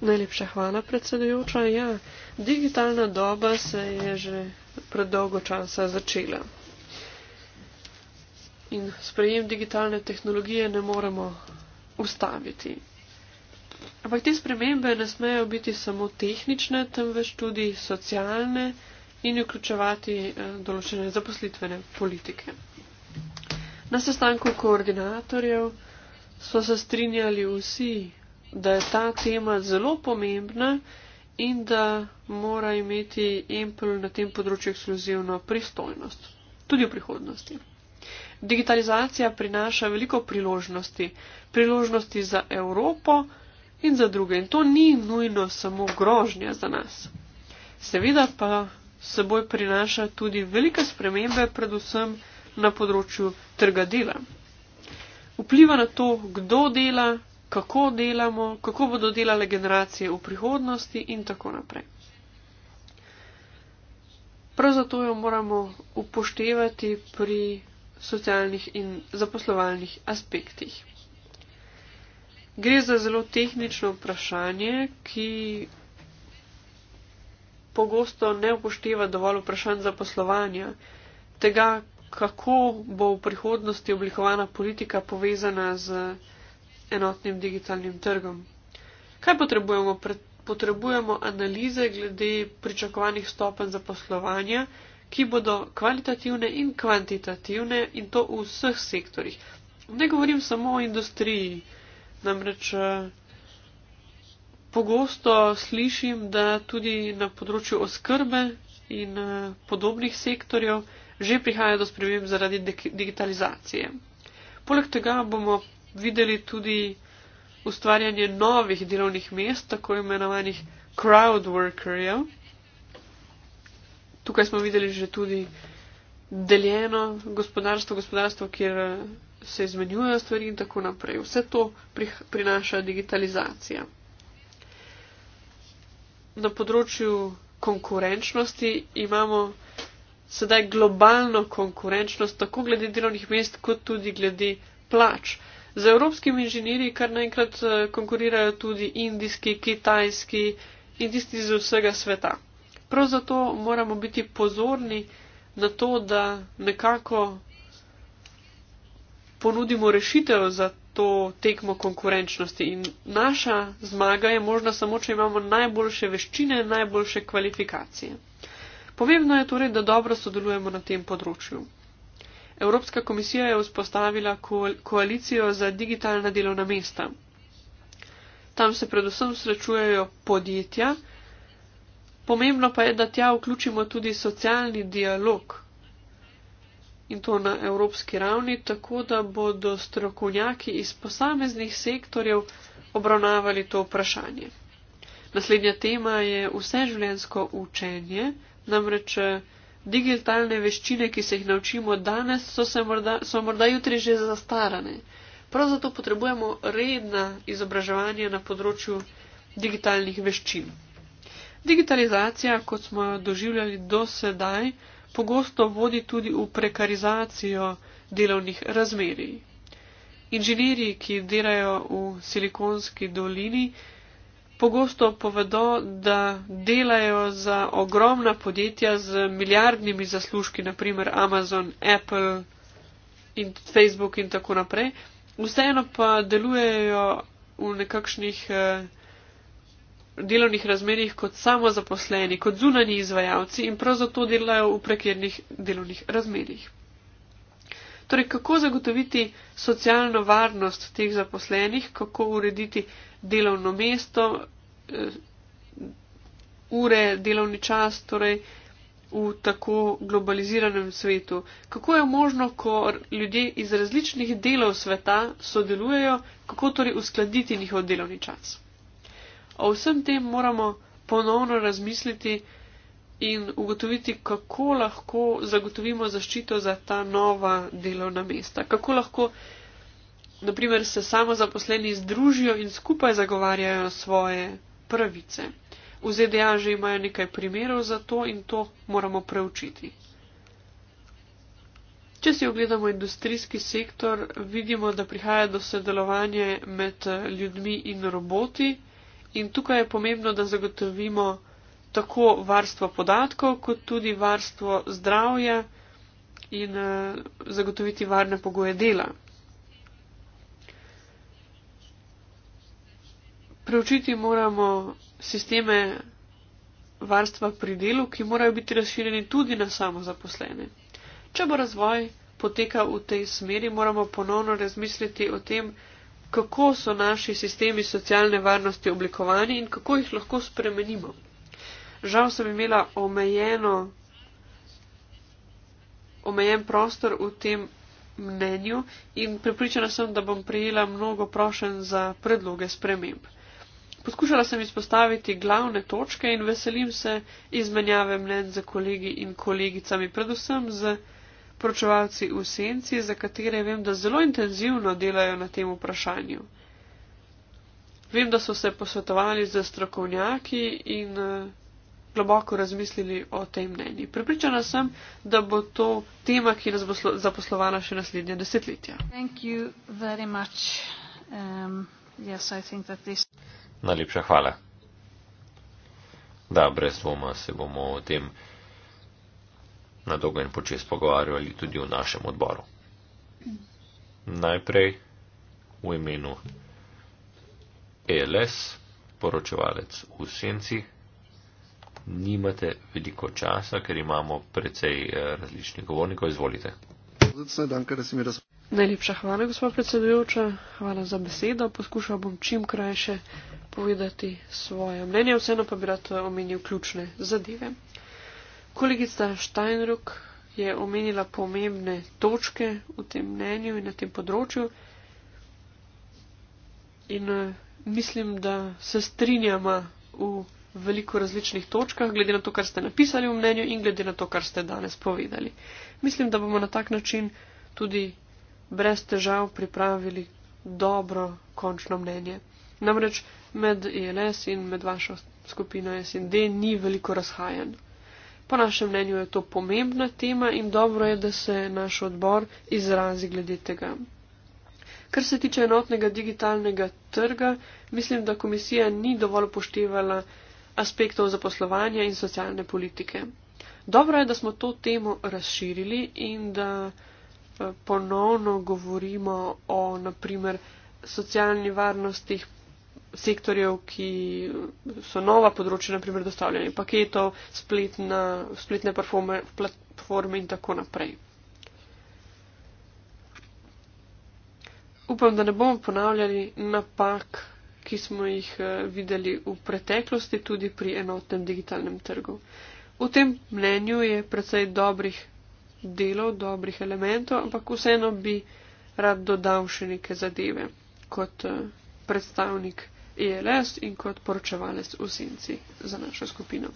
Najlepša hvala, predsedujoča. Ja digitalna doba se je že predolgo časa začela. In sprejem digitalne tehnologije ne moremo ustaviti. Ampak te spremembe ne smejo biti samo tehnične, temveč tudi socialne in vključevati eh, določene zaposlitvene politike. Na sestanku koordinatorjev so se strinjali vsi, da je ta tema zelo pomembna in da mora imeti EMPL na tem področju ekskluzivno pristojnost, tudi v prihodnosti. Digitalizacija prinaša veliko priložnosti, priložnosti za Evropo in za druge in to ni nujno samo grožnja za nas. Seveda pa seboj prinaša tudi velike spremembe, predvsem na področju trga dela. Vpliva na to, kdo dela, kako delamo, kako bodo delale generacije v prihodnosti in tako naprej. Prav zato jo moramo upoštevati pri socialnih in zaposlovalnih aspektih. Gre za zelo tehnično vprašanje, ki pogosto ne upošteva dovolj vprašanj zaposlovanja, tega, kako bo v prihodnosti oblikovana politika povezana z enotnim digitalnim trgom. Kaj potrebujemo? Potrebujemo analize glede pričakovanih stopenj zaposlovanja, ki bodo kvalitativne in kvantitativne in to v vseh sektorjih. Ne govorim samo o industriji, namreč eh, pogosto slišim, da tudi na področju oskrbe in eh, podobnih sektorjev že prihaja do sprememb zaradi digitalizacije. Poleg tega bomo videli tudi ustvarjanje novih delovnih mest, tako imenovanih crowd workerjev. Tukaj smo videli že tudi deljeno gospodarstvo, gospodarstvo, kjer eh, se izmenjujejo stvari in tako naprej. Vse to prinaša digitalizacija. Na področju konkurenčnosti imamo sedaj globalno konkurenčnost, tako glede delovnih mest, kot tudi glede plač. Uh, Z evropskimi inženirji kar naenkrat eh, konkurirajo tudi indijski, kitajski in tisti z vsega sveta. Prav zato moramo biti pozorni na to, da nekako ponudimo rešitev za to tekmo konkurenčnosti. In naša zmaga je možna samo, če imamo najboljše veščine, najboljše kvalifikacije. Pomembno je torej, da dobro sodelujemo na tem področju. Evropska komisija je vzpostavila koalicijo za digitalna delovna mesta. Tam se predvsem srečujejo podjetja, pomembno pa je, da tja vključimo tudi socialni dialog in to na evropski ravni, tako da bodo strokovnjaki iz posameznih sektorjev obravnavali to vprašanje. Naslednja tema je vseživljensko učenje, namreč Digitalne veščine, ki se jih naučimo danes, so, morda, so morda jutri že zastarane. Prav zato potrebujemo redna izobraževanja na področju digitalnih veščin. Digitalizacija, kot smo jo doživljali do sedaj, pogosto vodi tudi v prekarizacijo delovnih razmerij. Inženirji, ki delajo v silikonski dolini, pogosto povedo, da delajo za ogromna podjetja z milijardnimi zaslužki, naprimer Amazon, Apple in Facebook in tako naprej, vseeno pa delujejo v nekakšnih eh, delovnih razmerjih kot samozaposleni, kot zunani izvajalci in prav zato delajo v prekernih delovnih razmerjih. Torej, kako zagotoviti socialno varnost teh zaposlenih, kako urediti delovno mesto, eh, ure, delovni čas, torej v tako globaliziranem svetu. Kako je možno, ko ljudje iz različnih delov sveta sodelujejo, kako torej uskladiti njihov delovni čas? O vsem tem moramo ponovno razmisliti in ugotoviti, kako lahko zagotovimo zaščito za ta nova delovna mesta, kako lahko naprimer se samo zaposleni združijo in skupaj zagovarjajo svoje pravice. V ZDA že imajo nekaj primerov za to in to moramo preučiti. Če si ogledamo industrijski sektor, vidimo, da prihaja do sodelovanja med ljudmi in roboti in tukaj je pomembno, da zagotovimo tako varstvo podatkov, kot tudi varstvo zdravja in eh, zagotoviti varne pogoje dela. preučiti moramo sisteme varstva pri delu, ki morajo biti razširjeni tudi na samozaposlene. Če bo razvoj potekal v tej smeri, moramo ponovno razmisliti o tem, kako so naši sistemi socialne varnosti oblikovani in kako jih lahko spremenimo. Žal sem imela omejeno, omejen prostor v tem mnenju in prepričana sem, da bom prijela mnogo prošen za predloge sprememb. Poskušala sem izpostaviti glavne točke in veselim se izmenjave mnen z kolegi in kolegicami, predvsem z pročevalci v senci, za katere vem, da zelo intenzivno delajo na tem vprašanju. Vem, da so se posvetovali z strokovnjaki in eh, globoko razmislili o tem mnenji. Pripričana sem, da bo to tema, ki nas bo zaposlovala še naslednje desetletja. Najlepša hvala. Da, brez dvoma se bomo o tem na dolgo in počes pogovarjali tudi v našem odboru. Najprej v imenu ELS, poročevalec v senci, nimate veliko časa, ker imamo precej eh, različnih govornikov, izvolite. Zdaj, dan, Najlepša hvala, gospod predsedujoča. Hvala za besedo. Poskušal bom čim krajše povedati svoje mnenje, vseeno pa bi rad omenil ključne zadeve. Kolegica Steinruck je omenila pomembne točke v tem mnenju in na tem področju in eh, mislim, da se strinjama v veliko različnih točkah, glede na to, kar ste napisali v mnenju in glede na to, kar ste danes povedali. Mislim, da bomo na tak način tudi brez težav pripravili dobro končno mnenje. Namreč med ELS in med vašo skupino SND ni veliko razhajanj. Po našem mnenju je to pomembna tema in dobro je, da se naš odbor izrazi glede tega. Kar se tiče enotnega digitalnega trga, mislim, da komisija ni dovolj upoštevala aspektov zaposlovanja in socialne politike. Dobro je, da smo to temo razširili in da. Eh, ponovno govorimo o, naprimer, socialni varnosti sektorjev, ki so nova področja, naprimer, dostavljanje paketov, spletna, spletne platforme, platforme in tako naprej. Upam, da ne bomo ponavljali napak, ki smo jih eh, videli v preteklosti tudi pri enotnem digitalnem trgu. V tem mnenju je precej dobrih delov, dobrih elementov, ampak vseeno bi rad dodal še neke zadeve kot eh, predstavnik ELS in kot poročevalec v senci za našo skupino.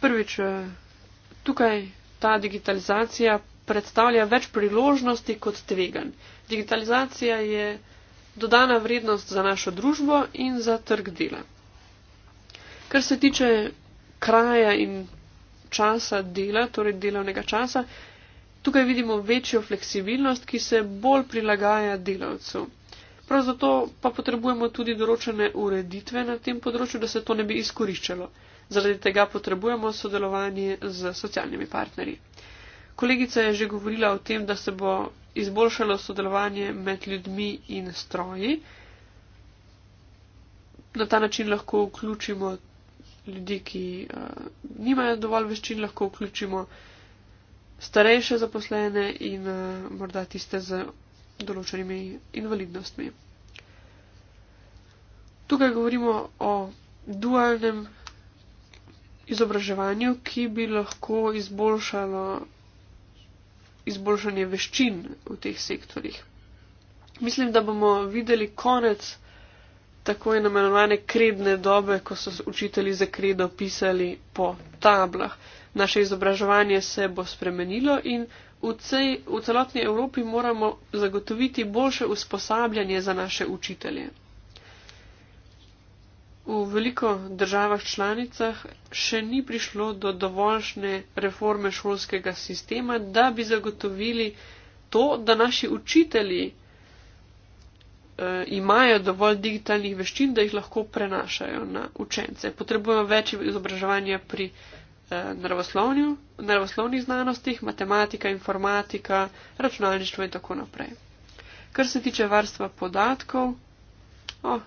Prvič, eh, tukaj ta digitalizacija predstavlja več priložnosti kot tveganj. Digitalizacija je dodana vrednost za našo družbo in za trg dela. Kar se tiče kraja in časa dela, torej delovnega časa, tukaj vidimo večjo fleksibilnost, ki se bolj prilagaja delavcu. Prav zato pa potrebujemo tudi določene ureditve na tem področju, da se to ne bi izkoriščalo. Zaradi tega potrebujemo sodelovanje z socialnimi partnerji. Kolegica je že govorila o tem, da se bo izboljšalo sodelovanje med ljudmi in stroji. Na ta način lahko vključimo ljudi, ki uh, nimajo dovolj veščin, lahko vključimo starejše zaposlene in uh, morda tiste z določenimi invalidnostmi. Tukaj govorimo o dualnem izobraževanju, ki bi lahko izboljšalo izboljšanje veščin v teh sektorjih. Mislim, da bomo videli konec tako imenovane kredne dobe, ko so učitelji za kredo pisali po tablah. Naše izobraževanje se bo spremenilo in v, cej, v celotni Evropi moramo zagotoviti boljše usposabljanje za naše učitelje. V veliko državah članicah še ni prišlo do dovoljšne reforme šolskega sistema, da bi zagotovili to, da naši učitelji uh, imajo dovolj digitalnih veščin, da jih lahko prenašajo na učence. Potrebujemo več izobraževanja pri uh, naravoslovnih znanostih, matematika, informatika, računalništvo in tako naprej. Kar se tiče varstva podatkov, oh,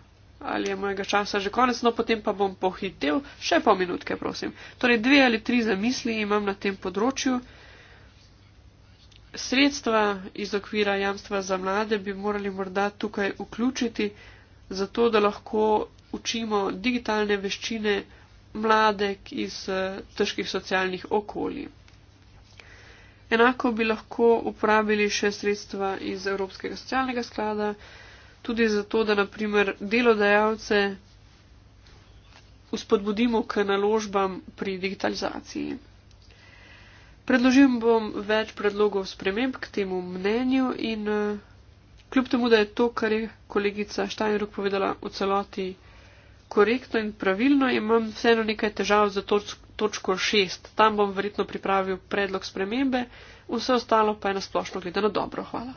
ali je mojega časa že konec, no potem pa bom pohitev, še pol minutke, prosim. Torej, dve ali tri zamisli imam na tem področju. Uh, sredstva iz okvira jamstva za mlade bi morali morda tukaj vključiti, zato da lahko učimo digitalne veščine mlade iz eh, težkih socialnih okolij. Enako bi lahko uporabili še sredstva iz Evropskega socialnega sklada, tudi zato, da naprimer delodajalce uspodbudimo k naložbam pri digitalizaciji. Predložil bom več predlogov sprememb k temu mnenju in eh, kljub temu, da je to, kar je kolegica Štajnruk povedala v celoti korektno in pravilno, imam vseeno nekaj težav za točko 6. Tam bom verjetno pripravil predlog spremembe, vse ostalo pa je nasplošno gledano dobro. Hvala.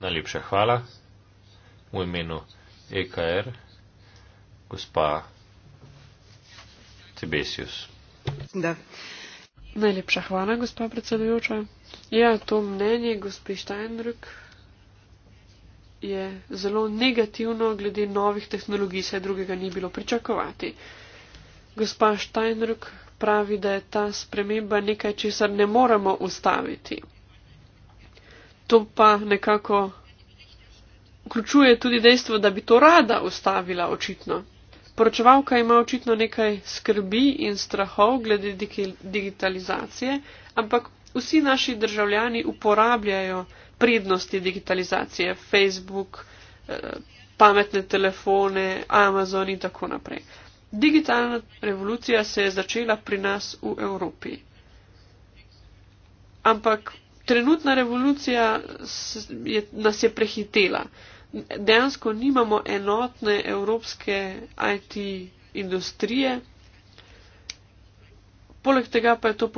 Najlepša hvala v imenu EKR, gospa. Tibesius. Da. Najlepša hvala, gospa predsedujoča. Ja, to mnenje gospe Steinruck je zelo negativno glede novih tehnologij, saj drugega ni bilo pričakovati. Gospa Steinruck pravi, da je ta sprememba nekaj, česar ne moremo ustaviti. To pa nekako vključuje tudi dejstvo, da bi to rada ustavila, očitno. Poročevalka ima očitno nekaj skrbi in strahov glede digitalizacije, ampak vsi naši državljani uporabljajo prednosti digitalizacije, Facebook, eh, pametne telefone, Amazon in tako naprej. Digitalna revolucija se je začela pri nas v Evropi. Ampak trenutna revolucija nas je prehitela dejansko nimamo enotne evropske IT industrije. Poleg tega pa je to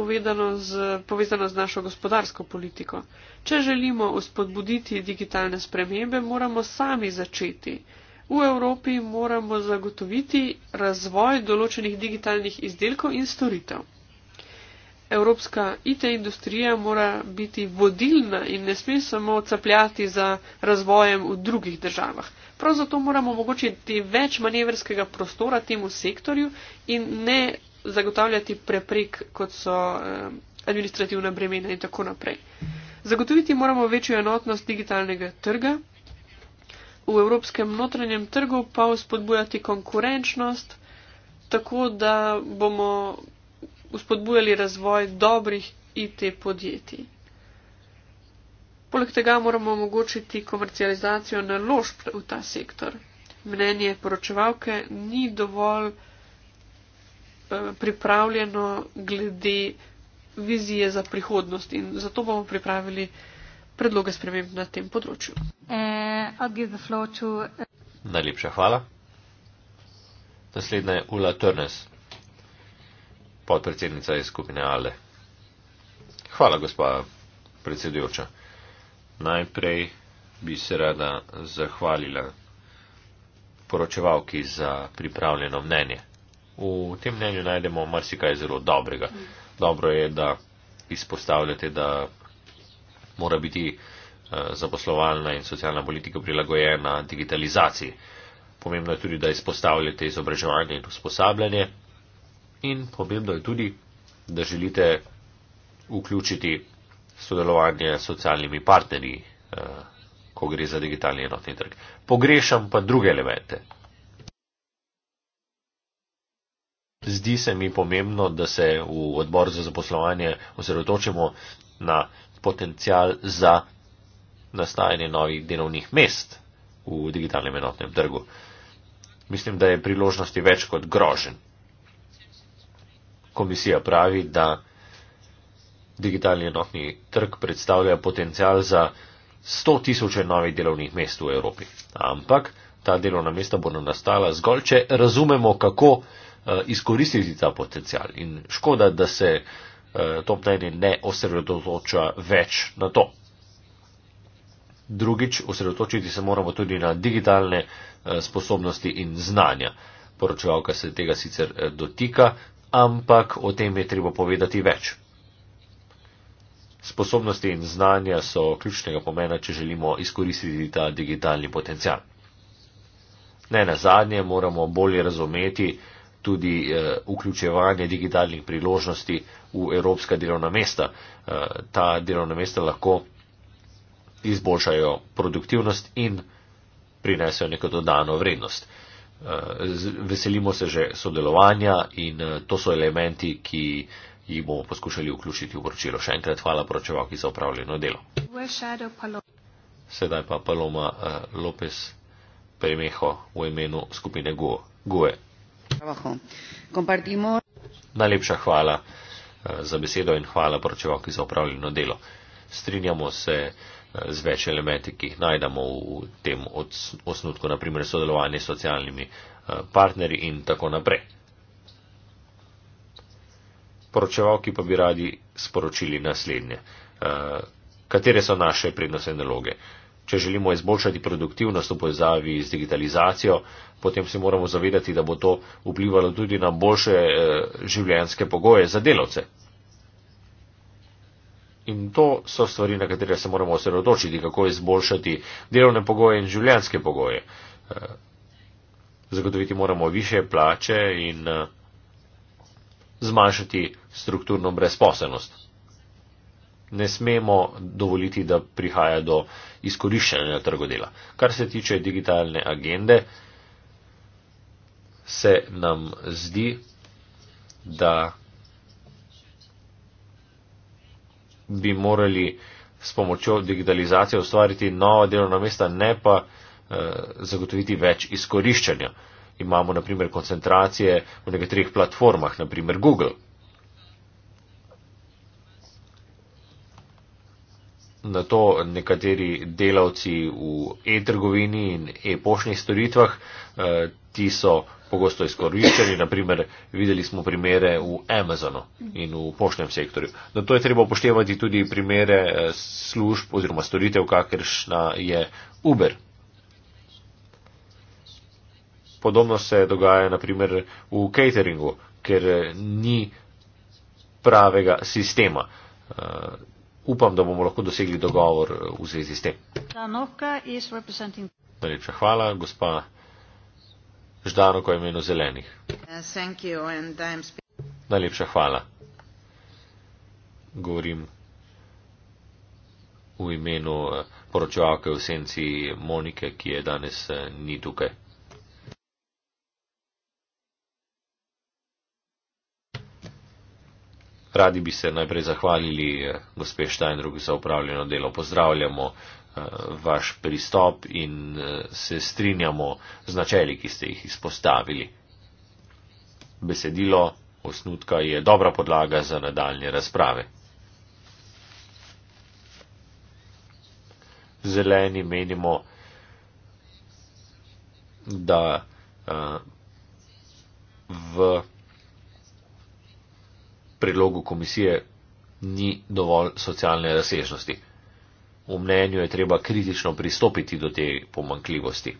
z, povezano z našo gospodarsko politiko. Če želimo uspodbuditi digitalne spremembe, moramo sami začeti. V Evropi moramo zagotoviti razvoj določenih digitalnih izdelkov in storitev evropska IT industrija mora biti vodilna in ne sme samo capljati za razvojem v drugih državah. Prav zato moramo omogočiti več manevrskega prostora temu sektorju in ne zagotavljati preprek, kot so eh, administrativna bremena in tako naprej. Zagotoviti moramo večjo enotnost digitalnega trga, v evropskem notranjem trgu pa vzpodbujati konkurenčnost, tako da bomo uspodbujali razvoj dobrih IT podjetij. Poleg tega moramo omogočiti komercializacijo naložb v ta sektor. Mnenje poročevalke ni dovolj eh, pripravljeno glede vizije za prihodnost in zato bomo pripravili predloge sprememb na tem področju. Eh, to... Najlepša hvala. Naslednja je Ula Trnes podpredsednica iz skupine Ale. Hvala, gospa predsedujoča. Najprej bi se rada zahvalila poročevalki za pripravljeno mnenje. V tem mnenju najdemo marsikaj zelo dobrega. Dobro je, da izpostavljate, da mora biti eh, zaposlovalna in socialna politika prilagojena digitalizaciji. Pomembno je tudi, da izpostavljate izobraževanje in usposabljanje in pomembno je tudi, da želite vključiti sodelovanje s socialnimi partnerji, eh, ko gre za digitalni enotni trg. Pogrešam pa druge elemente. Zdi se mi pomembno, da se v odbor za zaposlovanje osredotočimo na potencial za nastajanje novih delovnih mest v digitalnem enotnem trgu. Mislim, da je priložnosti več kot grožen komisija pravi, da digitalni enotni trg predstavlja potencial za 100 tisoč novih delovnih mest v Evropi. Ampak ta delovna mesta bodo nastala zgolj, če razumemo, kako eh, izkoristiti ta potencial. In škoda, da se eh, to mnenje ne osredotoča več na to. Drugič, osredotočiti se moramo tudi na digitalne eh, sposobnosti in znanja. Poročevalka se tega sicer dotika, ampak o tem je treba povedati več. Sposobnosti in znanja so ključnega pomena, če želimo izkoristiti ta digitalni potencial. Ne na zadnje moramo bolje razumeti tudi eh, vključevanje digitalnih priložnosti v evropska delovna mesta. Eh, ta delovna mesta lahko izboljšajo produktivnost in prinesejo neko dodano vrednost veselimo se že sodelovanja in eh, to so elementi, ki jih bomo poskušali vključiti v poročilo. Še enkrat hvala poročevalki za upravljeno delo. Sedaj pa Paloma eh, Lopes Premeho v imenu skupine GUE. Najlepša hvala eh, za besedo in hvala poročevalki za upravljeno delo. Strinjamo se z več elementi, ki jih najdemo v tem osnutku, naprimer sodelovanje s socialnimi eh, partnerji in tako naprej. Poročevalki pa bi radi sporočili naslednje. Eh, katere so naše prednostne naloge? Če želimo izboljšati produktivnost v povezavi z digitalizacijo, potem si moramo zavedati, da bo to vplivalo tudi na boljše eh, življenjske pogoje za delavce. In to so stvari, na katere se moramo osredotočiti, kako izboljšati delovne pogoje in življanske pogoje. Eh, zagotoviti moramo više plače in eh, zmanjšati strukturno brezposelnost. Ne smemo dovoliti, da prihaja do izkoriščanja trgodela. Kar se tiče digitalne agende, se nam zdi, da bi morali s pomočjo digitalizacije ustvariti nova delovna mesta, ne pa eh, zagotoviti več izkoriščanja. Imamo naprimer koncentracije v nekaterih platformah, naprimer Google. na to nekateri delavci v e-trgovini in e-pošnih storitvah, eh, ti so pogosto izkoriščeni, naprimer videli smo primere v Amazonu in v poštnem sektorju. Na to je treba upoštevati tudi primere eh, služb oziroma storitev, kakršna je Uber. Podobno se dogaja naprimer v cateringu, ker ni pravega sistema. Eh, upam, da bomo lahko dosegli dogovor eh, v zvezi s tem. Najlepša hvala, gospa Ždanoko je imeno zelenih. Uh, Najlepša hvala. Govorim v imenu eh, poročevalke v senci Monike, ki je danes eh, ni tukaj. Radi bi se najprej zahvalili eh, gospe Štajnrug za upravljeno delo. Pozdravljamo eh, vaš pristop in eh, se strinjamo z načeli, ki ste jih izpostavili. Besedilo osnutka je dobra podlaga za nadaljne razprave. Zeleni menimo, da v predlogu komisije ni dovolj socialne razsežnosti. V mnenju je treba kritično pristopiti do te pomankljivosti.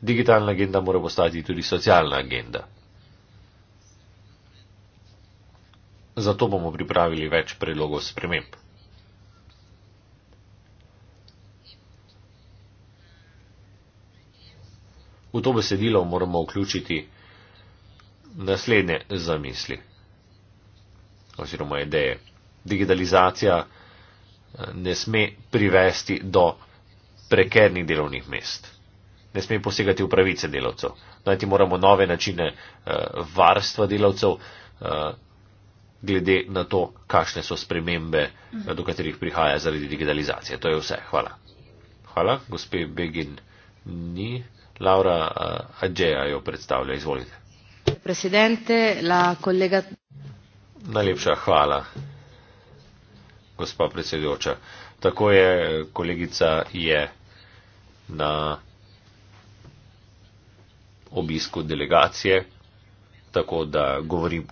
Digitalna agenda mora postati tudi socialna agenda. Zato bomo pripravili več predlogov sprememb. V to besedilo moramo vključiti naslednje zamisli oziroma ideje. Digitalizacija eh, ne sme privesti do prekernih delovnih mest. Ne sme posegati v pravice delavcev. Najti moramo nove načine uh, varstva delavcev, uh, glede na to, kakšne so spremembe, uh, do katerih prihaja zaradi digitalizacije. To je vse. Hvala. Hvala, gospe Begin ni. Laura uh, Adžeja jo predstavlja. Izvolite. Presidente, la kolega. Najlepša hvala, gospa predsedujoča. Tako je, kolegica je na obisku delegacije, tako da govorim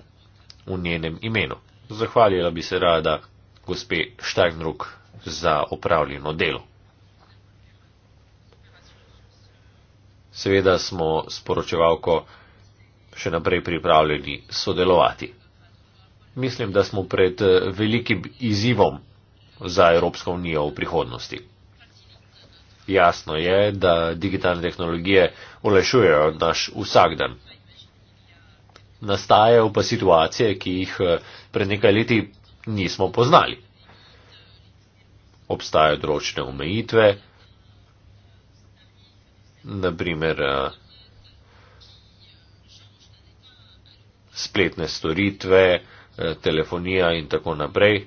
v njenem imenu. Zahvalila bi se rada gospe Štajnruk za opravljeno delo. Seveda smo s poročevalko še naprej pripravljeni sodelovati mislim, da smo pred eh, velikim izzivom za Evropsko unijo v prihodnosti. Jasno je, da digitalne tehnologije olešujejo naš vsakdan. Nastajajo pa situacije, ki jih eh, pred nekaj leti nismo poznali. Obstajajo določene omejitve, naprimer eh, spletne storitve, Eh, telefonija in tako naprej. Eh,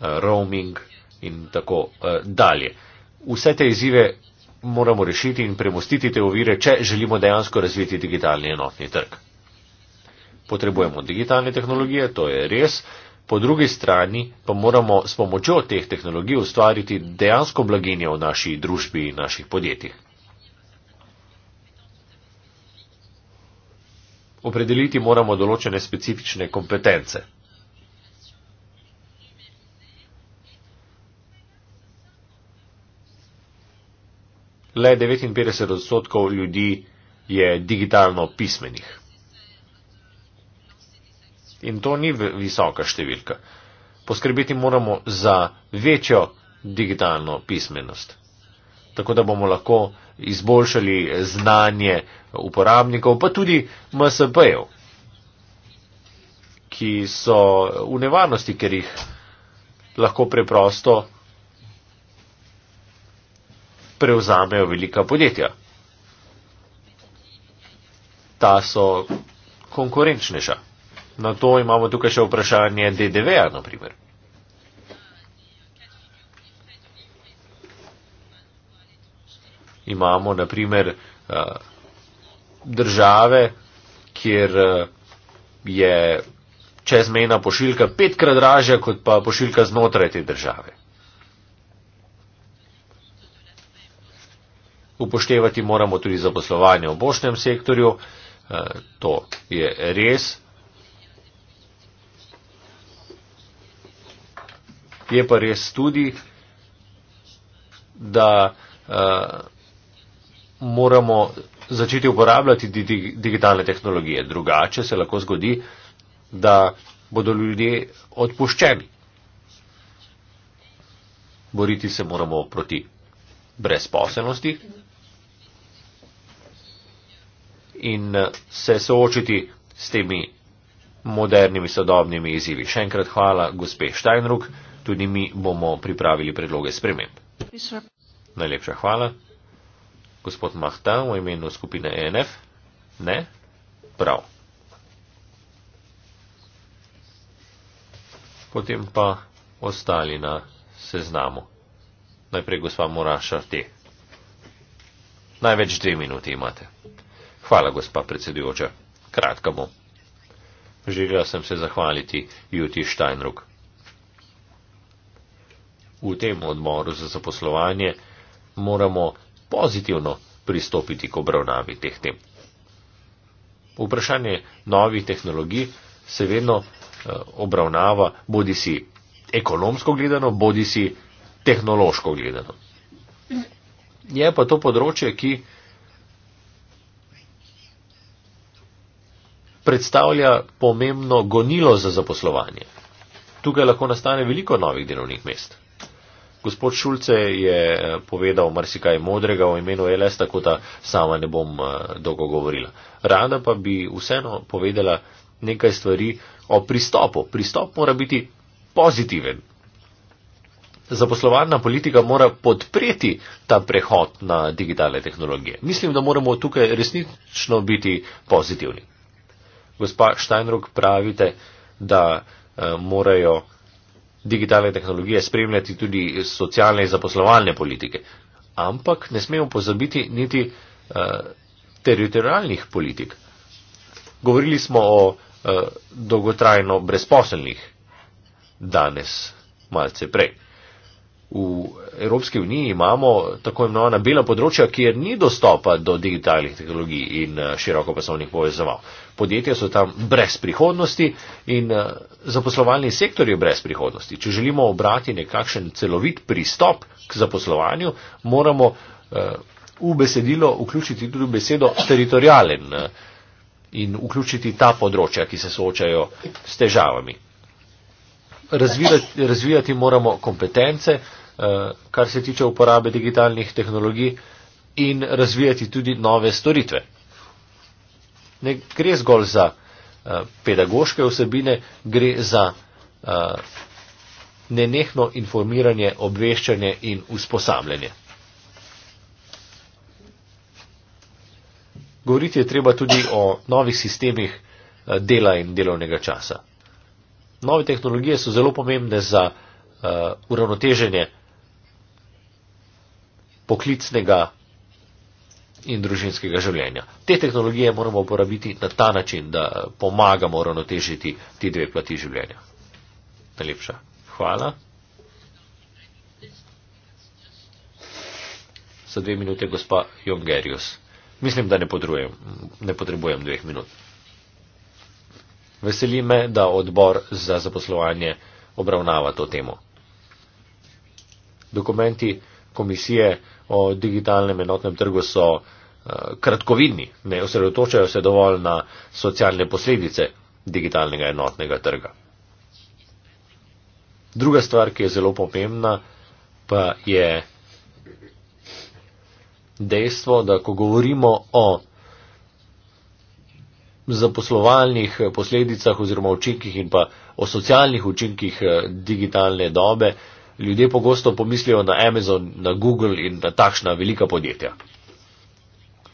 roaming in tako uh, dalje. Vse te izzive moramo rešiti in premostiti te ovire, če želimo dejansko razviti digitalni enotni trg. Potrebujemo digitalne tehnologije, to je res, po drugi strani pa moramo s pomočjo teh tehnologij ustvariti dejansko blaginje v naši družbi in naših podjetjih. opredeliti moramo določene specifične kompetence. Le 59 odstotkov ljudi je digitalno pismenih. In to ni visoka številka. Poskrbeti moramo za večjo digitalno pismenost tako da bomo lahko izboljšali znanje uporabnikov, pa tudi MSP-jev, ki so v nevarnosti, ker jih lahko preprosto prevzamejo velika podjetja. Ta so konkurenčneša. Na to imamo tukaj še vprašanje DDV-a, na primer. imamo naprimer eh, države, kjer eh, je čezmejna pošiljka petkrat dražja kot pa pošiljka znotraj te države. Upoštevati moramo tudi zaposlovanje v bošnjem sektorju, eh, to je res. Je pa res tudi, da moramo začeti uporabljati digitalne tehnologije. Drugače se lahko zgodi, da bodo ljudje odpuščeni. Boriti se moramo proti brezposelnosti in eh, se soočiti s temi modernimi sodobnimi izzivi. Še enkrat hvala gospe Steinruck, tudi mi bomo pripravili predloge sprememb. Najlepša hvala. Gospod Mahta v imenu skupine ENF? Ne? Prav. Potem pa ostali na seznamu. Najprej gospa Morašarti. Največ dve minuti imate. Hvala, gospa predsedujoča. Kratka bom. Želela sem se zahvaliti Juti Štajnrug. V tem odmoru za zaposlovanje moramo pozitivno pristopiti k obravnavi teh tem. Vprašanje novih tehnologij se vedno eh, obravnava bodi si ekonomsko gledano, bodi si tehnološko gledano. Je pa to področje, ki predstavlja pomembno gonilo za zaposlovanje. Tukaj lahko nastane veliko novih delovnih mest. Gospod Šulce je eh, povedal marsikaj modrega o imenu LS, tako da sama ne bom eh, dolgo govorila. Rada pa bi vseeno povedala nekaj stvari o pristopu. Pristop mora biti pozitiven. Zaposlovalna politika mora podpreti ta prehod na digitalne tehnologije. Mislim, da moramo tukaj resnično biti pozitivni. Gospa Steinrock pravite, da eh, morajo digitalne tehnologije spremljati tudi socialne in zaposlovalne politike. Ampak ne smemo pozabiti niti uh, eh, teritorijalnih politik. Govorili smo o uh, dolgotrajno brezposelnih danes, malce prej v Evropski uniji imamo tako imenovana bela področja, kjer ni dostopa do digitalnih tehnologij in eh, široko poslovnih povezoval. Podjetja so tam brez prihodnosti in eh, zaposlovalni sektor je brez prihodnosti. Če želimo obrati nekakšen celovit pristop k zaposlovanju, moramo eh, v besedilo vključiti tudi besedo teritorijalen in vključiti ta področja, ki se soočajo s težavami. Razvijati, razvijati moramo kompetence, Eh, kar se tiče uporabe digitalnih tehnologij in razvijati tudi nove storitve. Ne gre zgolj za eh, pedagoške osebine, gre za eh, nenehno informiranje, obveščanje in usposabljanje. Govoriti je treba tudi o novih sistemih dela in delovnega časa. Nove tehnologije so zelo pomembne za uh, uravnoteženje poklicnega in družinskega življenja. Te tehnologije moramo uporabiti na ta način, da pomagamo uravnotežiti ti dve plati življenja. Najlepša hvala. Za dve minute, gospa Jongerius. Mislim, da ne potrebujem, ne potrebujem dveh minut. Veseli me, da odbor za zaposlovanje obravnava to temo. Dokumenti komisije o digitalnem enotnem trgu so eh, kratkovidni, ne osredotočajo se dovolj na socialne posledice digitalnega enotnega trga. Druga stvar, ki je zelo pomembna, pa je dejstvo, da ko govorimo o zaposlovalnih eh, posledicah oziroma učinkih in pa o socialnih učinkih eh, digitalne dobe, ljudje pogosto pomislijo na Amazon, na Google in na takšna velika podjetja.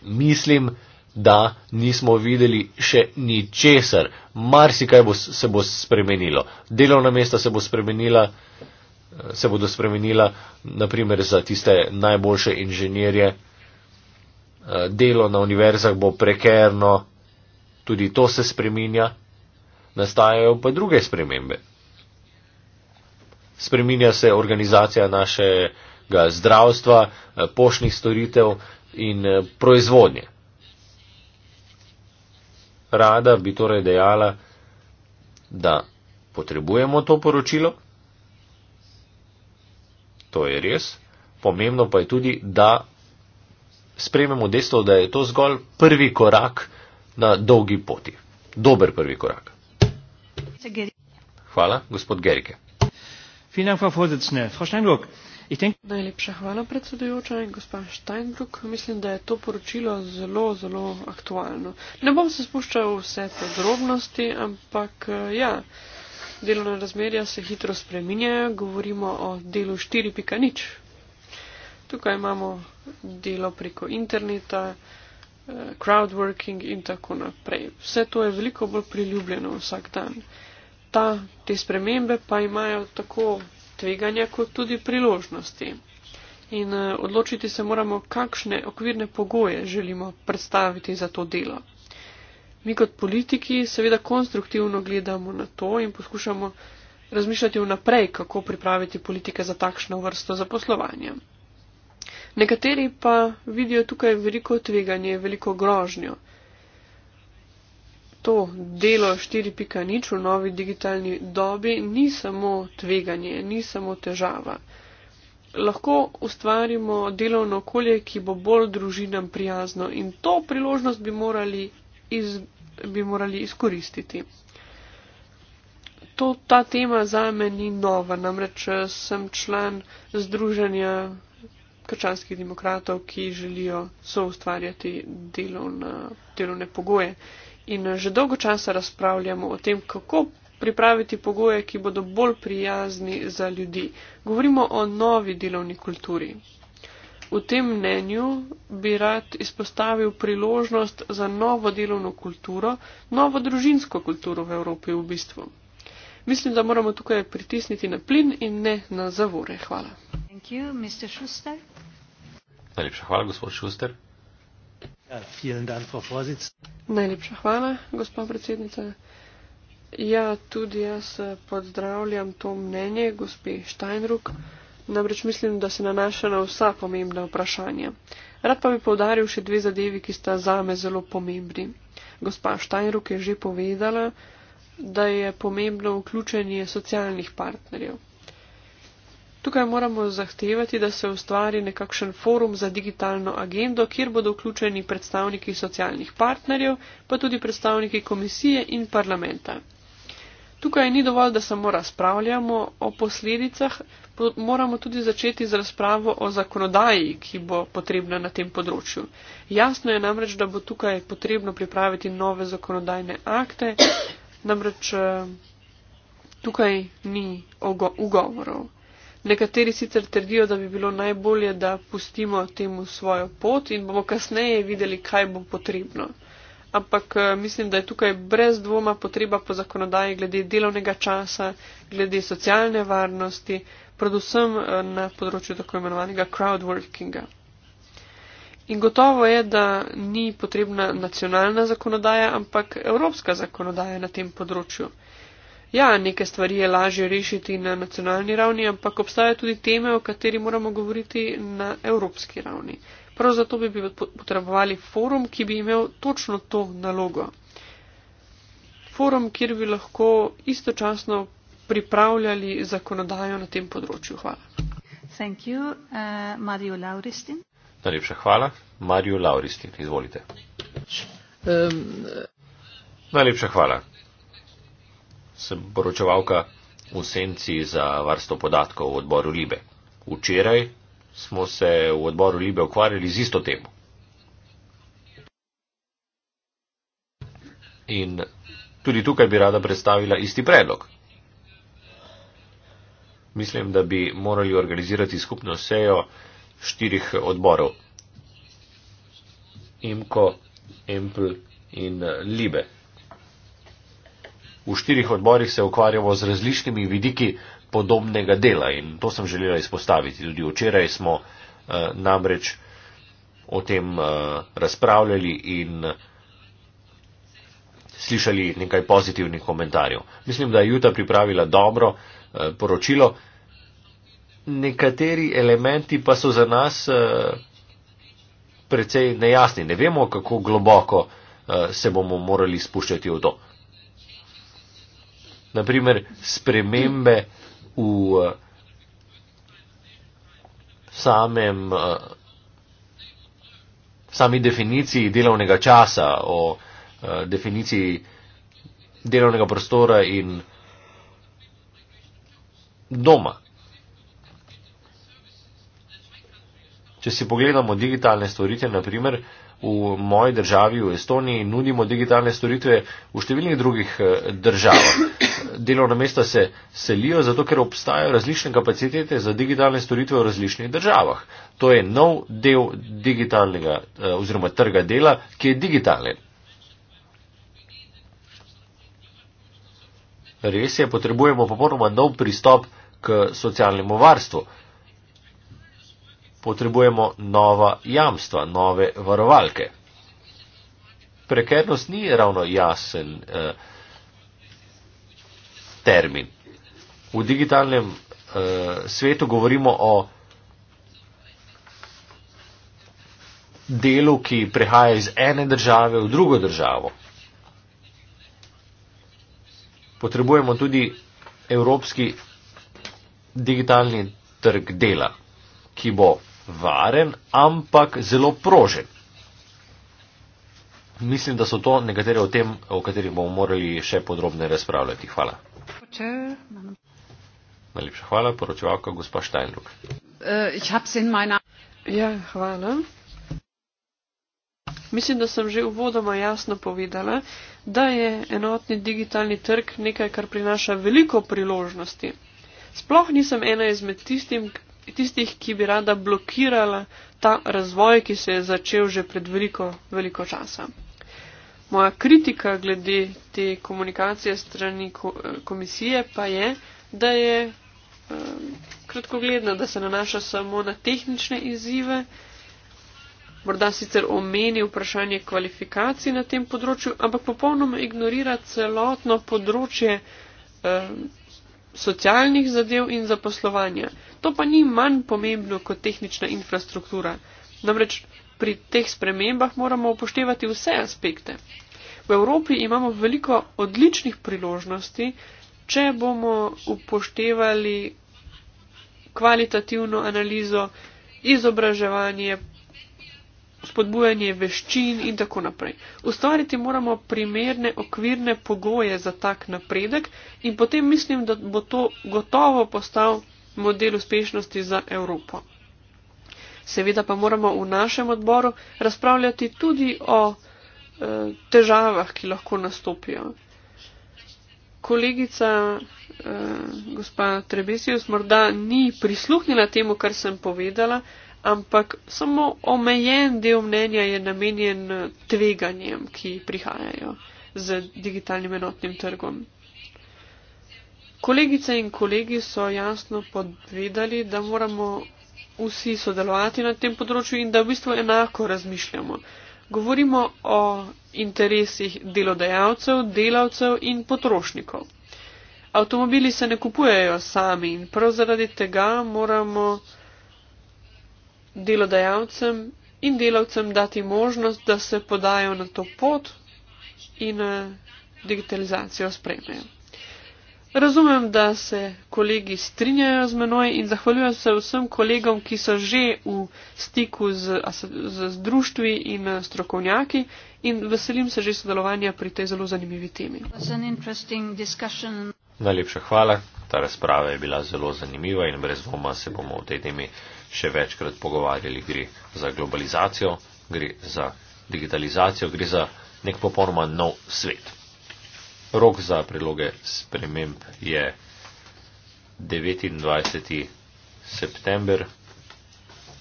Mislim, da nismo videli še ničesar. Marsikaj bo, se bo spremenilo. Delovna mesta se, bo se bodo spremenila, naprimer za tiste najboljše inženirje. Eh, delo na univerzah bo prekerno, tudi to se spreminja. Nastajajo pa druge spremembe spreminja se organizacija našega zdravstva, eh, poštnih storitev in eh, proizvodnje. Rada bi torej dejala, da potrebujemo to poročilo. To je res. Pomembno pa je tudi, da sprememo dejstvo, da je to zgolj prvi korak na dolgi poti. Dober prvi korak. Hvala, gospod Gerike najlepša hvala predsedujoča in gospa steinbrück mislim da je to poročilo zelo zelo aktualno ne bom se spuščal vse podrobnosti ampak eh, ja delovna razmerja se hitro spreminjajo govorimo o delu 4.0 tukaj imamo delo preko interneta eh, crowdworking in tako naprej vse to je veliko bolj priljubljeno vsak dan ta, te spremembe pa imajo tako tveganja kot tudi priložnosti. In eh, odločiti se moramo, kakšne okvirne pogoje želimo predstaviti za to delo. Mi kot politiki seveda konstruktivno gledamo na to in poskušamo razmišljati vnaprej, kako pripraviti politike za takšno vrsto zaposlovanja. Nekateri pa vidijo tukaj veliko tveganje, veliko grožnjo to delo 4.0 v novi digitalni dobi ni samo tveganje, ni samo težava. Lahko ustvarimo delovno okolje, ki bo bolj družinam prijazno in to priložnost bi morali, iz, bi morali izkoristiti. To, ta tema za me ni nova, namreč sem član Združenja krčanskih demokratov, ki želijo soustvarjati delovne pogoje in že dolgo časa razpravljamo o tem, kako pripraviti pogoje, ki bodo bolj prijazni za ljudi. Govorimo o novi delovni kulturi. V tem mnenju bi rad izpostavil priložnost za novo delovno kulturo, novo družinsko kulturo v Evropi v bistvu. Mislim, da moramo tukaj pritisniti na plin in ne na zavore. Hvala. Najlepša hvala, gospod Šuster. Ja, vielen Dank, Frau Vorsitzende. Najlepša hvala, gospod predsednica. Ja, tudi jaz eh, pozdravljam to mnenje, gospe Steinruck. Namreč mislim, da se nanaša na vsa pomembna vprašanja. Rad pa bi povdaril še dve zadevi, ki sta zame zelo pomembni. Gospa Steinruck je že povedala, da je pomembno vključenje socialnih partnerjev. Tukaj moramo zahtevati, da se ustvari nekakšen forum za digitalno agendo, kjer bodo vključeni predstavniki socialnih partnerjev, pa tudi predstavniki komisije in parlamenta. Tukaj ni dovolj, da samo razpravljamo o posledicah, moramo tudi začeti z razpravo o zakonodaji, ki bo potrebna na tem področju. Jasno je namreč, da bo tukaj potrebno pripraviti nove zakonodajne akte, namreč eh, tukaj ni ugovorov. Ogo Nekateri sicer trdijo, da bi bilo najbolje, da pustimo temu svojo pot in bomo kasneje videli, kaj bo potrebno. Ampak eh, mislim, da je tukaj brez dvoma potreba po zakonodaji glede delovnega časa, glede socialne varnosti, predvsem eh, na področju tako imenovanega crowdworkinga. In gotovo je, da ni potrebna nacionalna zakonodaja, ampak evropska zakonodaja na tem področju. Ja, neke stvari je lažje rešiti na nacionalni ravni, ampak obstajajo tudi teme, o kateri moramo govoriti na evropski ravni. Prav zato bi, bi potrebovali forum, ki bi imel točno to nalogo. Forum, kjer bi lahko istočasno pripravljali zakonodajo na tem področju. Hvala. You, uh, Najlepša hvala. Mariu Lauristin, izvolite. Um, Najlepša hvala sem poročevalka v senci za varstvo podatkov v odboru Libe. Včeraj smo se v odboru Libe ukvarjali z isto temo. In tudi tukaj bi rada predstavila isti predlog. Mislim, da bi morali organizirati skupno sejo štirih odborov. Imko, Empl in Libe. V štirih odborih se ukvarjamo z različnimi vidiki podobnega dela in to sem želela izpostaviti. Tudi včeraj smo eh, namreč o tem eh, razpravljali in slišali nekaj pozitivnih komentarjev. Mislim, da je Juta pripravila dobro eh, poročilo. Nekateri elementi pa so za nas eh, precej nejasni. Ne vemo, kako globoko eh, se bomo morali spuščati v to naprimer spremembe v eh, samem, eh, sami definiciji delovnega časa, o eh, definiciji delovnega prostora in doma. Če si pogledamo digitalne storitve, naprimer v moji državi, v Estoniji, nudimo digitalne storitve v številnih drugih državah delovna mesta se selijo, zato ker obstajajo različne kapacitete za digitalne storitve v različnih državah. To je nov del digitalnega eh, oziroma trga dela, ki je digitalen. Res je, potrebujemo popolnoma nov pristop k socialnemu varstvu. Potrebujemo nova jamstva, nove varovalke. Prekernost ni ravno jasen. Eh, termin. V digitalnem uh, svetu govorimo o delu, ki prehaja iz ene države v drugo državo. Potrebujemo tudi evropski digitalni trg dela, ki bo varen, ampak zelo prožen. Mislim, da so to nekatere o tem, o katerih bomo morali še podrobne razpravljati. Hvala. Najlepša hvala, poročevalka gospa Štajnruk. Uh, eh, ja, hvala. Mislim, da sem že uvodoma jasno povedala, da je enotni digitalni trg nekaj, kar prinaša veliko priložnosti. Sploh nisem ena izmed tistim, tistih, ki bi rada blokirala ta razvoj, ki se je začel že pred veliko, veliko časa moja kritika glede te komunikacije strani eh, komisije pa je, da je eh, kratkogledna, da se nanaša samo na tehnične izzive, morda sicer omeni vprašanje kvalifikacij na tem področju, ampak popolnoma ignorira celotno področje eh, socialnih zadev in zaposlovanja. To pa ni manj pomembno kot tehnična infrastruktura. Namreč pri teh spremembah moramo upoštevati vse aspekte. V Evropi imamo veliko odličnih priložnosti, če bomo upoštevali kvalitativno analizo, izobraževanje, spodbujanje veščin in tako naprej. Ustvariti moramo primerne okvirne pogoje za tak napredek in potem mislim, da bo to gotovo postal model uspešnosti za Evropo. Seveda pa moramo v našem odboru razpravljati tudi o eh, težavah, ki lahko nastopijo. Kolegica eh, gospa Trebesijus morda ni prisluhnila temu, kar sem povedala, ampak samo omejen del mnenja je namenjen eh, tveganjem, ki prihajajo z digitalnim enotnim trgom. Kolegice in kolegi so jasno podvedali, da moramo vsi sodelovati na tem področju in da v bistvu enako razmišljamo. Govorimo o interesih delodajalcev, delavcev in potrošnikov. Avtomobili se ne kupujejo sami in prav zaradi tega moramo delodajalcem in delavcem dati možnost, da se podajo na to pot in eh, digitalizacijo spremejo. Razumem, da se kolegi strinjajo z menoj in zahvaljujem se vsem kolegom, ki so že v stiku z, z, z društvi in eh, strokovnjaki in veselim se že sodelovanja pri tej zelo zanimivi temi. Najlepša hvala. Ta razprava je bila zelo zanimiva in brez dvoma se bomo o tej temi še večkrat pogovarjali. Gre za globalizacijo, gre za digitalizacijo, gre za nek popolnoma nov svet. Rok za priloge sprememb je 29. september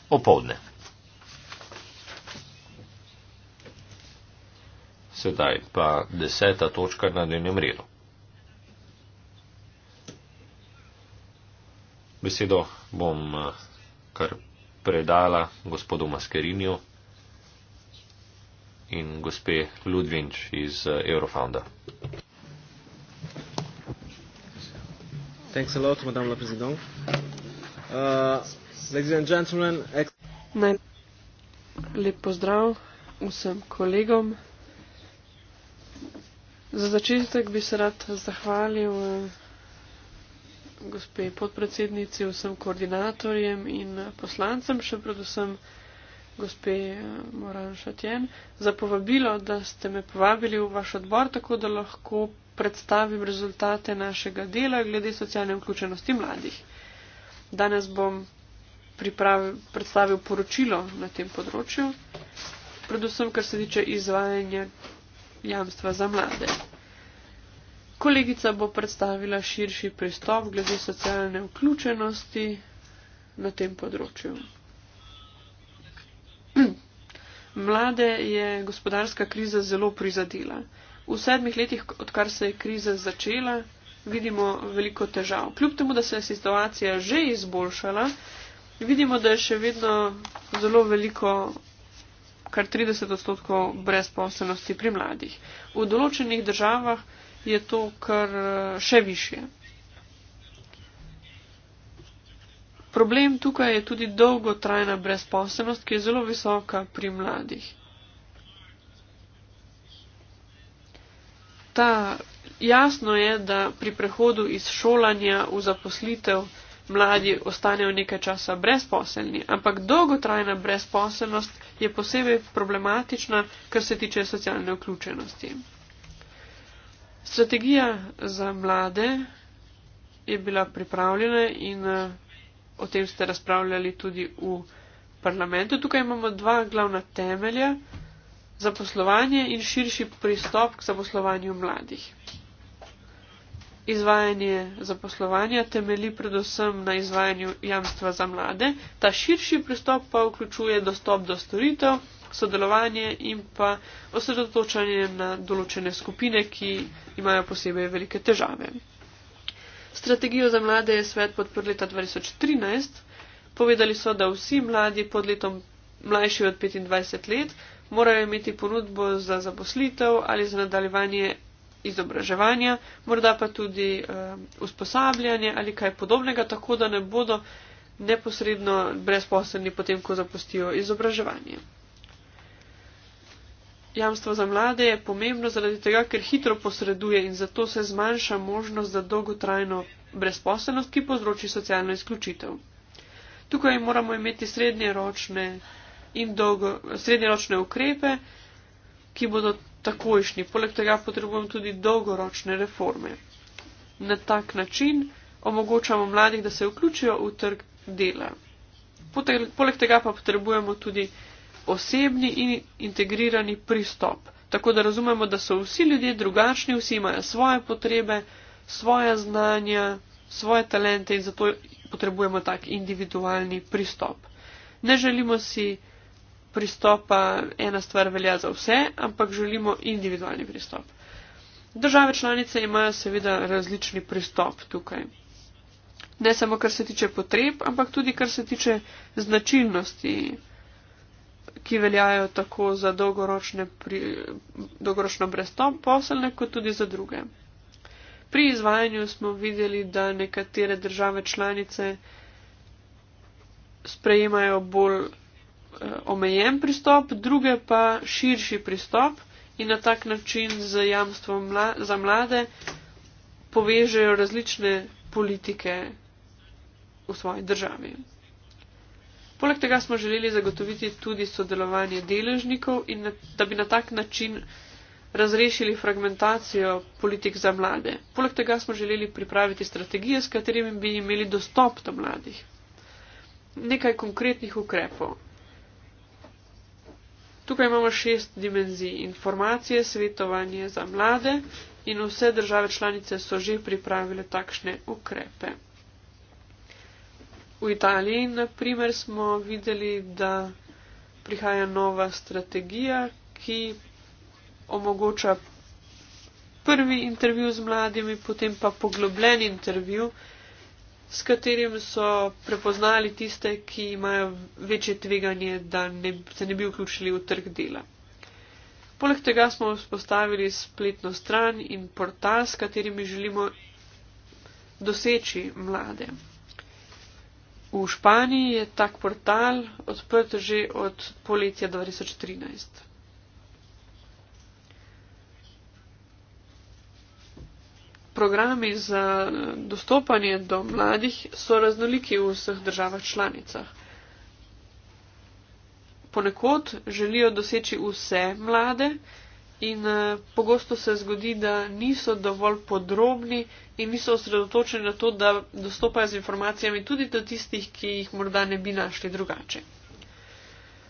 opovdne. Sedaj pa deseta točka na dnevnem redu. Besedo bom eh, kar predala gospodu Maskerinju in gospe Ludvinč iz eh, Eurofonda. Thanks a lot, Madame la Présidente. Uh, ladies and gentlemen, ex Naj lep pozdrav vsem kolegom. Za začetek bi se rad zahvalil eh, gospe podpredsednici, vsem koordinatorjem in poslancem, še predvsem gospe eh, Moran Šatjen, za povabilo, da ste me povabili v vaš odbor, tako da lahko predstavim rezultate našega dela glede socialne vključenosti mladih. Danes bom predstavil poročilo na tem področju, predvsem kar se tiče izvajanja jamstva za mlade. Kolegica bo predstavila širši pristop glede socialne vključenosti na tem področju. Mlade je gospodarska kriza zelo prizadela. V sedmih letih, odkar se je kriza začela, vidimo veliko težav. Kljub temu, da se je situacija že izboljšala, vidimo, da je še vedno zelo veliko, kar 30 odstotkov brezposobnosti pri mladih. V določenih državah je to kar še više. Problem tukaj je tudi dolgotrajna brezposobnost, ki je zelo visoka pri mladih. ta. Jasno je, da pri prehodu iz šolanja v zaposlitev mladi ostanejo nekaj časa brezposelni, ampak dolgotrajna brezposelnost je posebej problematična, kar se tiče socialne vključenosti. Strategija za mlade je bila pripravljena in o tem ste razpravljali tudi v parlamentu. Tukaj imamo dva glavna temelja zaposlovanje in širši pristop k zaposlovanju mladih. Izvajanje zaposlovanja temeli predvsem na izvajanju jamstva za mlade, ta širši pristop pa vključuje dostop do storitev, sodelovanje in pa osredotočanje na določene skupine, ki imajo posebej velike težave. Strategijo za mlade je svet podprl leta 2013. Povedali so, da vsi mladi pod letom mlajši od 25 let morajo imeti ponudbo za zaposlitev ali za nadaljevanje izobraževanja, morda pa tudi um, usposabljanje ali kaj podobnega, tako da ne bodo neposredno brezposelni potem, ko zapustijo izobraževanje. Jamstvo za mlade je pomembno zaradi tega, ker hitro posreduje in zato se zmanjša možnost za dolgotrajno brezposelnost, ki povzroči socialno izključitev. Tukaj moramo imeti srednje ročne in dolgo, srednjeročne ukrepe, ki bodo takojšnji. Poleg tega potrebujemo tudi dolgoročne reforme. Na tak način omogočamo mladih, da se vključijo v trg dela. Poleg tega pa potrebujemo tudi osebni in integrirani pristop. Tako da razumemo, da so vsi ljudje drugačni, vsi imajo svoje potrebe, svoje znanja, svoje talente in zato potrebujemo tak individualni pristop. Ne želimo si pristopa ena stvar velja za vse, ampak želimo individualni pristop. Države članice imajo seveda različni pristop tukaj. Ne samo kar se tiče potreb, ampak tudi kar se tiče značilnosti, ki veljajo tako za pri, dolgoročno brestop poselne, kot tudi za druge. Pri izvajanju smo videli, da nekatere države članice sprejemajo bolj Eh, omejen pristop, druge pa širši pristop in na tak način z jamstvom mla za mlade povežejo različne politike v svoji državi. Poleg tega smo želeli zagotoviti tudi sodelovanje deležnikov in na, da bi na tak način razrešili fragmentacijo politik za mlade. Poleg tega smo želeli pripraviti strategije, s katerimi bi imeli dostop do mladih. Nekaj konkretnih ukrepov. Tukaj imamo šest dimenzij informacije, svetovanje za mlade in vse države članice so že pripravile takšne ukrepe. V Italiji, na primer, smo videli, da prihaja nova strategija, ki omogoča prvi intervju z mladimi, potem pa poglobljen intervju s katerim so prepoznali tiste, ki imajo večje tveganje, da ne, se ne bi vključili v trg dela. Poleg tega smo vzpostavili spletno stran in portal, s katerimi želimo doseči mlade. V Španiji je tak portal odprt že od poletja 2013. programi za dostopanje do mladih so raznoliki v vseh državah članicah. Ponekod želijo doseči vse mlade in eh, pogosto se zgodi, da niso dovolj podrobni in niso osredotočeni na to, da dostopajo z informacijami tudi do tistih, ki jih morda ne bi našli drugače.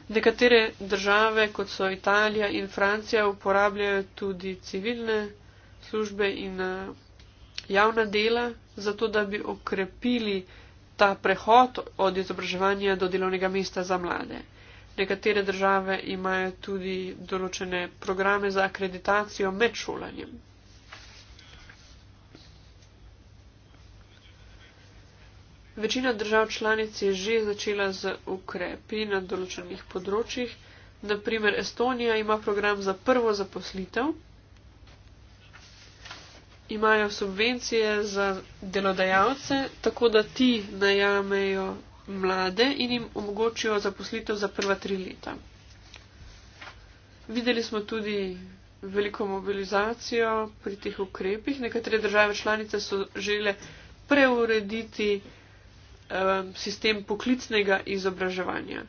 Nekatere države, kot so Italija in Francija, uporabljajo tudi civilne službe in eh, javna dela, zato da bi okrepili ta prehod od izobraževanja do delovnega mesta za mlade. Nekatere države imajo tudi določene programe za akreditacijo med šolanjem. Večina držav članic je že začela z ukrepi na določenih področjih. Naprimer, Estonija ima program za prvo zaposlitev imajo subvencije za delodajalce, tako da ti najamejo mlade in jim omogočijo zaposlitev za prva tri leta. Videli smo tudi veliko mobilizacijo pri teh ukrepih. Nekatere države članice so želele preurediti um, sistem poklicnega izobraževanja.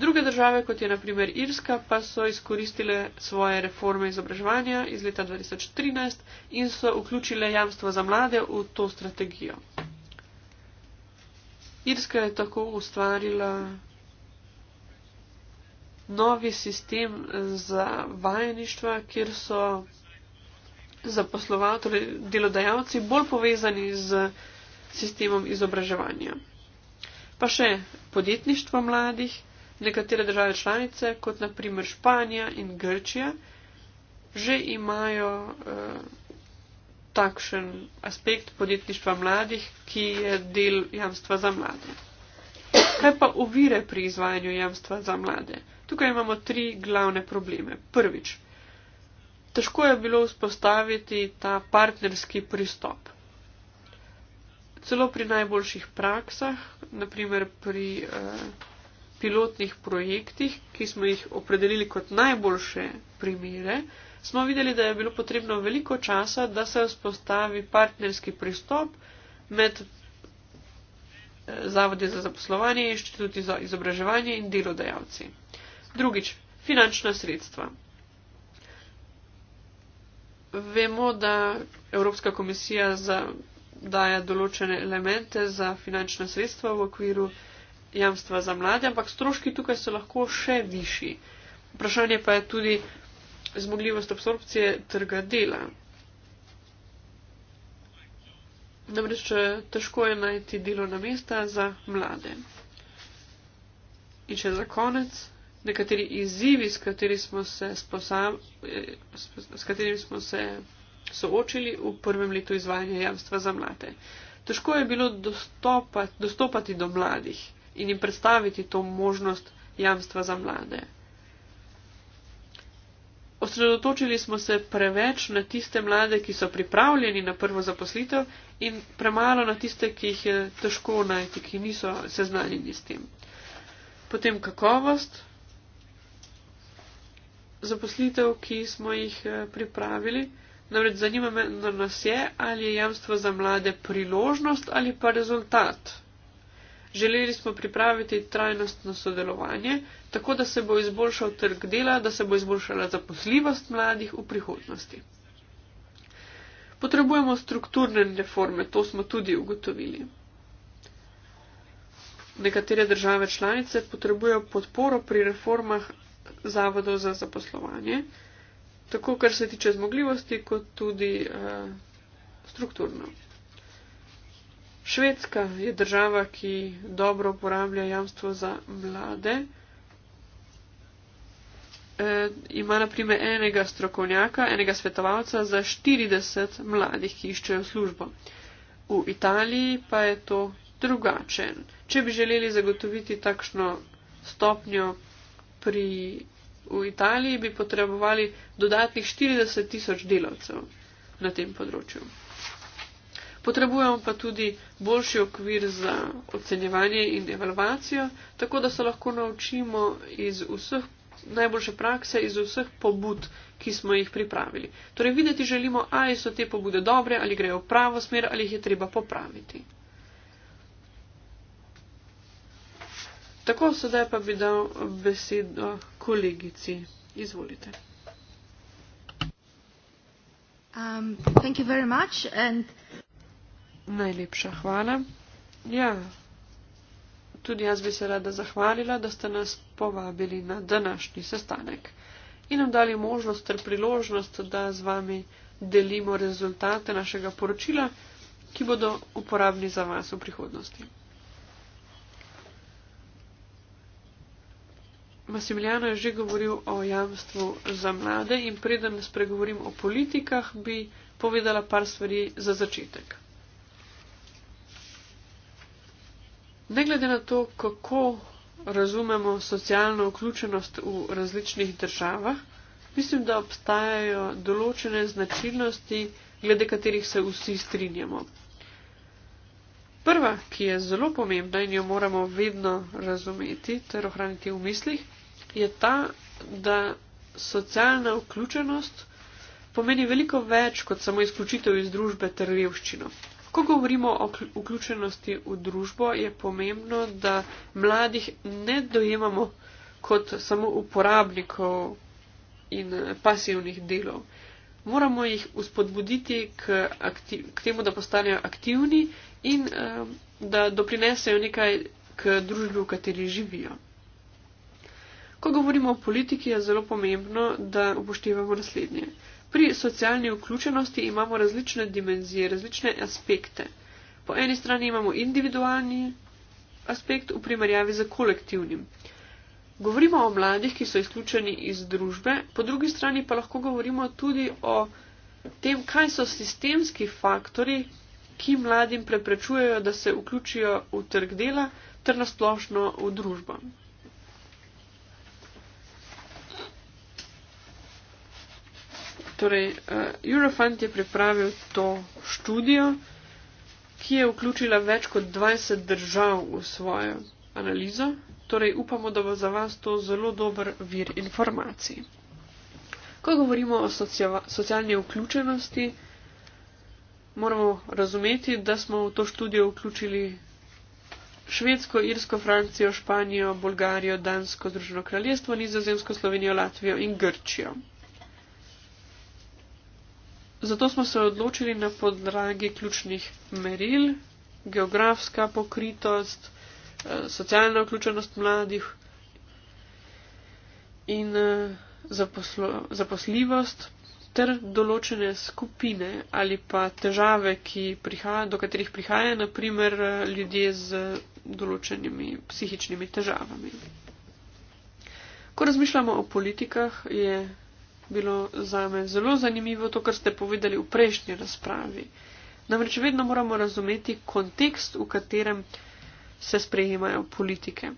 Druge države, kot je naprimer Irska, pa so izkoristile svoje reforme izobraževanja iz leta 2013 in so vključile jamstvo za mlade v to strategijo. Irska je tako ustvarila novi sistem za vajeništva, kjer so zaposlova, torej delodajalci bolj povezani z sistemom izobraževanja. Pa še podjetništvo mladih. Nekatere države članice, kot naprimer Španija in Grčija, že imajo eh, takšen aspekt podjetništva mladih, ki je del jamstva za mlade. Kaj pa ovire pri izvajanju jamstva za mlade? Tukaj imamo tri glavne probleme. Prvič, težko je bilo vzpostaviti ta partnerski pristop. Celo pri najboljših praksah, naprimer pri. Eh, pilotnih projektih, ki smo jih opredelili kot najboljše primere, smo videli, da je bilo potrebno veliko časa, da se vzpostavi partnerski pristop med eh, zavodi za zaposlovanje, inštituti za izobraževanje in delodajalci. Drugič, finančna sredstva. Vemo, da Evropska komisija za, daje določene elemente za finančna sredstva v okviru jamstva za mlade, ampak stroški tukaj so lahko še višji. Vprašanje pa je tudi zmogljivost absorpcije trga dela. Namreč eh, težko je najti delovna mesta za mlade. In še za konec, nekateri izzivi, s katerimi smo se, sposab, eh, katerim smo se soočili v prvem letu izvajanja jamstva za mlade. Težko je bilo dostopati, dostopati do mladih in jim predstaviti to možnost jamstva za mlade. Osredotočili smo se preveč na tiste mlade, ki so pripravljeni na prvo zaposlitev in premalo na tiste, ki jih je težko najti, ki niso seznanjeni s tem. Potem kakovost zaposlitev, ki smo jih eh, pripravili. Namreč zanima me, na nas je, ali je jamstvo za mlade priložnost ali pa rezultat Želeli smo pripraviti trajnostno sodelovanje, tako da se bo izboljšal trg dela, da se bo izboljšala zaposljivost mladih v prihodnosti. Potrebujemo strukturne reforme, to smo tudi ugotovili. Nekatere države članice potrebujo podporo pri reformah zavodov za zaposlovanje, tako kar se tiče zmogljivosti, kot tudi eh, strukturno. Švedska je država, ki dobro uporablja jamstvo za mlade. E, ima naprimer enega strokovnjaka, enega svetovalca za 40 mladih, ki iščejo službo. V Italiji pa je to drugače. Če bi želeli zagotoviti takšno stopnjo pri, v Italiji, bi potrebovali dodatnih 40 tisoč delavcev na tem področju. Potrebujemo pa tudi boljši okvir za ocenjevanje in evalvacijo, tako da se lahko naučimo iz vseh najboljše prakse, iz vseh pobud, ki smo jih pripravili. Torej videti želimo, ali so te pobude dobre, ali grejo v pravo smer, ali jih je treba popraviti. Tako sedaj pa bi dal besedo kolegici. Izvolite. Um, thank you very much and uh, Najlepša hvala. Ja, tudi jaz bi se rada zahvalila, da ste nas povabili na današnji sestanek in nam dali možnost ter priložnost, da z vami delimo rezultate našega poročila, ki bodo uporabni za vas v prihodnosti. Masimiljano je že govoril o jamstvu za mlade in preden spregovorim o politikah, bi povedala par stvari za začetek. Ne glede na to, kako razumemo socialno vključenost v različnih državah, mislim, da obstajajo določene značilnosti, glede katerih se vsi strinjamo. Prva, ki je zelo pomembna in jo moramo vedno razumeti ter ohraniti v mislih, je ta, da socialna vključenost pomeni veliko več kot samo izključitev iz družbe ter revščino. Ko govorimo o vključenosti v družbo, je pomembno, da mladih ne dojemamo kot samo uporabnikov in eh, pasivnih delov. Moramo jih uspodbuditi k, k temu, da postanejo aktivni in eh, da doprinesejo nekaj k družbi, v kateri živijo. Ko govorimo o politiki, je zelo pomembno, da upoštevamo naslednje. Pri socialni vključenosti imamo različne dimenzije, različne aspekte. Po eni strani imamo individualni aspekt v primerjavi z kolektivnim. Govorimo o mladih, ki so izključeni iz družbe, po drugi strani pa lahko govorimo tudi o tem, kaj so sistemski faktori, ki mladim preprečujejo, da se vključijo v trg dela ter nasplošno v družbo. Torej, uh, Eurofund je pripravil to študijo, ki je vključila več kot 20 držav v svojo analizo. Torej, upamo, da bo za vas to zelo dober vir informacij. Ko govorimo o socialni vključenosti, moramo razumeti, da smo v to študijo vključili Švedsko, Irsko, Francijo, Španijo, Bolgarijo, Dansko, Združeno kraljestvo, Nizozemsko, Slovenijo, Latvijo in Grčijo. Zato smo se odločili na podlagi ključnih meril, geografska pokritost, eh, socialna vključenost mladih in eh, zaposlo, zaposljivost ter določene skupine ali pa težave, prihaja, do katerih prihaja, naprimer eh, ljudje z določenimi psihičnimi težavami. Ko razmišljamo o politikah, je bilo za me zelo zanimivo to, kar ste povedali v prejšnji razpravi. Namreč vedno moramo razumeti kontekst, v katerem se sprejemajo politike.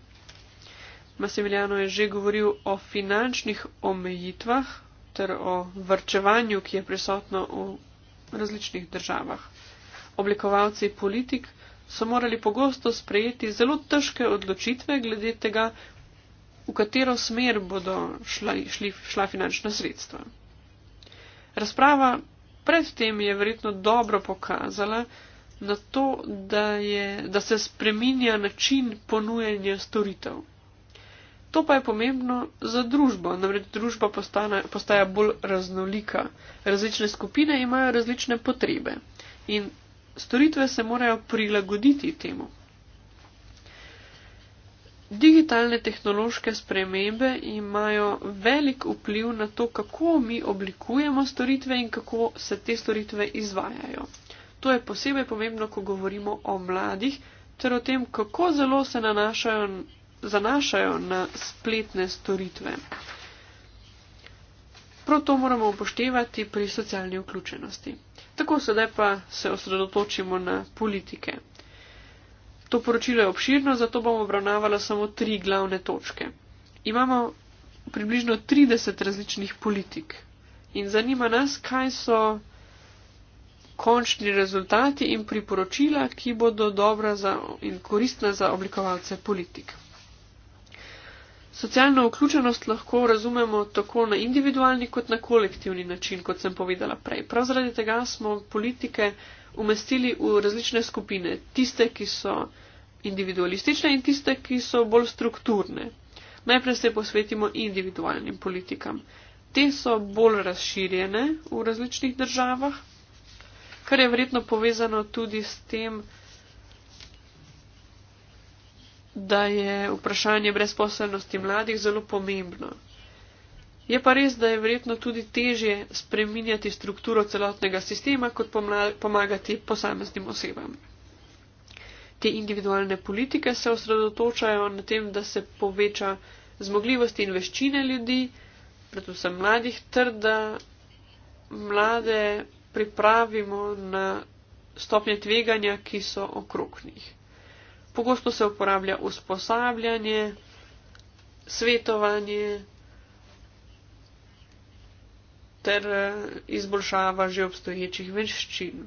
Masimiliano je že govoril o finančnih omejitvah ter o vrčevanju, ki je prisotno v različnih državah. Oblikovalci politik so morali pogosto sprejeti zelo težke odločitve glede tega, v katero smer bodo šla, šli, šla finančna sredstva. Razprava predtem je verjetno dobro pokazala na to, da, je, da se spreminja način ponujanja storitev. To pa je pomembno za družbo, namreč družba postane, postaja bolj raznolika. Različne skupine imajo različne potrebe in storitve se morajo prilagoditi temu. Digitalne tehnološke spremembe imajo velik vpliv na to, kako mi oblikujemo storitve in kako se te storitve izvajajo. To je posebej pomembno, ko govorimo o mladih, ter o tem, kako zelo se nanašajo, zanašajo na spletne storitve. Prav to moramo upoštevati pri socialni vključenosti. Tako sedaj pa se osredotočimo na politike. To poročilo je obširno, zato bom obravnavala samo tri glavne točke. Imamo približno 30 različnih politik in zanima nas, kaj so končni rezultati in priporočila, ki bodo dobra za in koristna za oblikovalce politik. Socialno vključenost lahko razumemo tako na individualni kot na kolektivni način, kot sem povedala prej. Prav zaradi tega smo politike umestili v različne skupine, tiste, ki so individualistične in tiste, ki so bolj strukturne. Najprej se posvetimo individualnim politikam. Te so bolj razširjene v različnih državah, kar je verjetno povezano tudi s tem, da je vprašanje brezposelnosti mladih zelo pomembno Je pa res, da je verjetno tudi teže spreminjati strukturo celotnega sistema, kot pomagati posameznim osebam. Te individualne politike se osredotočajo na tem, da se poveča zmogljivosti in veščine ljudi, predvsem mladih, ter da mlade pripravimo na stopnje tveganja, ki so okrog njih. Pogosto se uporablja usposabljanje, svetovanje, ter eh, izboljšava že obstoječih veščin.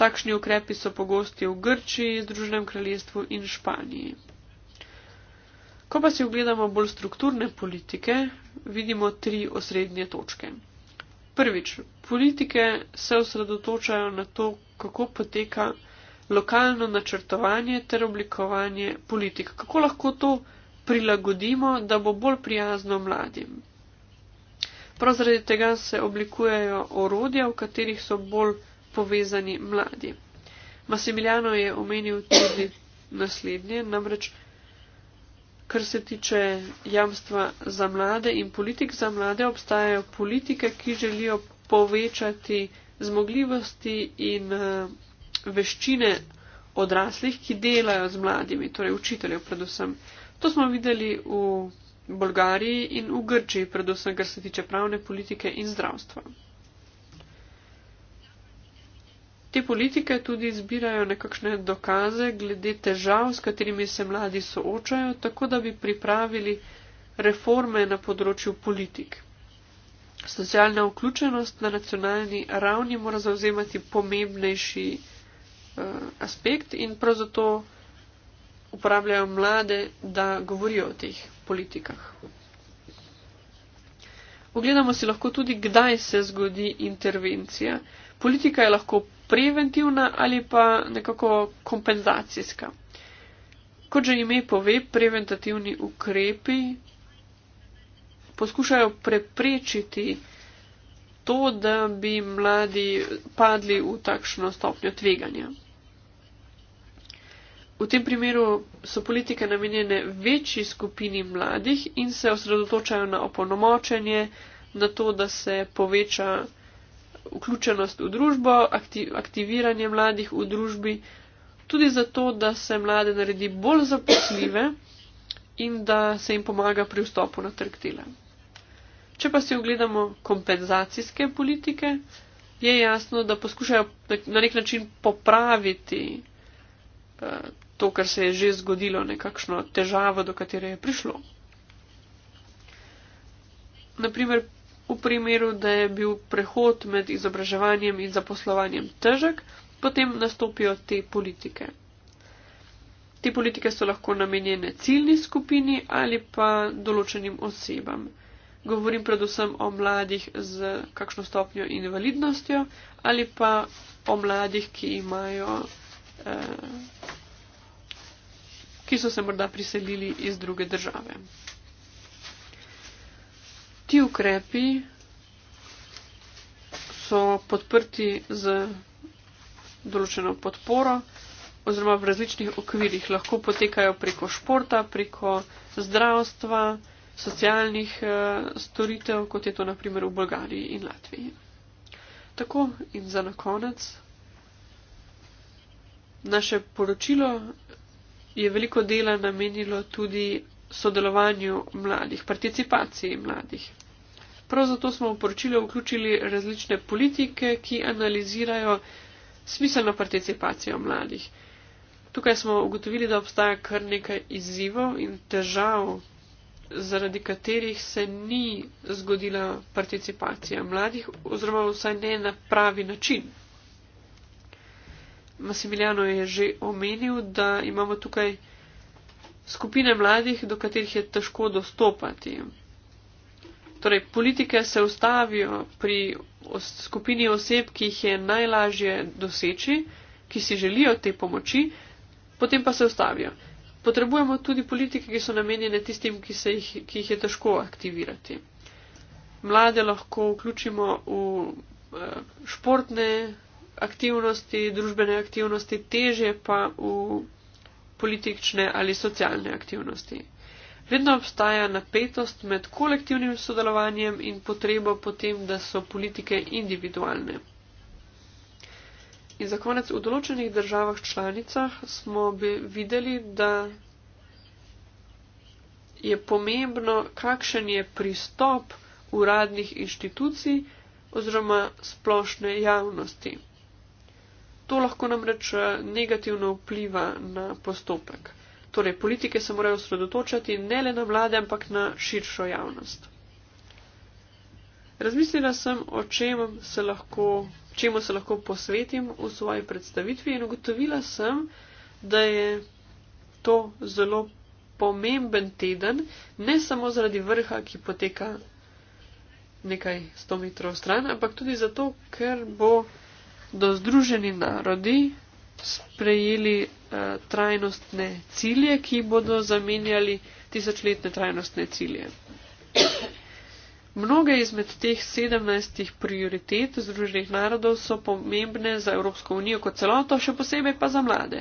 Takšni ukrepi so pogosti v Grčiji, Združenem kraljestvu in Španiji. Ko pa si ogledamo bolj strukturne politike, vidimo tri osrednje točke. Prvič, politike se osredotočajo na to, kako poteka lokalno načrtovanje ter oblikovanje politik, kako lahko to prilagodimo, da bo bolj prijazno mladim. Prav zaradi tega se oblikujejo orodja, v katerih so bolj povezani mladi. Massimiliano je omenil tudi naslednje, namreč kar se tiče jamstva za mlade in politik za mlade, obstajajo politike, ki želijo povečati zmogljivosti in uh, veščine odraslih, ki delajo z mladimi, torej učiteljev predvsem. To smo videli v Bolgariji in v Grčiji, predvsem kar se tiče pravne politike in zdravstva. Te politike tudi zbirajo nekakšne dokaze glede težav, s katerimi se mladi soočajo, tako da bi pripravili reforme na področju politik. Socialna vključenost na nacionalni ravni mora zauzemati pomembnejši eh, aspekt in prav zato uporabljajo mlade, da govorijo o teh politikah. Pogledamo si lahko tudi, kdaj se zgodi intervencija. Politika je lahko preventivna ali pa nekako kompenzacijska. Kot že ime pove, preventativni ukrepi poskušajo preprečiti to, da bi mladi padli v takšno stopnjo tveganja. V tem primeru so politike namenjene večji skupini mladih in se osredotočajo na opolnomočenje, na to, da se poveča vključenost v družbo, aktiviranje mladih v družbi, tudi zato, da se mlade naredi bolj zaposljive in da se jim pomaga pri vstopu na trg dela. Če pa si ogledamo kompenzacijske politike, je jasno, da poskušajo na nek način popraviti eh, to, kar se je že zgodilo, nekakšno težavo, do katere je prišlo. Naprimer, v primeru, da je bil prehod med izobraževanjem in zaposlovanjem težek, potem nastopijo te politike. Te politike so lahko namenjene ciljni skupini ali pa določenim osebam. Govorim predvsem o mladih z kakšno stopnjo invalidnostjo ali pa o mladih, ki imajo eh, ki so se morda priselili iz druge države. Ti ukrepi so podprti z določeno podporo oziroma v različnih okvirih. Lahko potekajo preko športa, preko zdravstva, socialnih eh, storitev, kot je to naprimer v Bolgariji in Latviji. Tako in za na konec. Naše poročilo je veliko dela namenilo tudi sodelovanju mladih, participaciji mladih. Prav zato smo v poročilo vključili različne politike, ki analizirajo smiselno participacijo mladih. Tukaj smo ugotovili, da obstaja kar nekaj izzivov in težav, zaradi katerih se ni zgodila participacija mladih, oziroma vsaj ne na pravi način. Masimiliano je že omenil, da imamo tukaj skupine mladih, do katerih je težko dostopati. Torej, politike se ustavijo pri skupini oseb, ki jih je najlažje doseči, ki si želijo te pomoči, potem pa se ustavijo. Potrebujemo tudi politike, ki so namenjene tistim, ki, jih, ki jih je težko aktivirati. Mlade lahko vključimo v eh, športne aktivnosti, družbene aktivnosti, teže pa v politične ali socialne aktivnosti. Vedno obstaja napetost med kolektivnim sodelovanjem in potrebo potem, da so politike individualne. In za konec, v določenih državah članicah smo videli, da je pomembno, kakšen je pristop uradnih inštitucij oziroma splošne javnosti. To lahko namreč eh, negativno vpliva na postopek. Torej, politike se morajo osredotočati ne le na vlade, ampak na širšo javnost. Razmislila sem, o čem se lahko, čemu se lahko posvetim v svoji predstavitvi in ugotovila sem, da je to zelo pomemben teden, ne samo zaradi vrha, ki poteka nekaj sto metrov stran, ampak tudi zato, ker bo do združeni narodi sprejeli eh, trajnostne cilje, ki bodo zamenjali tisočletne trajnostne cilje. Mnoge izmed teh sedemnajstih prioritet Združenih narodov so pomembne za Evropsko unijo kot celoto, še posebej pa za mlade.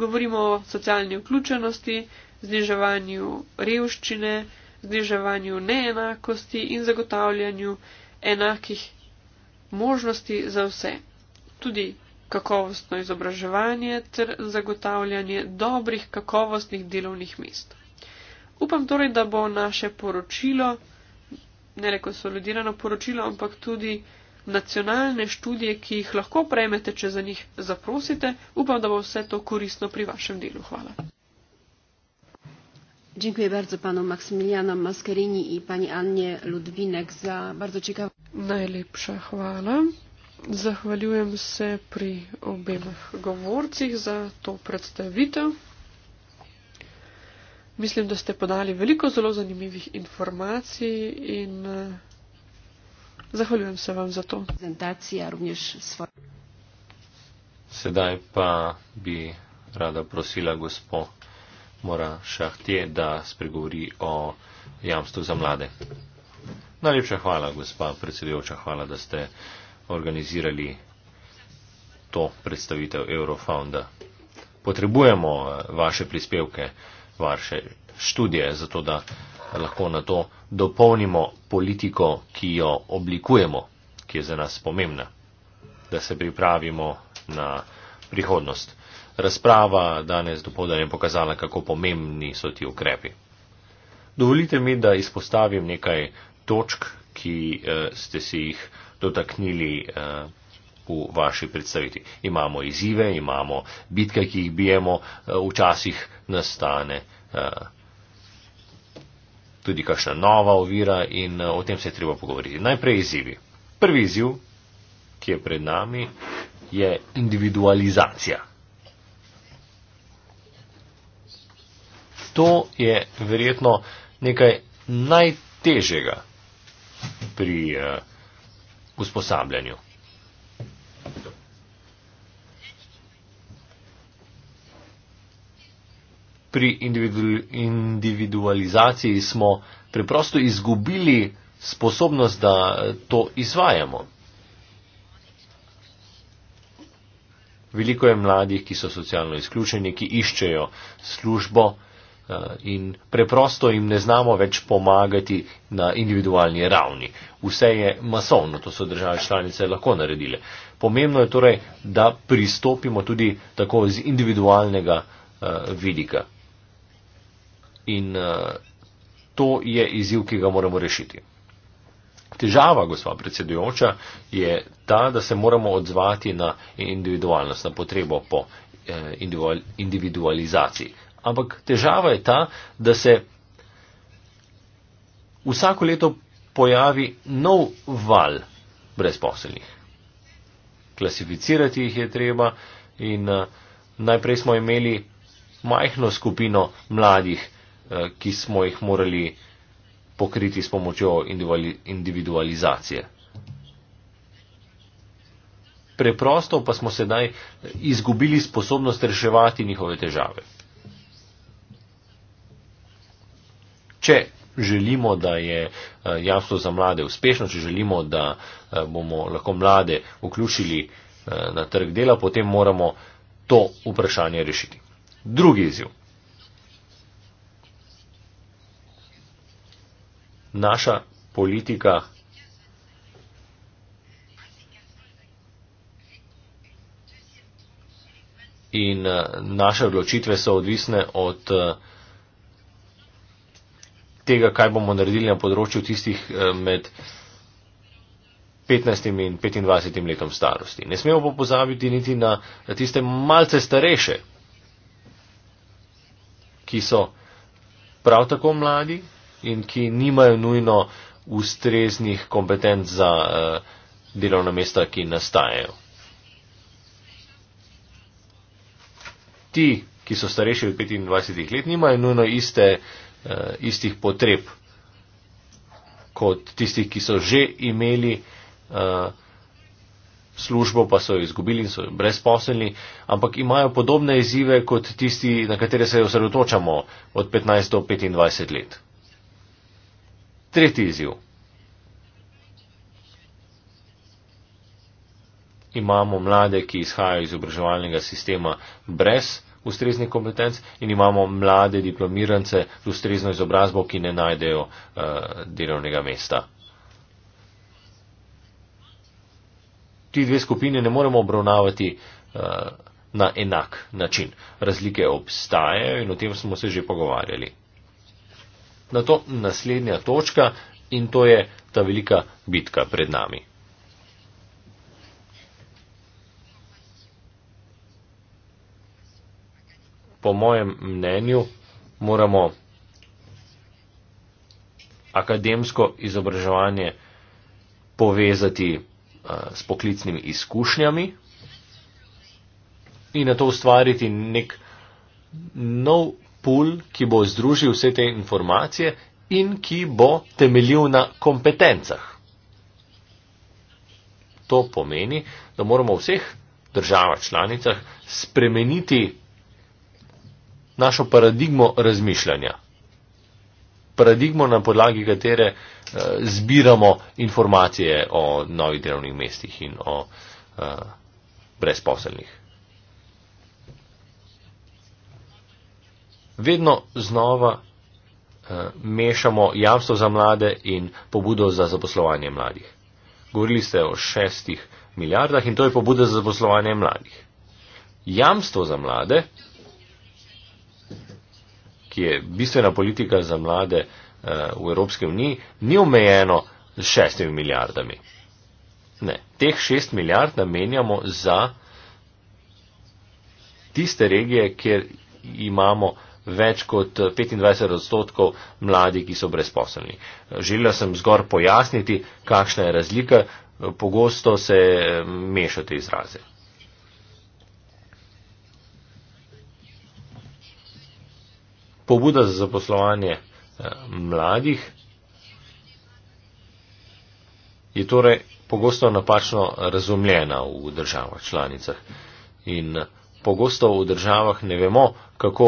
Govorimo o socialni vključenosti, zniževanju revščine, zniževanju neenakosti in zagotavljanju enakih možnosti za vse tudi kakovostno izobraževanje ter zagotavljanje dobrih kakovostnih delovnih mest. Upam torej, da bo naše poročilo, ne le konsolidirano poročilo, ampak tudi nacionalne študije, ki jih lahko prejmete, če za njih zaprosite, upam, da bo vse to koristno pri vašem delu. Hvala. Dziękuję bardzo panu Maksymiliano Mascherini i pani Annie Ludwinek za bardzo ciekawe. Najlepsza chwała. Zahvaljujem se pri obeh govorcih za to predstavitev. Mislim, da ste podali veliko zelo zanimivih informacij in eh, zahvaljujem se vam za to. Sedaj pa bi rada prosila gospo Mora Šahtje, da spregovori o jamstvu za mlade. Najlepša hvala, gospa predsedujoča, hvala, da ste organizirali to predstavitev Eurofonda. Potrebujemo eh, vaše prispevke, vaše študije, zato da lahko na to dopolnimo politiko, ki jo oblikujemo, ki je za nas pomembna, da se pripravimo na prihodnost. Razprava danes do podan je pokazala, kako pomembni so ti ukrepi. Dovolite mi, da izpostavim nekaj točk, ki eh, ste si jih dotaknili eh, v vaši predstaviti. Imamo izzive, imamo bitke, ki jih bijemo, eh, včasih nastane eh, tudi kakšna nova ovira in o tem se je treba pogovoriti. Najprej izzivi. Prvi izziv, ki je pred nami, je individualizacija. To je verjetno nekaj najtežjega pri uh, usposabljanju. Pri individualizaciji smo preprosto izgubili sposobnost, da to izvajamo. Veliko je mladih, ki so socialno izključeni, ki iščejo službo, Eh, in preprosto jim ne znamo več pomagati na individualni ravni. Vse je masovno, to so države članice lahko naredile. Pomembno je torej, da pristopimo tudi tako z individualnega uh, vidika. In uh, to je izziv, ki ga moramo rešiti. Težava, gospa predsedujoča, je ta, da se moramo odzvati na individualnost, na potrebo po eh, individualizaciji. Ampak težava je ta, da se vsako leto pojavi nov val brezposelnih. Klasificirati jih je treba in eh, najprej smo imeli majhno skupino mladih, eh, ki smo jih morali pokriti s pomočjo individualizacije. Preprosto pa smo sedaj eh, izgubili sposobnost reševati njihove težave. če želimo, da je eh, jamstvo za mlade uspešno, če želimo, da eh, bomo lahko mlade vključili eh, na trg dela, potem moramo to vprašanje rešiti. Drugi izjiv. Naša politika in naše odločitve so odvisne od uh, tega, kaj bomo naredili na področju tistih eh, med 15 in 25 letom starosti. Ne smemo pa pozabiti niti na tiste malce starejše, ki so prav tako mladi in ki nimajo nujno ustreznih kompetenc za eh, delovna mesta, ki nastajajo. Ti, ki so starejši od 25 let, nimajo nujno iste uh, uh, istih potreb kot tistih, ki so že imeli uh, službo, pa so jo izgubili in so brezposelni, ampak imajo podobne izzive kot tisti, na katere se osredotočamo od 15 do 25 let. Tretji izziv. Imamo mlade, ki izhajajo iz obraževalnega sistema brez ustreznih kompetenc in imamo mlade diplomirance z ustrezno izobrazbo, ki ne najdejo uh, delovnega mesta. Ti dve skupini ne moremo obravnavati uh, na enak način. Razlike obstajajo in o tem smo se že pogovarjali. Na to naslednja točka in to je ta velika bitka pred nami. po mojem mnenju, moramo akademsko izobraževanje povezati eh, s poklicnimi izkušnjami in na to ustvariti nek nov pul, ki bo združil vse te informacije in ki bo temeljil na kompetencah. To pomeni, da moramo v vseh državah članicah spremeniti našo paradigmo razmišljanja. Paradigmo, na podlagi katere uh, zbiramo informacije o novih delovnih mestih in o uh, brezposelnih. Vedno znova uh, mešamo jamstvo za mlade in pobudo za zaposlovanje mladih. Govorili ste o šestih milijardah in to je pobuda za zaposlovanje mladih. Jamstvo za mlade ki je bistvena politika za mlade eh, v Evropski uniji, ni omejeno s šestimi milijardami. Ne, teh šest milijard namenjamo za tiste regije, kjer imamo več kot 25 odstotkov mladi, ki so brezposobni. Želela sem zgor pojasniti, kakšna je razlika, pogosto se eh, mešate izraze. pobuda za zaposlovanje eh, mladih je torej pogosto napačno razumljena v državah članicah. In eh, pogosto v državah ne vemo, kako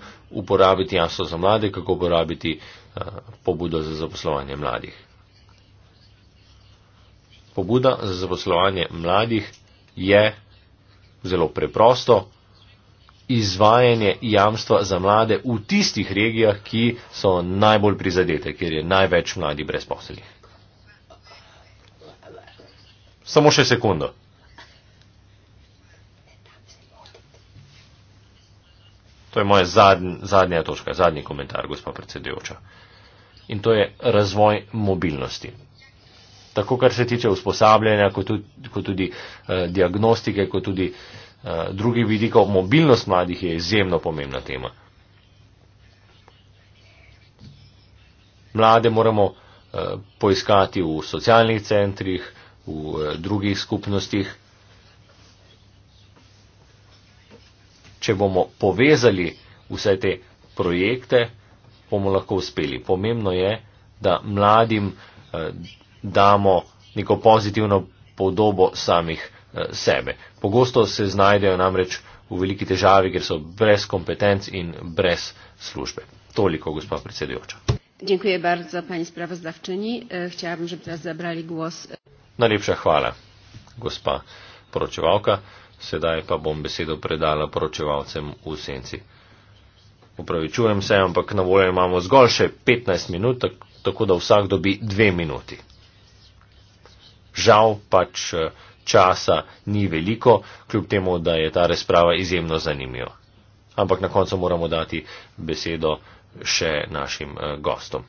eh, uporabiti jasno za mlade, kako uporabiti pobudo za zaposlovanje mladih. Pobuda za zaposlovanje mladih je zelo preprosto, izvajanje jamstva za mlade v tistih regijah, ki so najbolj prizadete, kjer je največ mladi brezposelnih. Samo še sekundo. To je moja zadn, zadnja točka, zadnji komentar, gospod predsedujoča. In to je razvoj mobilnosti. Tako, kar se tiče usposabljanja, kot tudi, kot tudi eh, diagnostike, kot tudi eh, Eh, drugih vidikov, mobilnost mladih je izjemno pomembna tema. Mlade moramo eh, poiskati v socialnih centrih, v eh, drugih skupnostih. Če bomo povezali vse te projekte, bomo lahko uspeli. Pomembno je, da mladim damo neko pozitivno podobo samih sebe. Pogosto se znajdejo namreč v veliki težavi, ker so brez kompetenc in brez službe. Toliko, gospa predsedujoča. Dziękuję bardzo pani sprawozdawczyni. E, chciałabym, żeby teraz zabrali głos. Najlepsza chwała, gospa poroczewałka. Sedaj pa bom besedo predala poroczewałcem u senci. Upravičujem se, ampak na voljo imamo zgolj še 15 minut, tako da vsak dobi dve minuti. Žal pač e, časa ni veliko, kljub temu, da je ta razprava izjemno zanimiva. Ampak na koncu moramo dati besedo še našim uh, gostom.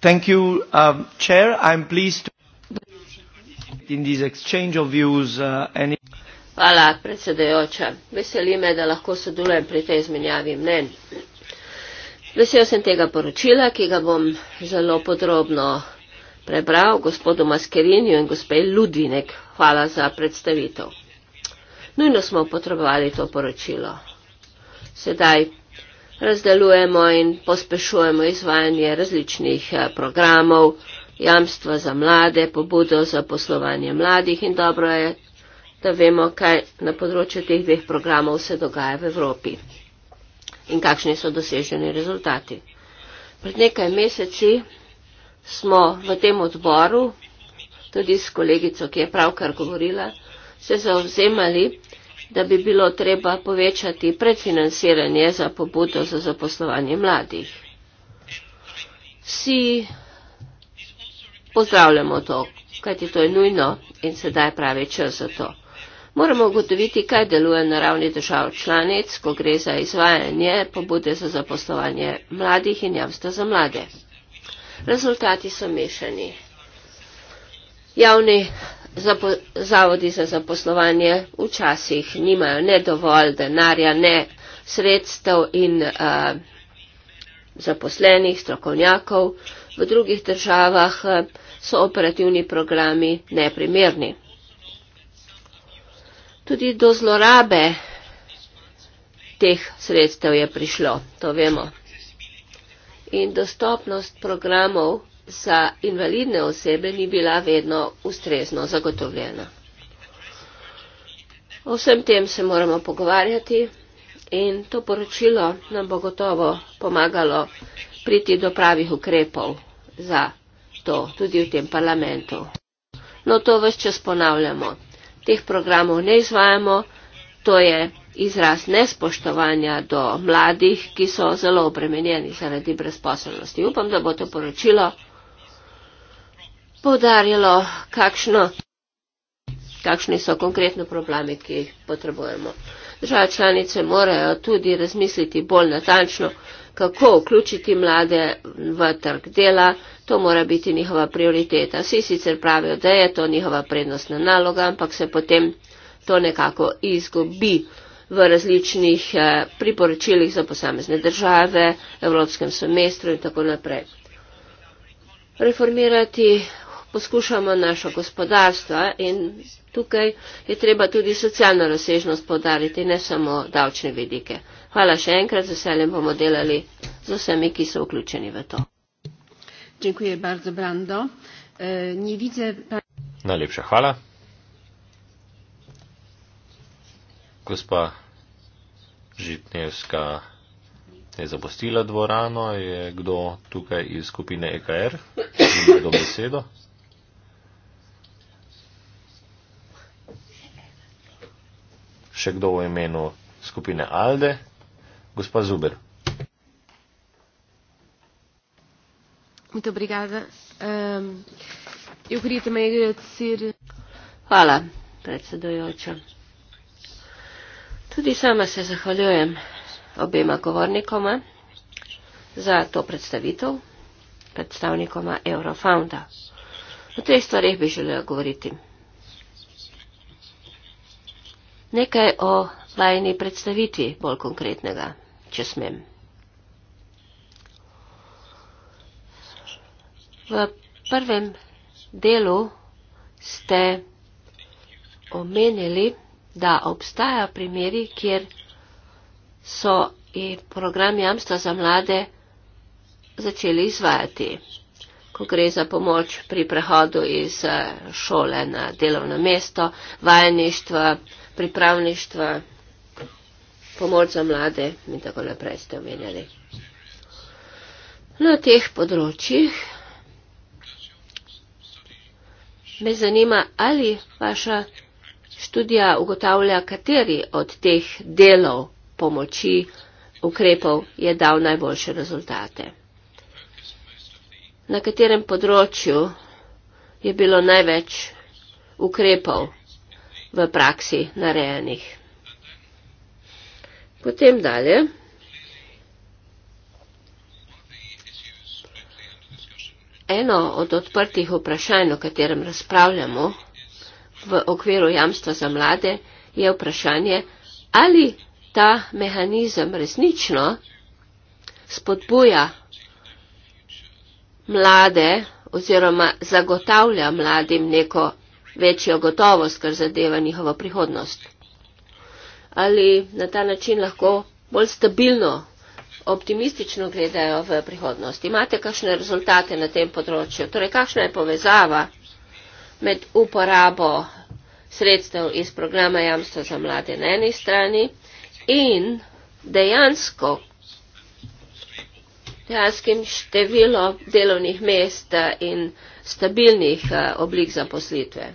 Thank you, um, Chair. I'm pleased to be in this exchange of views. Uh, any... Hvala, predsedajoča. Veseli me, da lahko sodelujem pri tej izmenjavi mnen. Vesel sem tega poročila, ki ga bom zelo podrobno prebral gospodu Maskerinju in gospe Ludvinek. Hvala za predstavitev. Nujno smo potrebovali to poročilo. Sedaj razdelujemo in pospešujemo izvajanje različnih eh, programov, jamstva za mlade, pobudo za poslovanje mladih in dobro je, da vemo, kaj na področju teh dveh programov se dogaja v Evropi in kakšni so doseženi rezultati. Pred nekaj meseci smo v tem odboru, tudi s kolegico, ki je pravkar govorila, se zauzemali, da bi bilo treba povečati predfinansiranje za pobudo za zaposlovanje mladih. Vsi pozdravljamo to, kajti to je nujno in sedaj pravi čas za to. Moramo ugotoviti, kaj deluje na ravni držav članic, ko gre za izvajanje pobude za zaposlovanje mladih in javstva za mlade. Rezultati so mešani. Javni zapo, zavodi za zaposlovanje včasih nimajo ne dovolj denarja, ne sredstev in a, zaposlenih strokovnjakov. V drugih državah so operativni programi neprimerni. Tudi do zlorabe teh sredstev je prišlo, to vemo in dostopnost programov za invalidne osebe ni bila vedno ustrezno zagotovljena. O vsem tem se moramo pogovarjati in to poročilo nam bo gotovo pomagalo priti do pravih ukrepov za to tudi v tem parlamentu. No to vse čas ponavljamo. Teh programov ne izvajamo, to je izraz nespoštovanja do mladih, ki so zelo obremenjeni zaradi brezposobnosti. Upam, da bo to poročilo podarilo, kakšno, kakšni so konkretni problemi, ki jih potrebujemo. Države članice morajo tudi razmisliti bolj natančno, kako vključiti mlade v trg dela. To mora biti njihova prioriteta. Vsi sicer pravijo, da je to njihova prednostna naloga, ampak se potem to nekako izgubi v različnih eh, priporočilih za posamezne države, evropskem semestru in tako naprej. Reformirati poskušamo naša gospodarstva in tukaj je treba tudi socialno razsežnost podariti, ne samo davčne vidike. Hvala še enkrat, z veseljem bomo delali z vsemi, ki so vključeni v to. E, Najlepša hvala. gospa Žitnevska je zapustila dvorano. Je kdo tukaj iz skupine EKR? Ima kdo besedo? Še kdo v imenu skupine Alde? Gospa Zuber. Ehm, Hvala, predsedujoča. Tudi sama se zahvaljujem obema govornikoma za to predstavitev predstavnikoma Eurofounda. O teh stvarih bi želela govoriti. Nekaj o vajni predstavitvi bolj konkretnega, če smem. V prvem delu ste omenili, da obstajajo primeri, kjer so program jamstva za mlade začeli izvajati, ko gre za pomoč pri prehodu iz eh, šole na delovno mesto, vajeništva, pripravništva, pomoč za mlade in tako naprej ste omenjali. Na teh področjih me zanima, ali vaša Študija ugotavlja, kateri od teh delov pomoči ukrepov je dal najboljše rezultate. Na katerem področju je bilo največ ukrepov v praksi narejenih. Potem dalje. Eno od odprtih vprašanj, o katerem razpravljamo, v okviru jamstva za mlade, je vprašanje, ali ta mehanizem resnično spodbuja mlade oziroma zagotavlja mladim neko večjo gotovost, kar zadeva njihovo prihodnost. Ali na ta način lahko bolj stabilno, optimistično gledajo v prihodnost. Imate kakšne rezultate na tem področju? Torej, kakšna je povezava? med uporabo sredstev iz programa Jamstva za mlade na eni strani in dejansko dejanskim število delovnih mest eh, in stabilnih eh, oblik zaposlitve.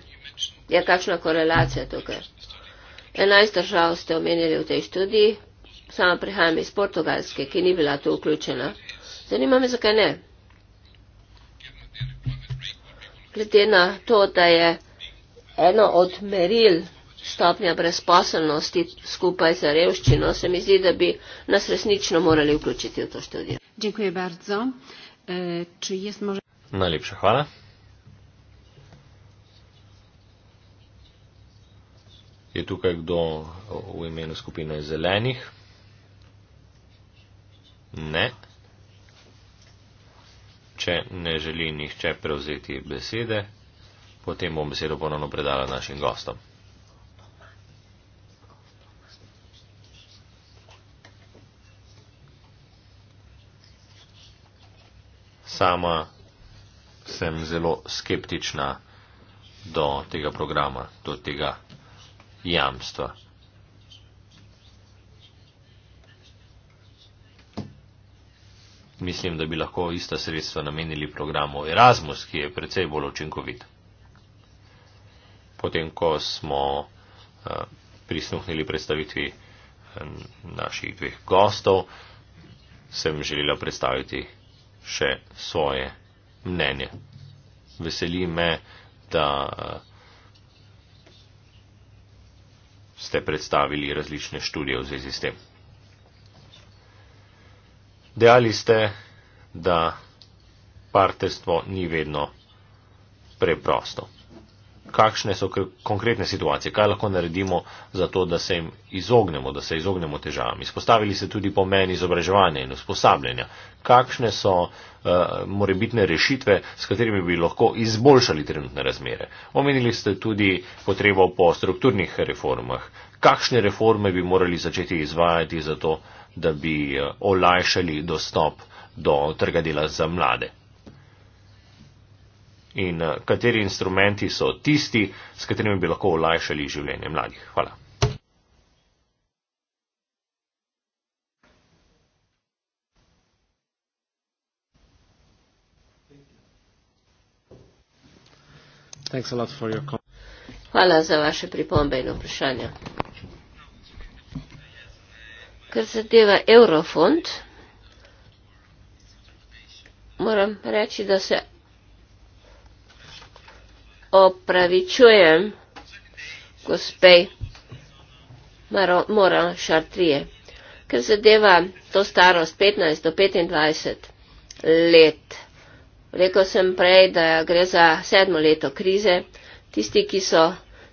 Je kakšna korelacija tukaj? 11 držav ste omenili v tej študiji, sama prihajam iz Portugalske, ki ni bila tu vključena. Zanima me, zakaj ne? glede na to, da je eno od meril stopnja brezposelnosti skupaj za revščino, se mi zdi, da bi nas resnično morali vključiti v to študijo. Dziękuję bardzo. E, czy jest może... Najlepsza chwała. Je tukaj kdo v imenu skupine zelenih? Ne. Če ne želi nihče prevzeti besede, potem bom besedo ponovno predala našim gostom. Sama sem zelo skeptična do tega programa, do tega jamstva. mislim, da bi lahko ista sredstva namenili programu Erasmus, ki je precej bolj učinkovit. Potem, ko smo eh, prisluhnili predstavitvi eh, naših dveh gostov, sem želela predstaviti še svoje mnenje. Veseli me, da eh, ste predstavili različne študije v zvezi s tem. Dejali ste, da partnerstvo ni vedno preprosto. Kakšne so konkretne situacije, kaj lahko naredimo za to, da se jim izognemo, da se izognemo težavam. Izpostavili ste tudi pomen izobraževanja in usposabljanja. Kakšne so uh, morebitne rešitve, s katerimi bi lahko izboljšali trenutne razmere. Omenili ste tudi potrebo po strukturnih reformah. Kakšne reforme bi morali začeti izvajati za to, da bi eh, olajšali dostop do trga dela za mlade. In eh, kateri instrumenti so tisti, s katerimi bi lahko olajšali življenje mladih? Hvala. Hvala za vaše pripombe in vprašanja kar zadeva eurofond, moram reči, da se opravičujem gospej Mora Šartrije. Kar zadeva to starost 15 do 25 let. Rekel sem prej, da gre za sedmo leto krize. Tisti, ki so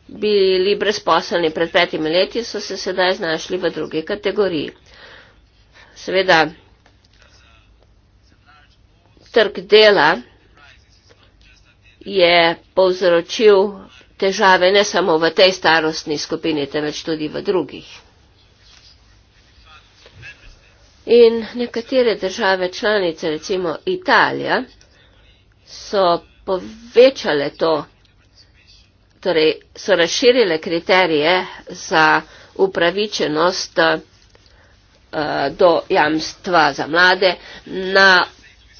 bili brezposelni pred petimi leti, so se sedaj znašli v drugi kategoriji. Seveda, trg dela je povzročil težave ne samo v tej starostni skupini, temveč tudi v drugih. In nekatere države članice, recimo Italija, so povečale to torej so razširile kriterije za upravičenost eh, do jamstva za mlade na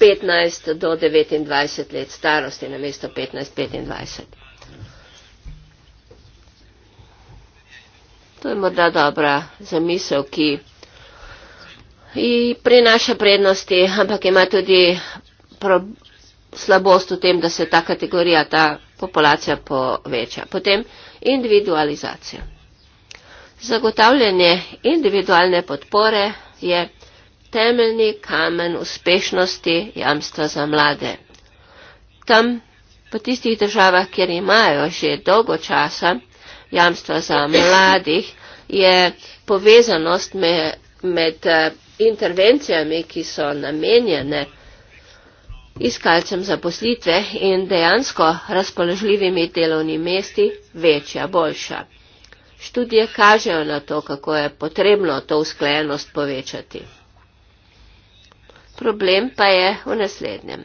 15 do 29 let starosti na mesto 15-25. To je morda dobra zamisel, ki prinaša prednosti, ampak ima tudi slabost v tem, da se ta kategorija, ta populacija poveča. Potem individualizacija. Zagotavljanje individualne podpore je temeljni kamen uspešnosti jamstva za mlade. Tam, po tistih državah, kjer imajo že dolgo časa jamstva za mladih, je povezanost me, med eh, intervencijami, ki so namenjene iskalcem zaposlitve in dejansko razpoložljivimi delovnimi mesti večja, boljša. Študije kažejo na to, kako je potrebno to usklajenost povečati. Problem pa je v naslednjem.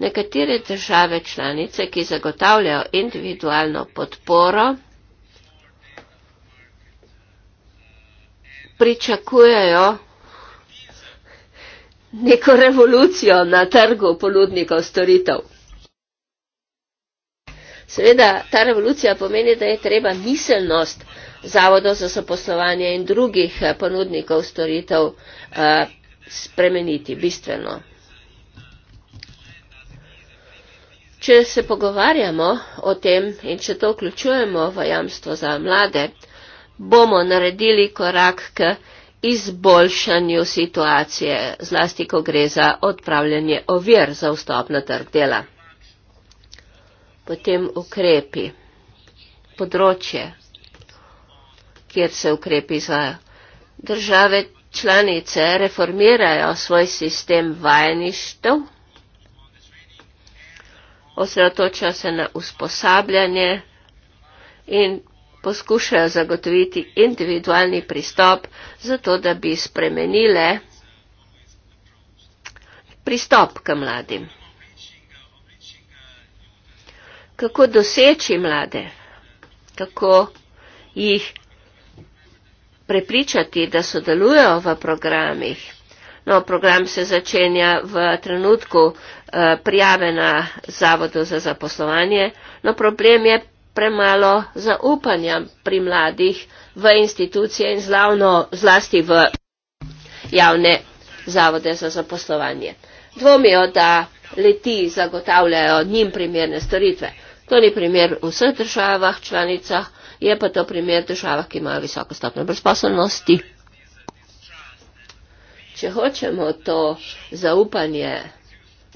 Nekatere države članice, ki zagotavljajo individualno podporo, pričakujejo neko revolucijo na trgu ponudnikov storitev. Seveda, ta revolucija pomeni, da je treba miselnost zavodov za zaposlovanje in drugih eh, ponudnikov storitev uh, spremeniti bistveno. Če se pogovarjamo o tem in če to vključujemo v jamstvo za mlade, bomo naredili korak k izboljšanju situacije, zlasti ko gre za odpravljanje ovir za vstop na trg dela. Potem ukrepi, področje, kjer se ukrepi izvajo. Države članice reformirajo svoj sistem vajništev, osredotočajo se na usposabljanje in poskušajo zagotoviti individualni pristop, zato da bi spremenile pristop k mladim. Kako doseči mlade? Kako jih prepričati, da sodelujo v programih? No, program se začenja v trenutku eh, prijave na Zavodu za zaposlovanje. No, problem je premalo zaupanja pri mladih v institucije in zlavno, zlasti v javne zavode za zaposlovanje. Dvomijo, da leti zagotavljajo njim primerne storitve. To ni primer v vseh državah, članicah, je pa to primer državah, ki imajo visoko stopno brezposobnosti. Če hočemo to zaupanje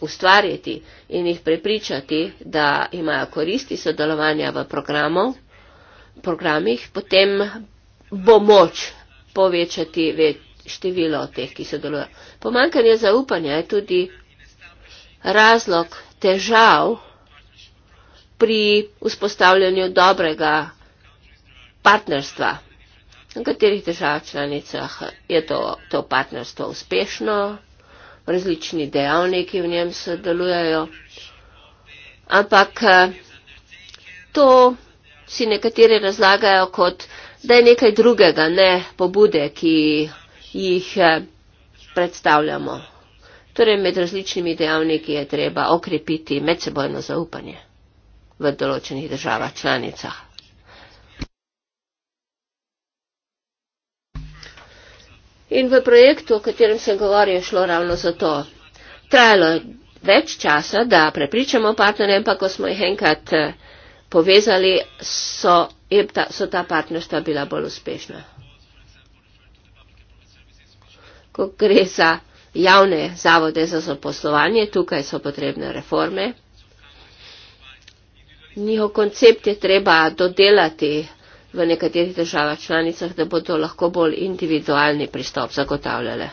ustvarjati in jih prepričati, da imajo koristi sodelovanja v programov, programih, potem bo moč povečati več število teh, ki sodelujejo. Pomankanje zaupanja je tudi razlog težav pri vzpostavljanju dobrega partnerstva. V katerih državah članicah je to, to partnerstvo uspešno? različni dejavniki v njem sodelujejo. Ampak eh, to si nekateri razlagajo kot, da je nekaj drugega, ne pobude, ki jih eh, predstavljamo. Torej med različnimi dejavniki je treba okrepiti medsebojno zaupanje v določenih državah članicah. In v projektu, o katerem sem govoril, je šlo ravno za to. Trajalo je več časa, da prepričamo partnerje, ampak ko smo jih enkrat eh, povezali, so, ta, so ta partnerstva bila bolj uspešna. Ko gre za javne zavode za zaposlovanje, tukaj so potrebne reforme. Njihov koncept je treba dodelati v nekaterih državah članicah, da bodo lahko bolj individualni pristop zagotavljale.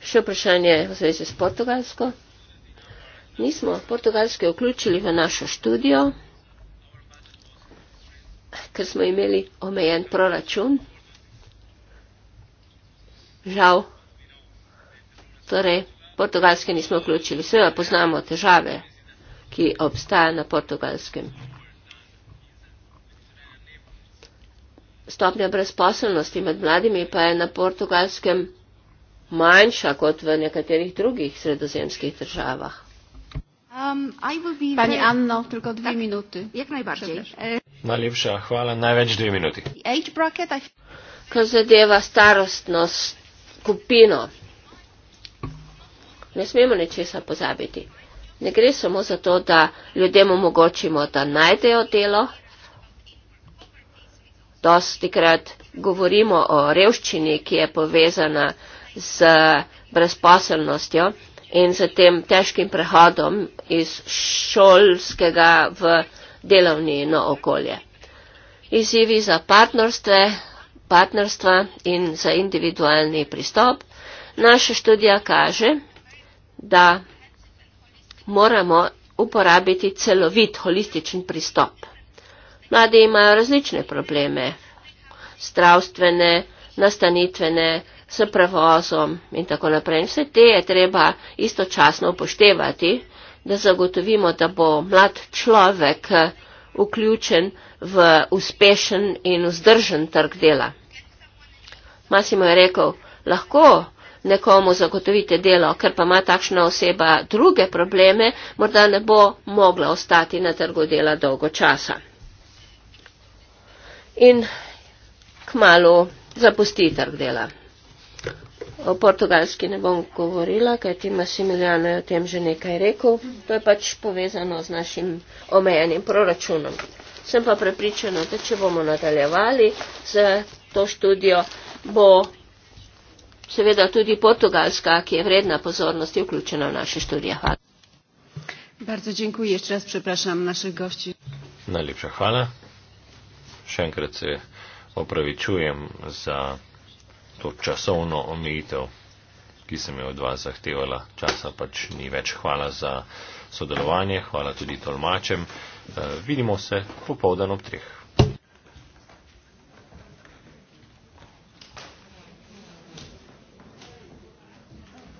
Še vprašanje v zvezi s Portugalsko. Nismo Portugalske vključili v našo študijo, ker smo imeli omejen proračun. Žal, torej Portugalske nismo vključili. Seveda poznamo težave, ki obstaja na Portugalskem. stopnja brezposelnosti med mladimi pa je na portugalskem manjša kot v nekaterih drugih sredozemskih državah. Um, Pani Anno, tako dve minuti. Najlepša, hvala, največ dve minuti. Ko zadeva starostno skupino, ne smemo nečesa pozabiti. Ne gre samo za to, da ljudem omogočimo, da najdejo delo, dosti krat govorimo o revščini, ki je povezana z brezposelnostjo in z tem težkim prehodom iz šolskega v delovni na okolje. Izzivi za partnerstve, partnerstva in za individualni pristop. Naša študija kaže, da moramo uporabiti celovit holističen pristop. Mladi imajo različne probleme, zdravstvene, nastanitvene, s prevozom in tako naprej. Vse te je treba istočasno upoštevati, da zagotovimo, da bo mlad človek eh, vključen v uspešen in vzdržen trg dela. Masimo je rekel, lahko nekomu zagotovite delo, ker pa ima takšna oseba druge probleme, morda ne bo mogla ostati na trgu dela dolgo časa in kmalo zapusti trg dela. O portugalski ne bom govorila, kajti Massimiliano je o tem že nekaj rekel. To je pač povezano z našim omejenim proračunom. Sem pa prepričana, da če bomo nadaljevali z to študijo, bo seveda tudi portugalska, ki je vredna pozornosti, vključena v naše študije. Hvala. Bardzo dziękuję. Jeszcze raz przepraszam naszych gości. Najlepsza chwała še enkrat se opravičujem za to časovno omejitev, ki sem jo od vas zahtevala. Časa pač ni več. Hvala za sodelovanje, hvala tudi tolmačem. Uh, vidimo se popovdan ob treh.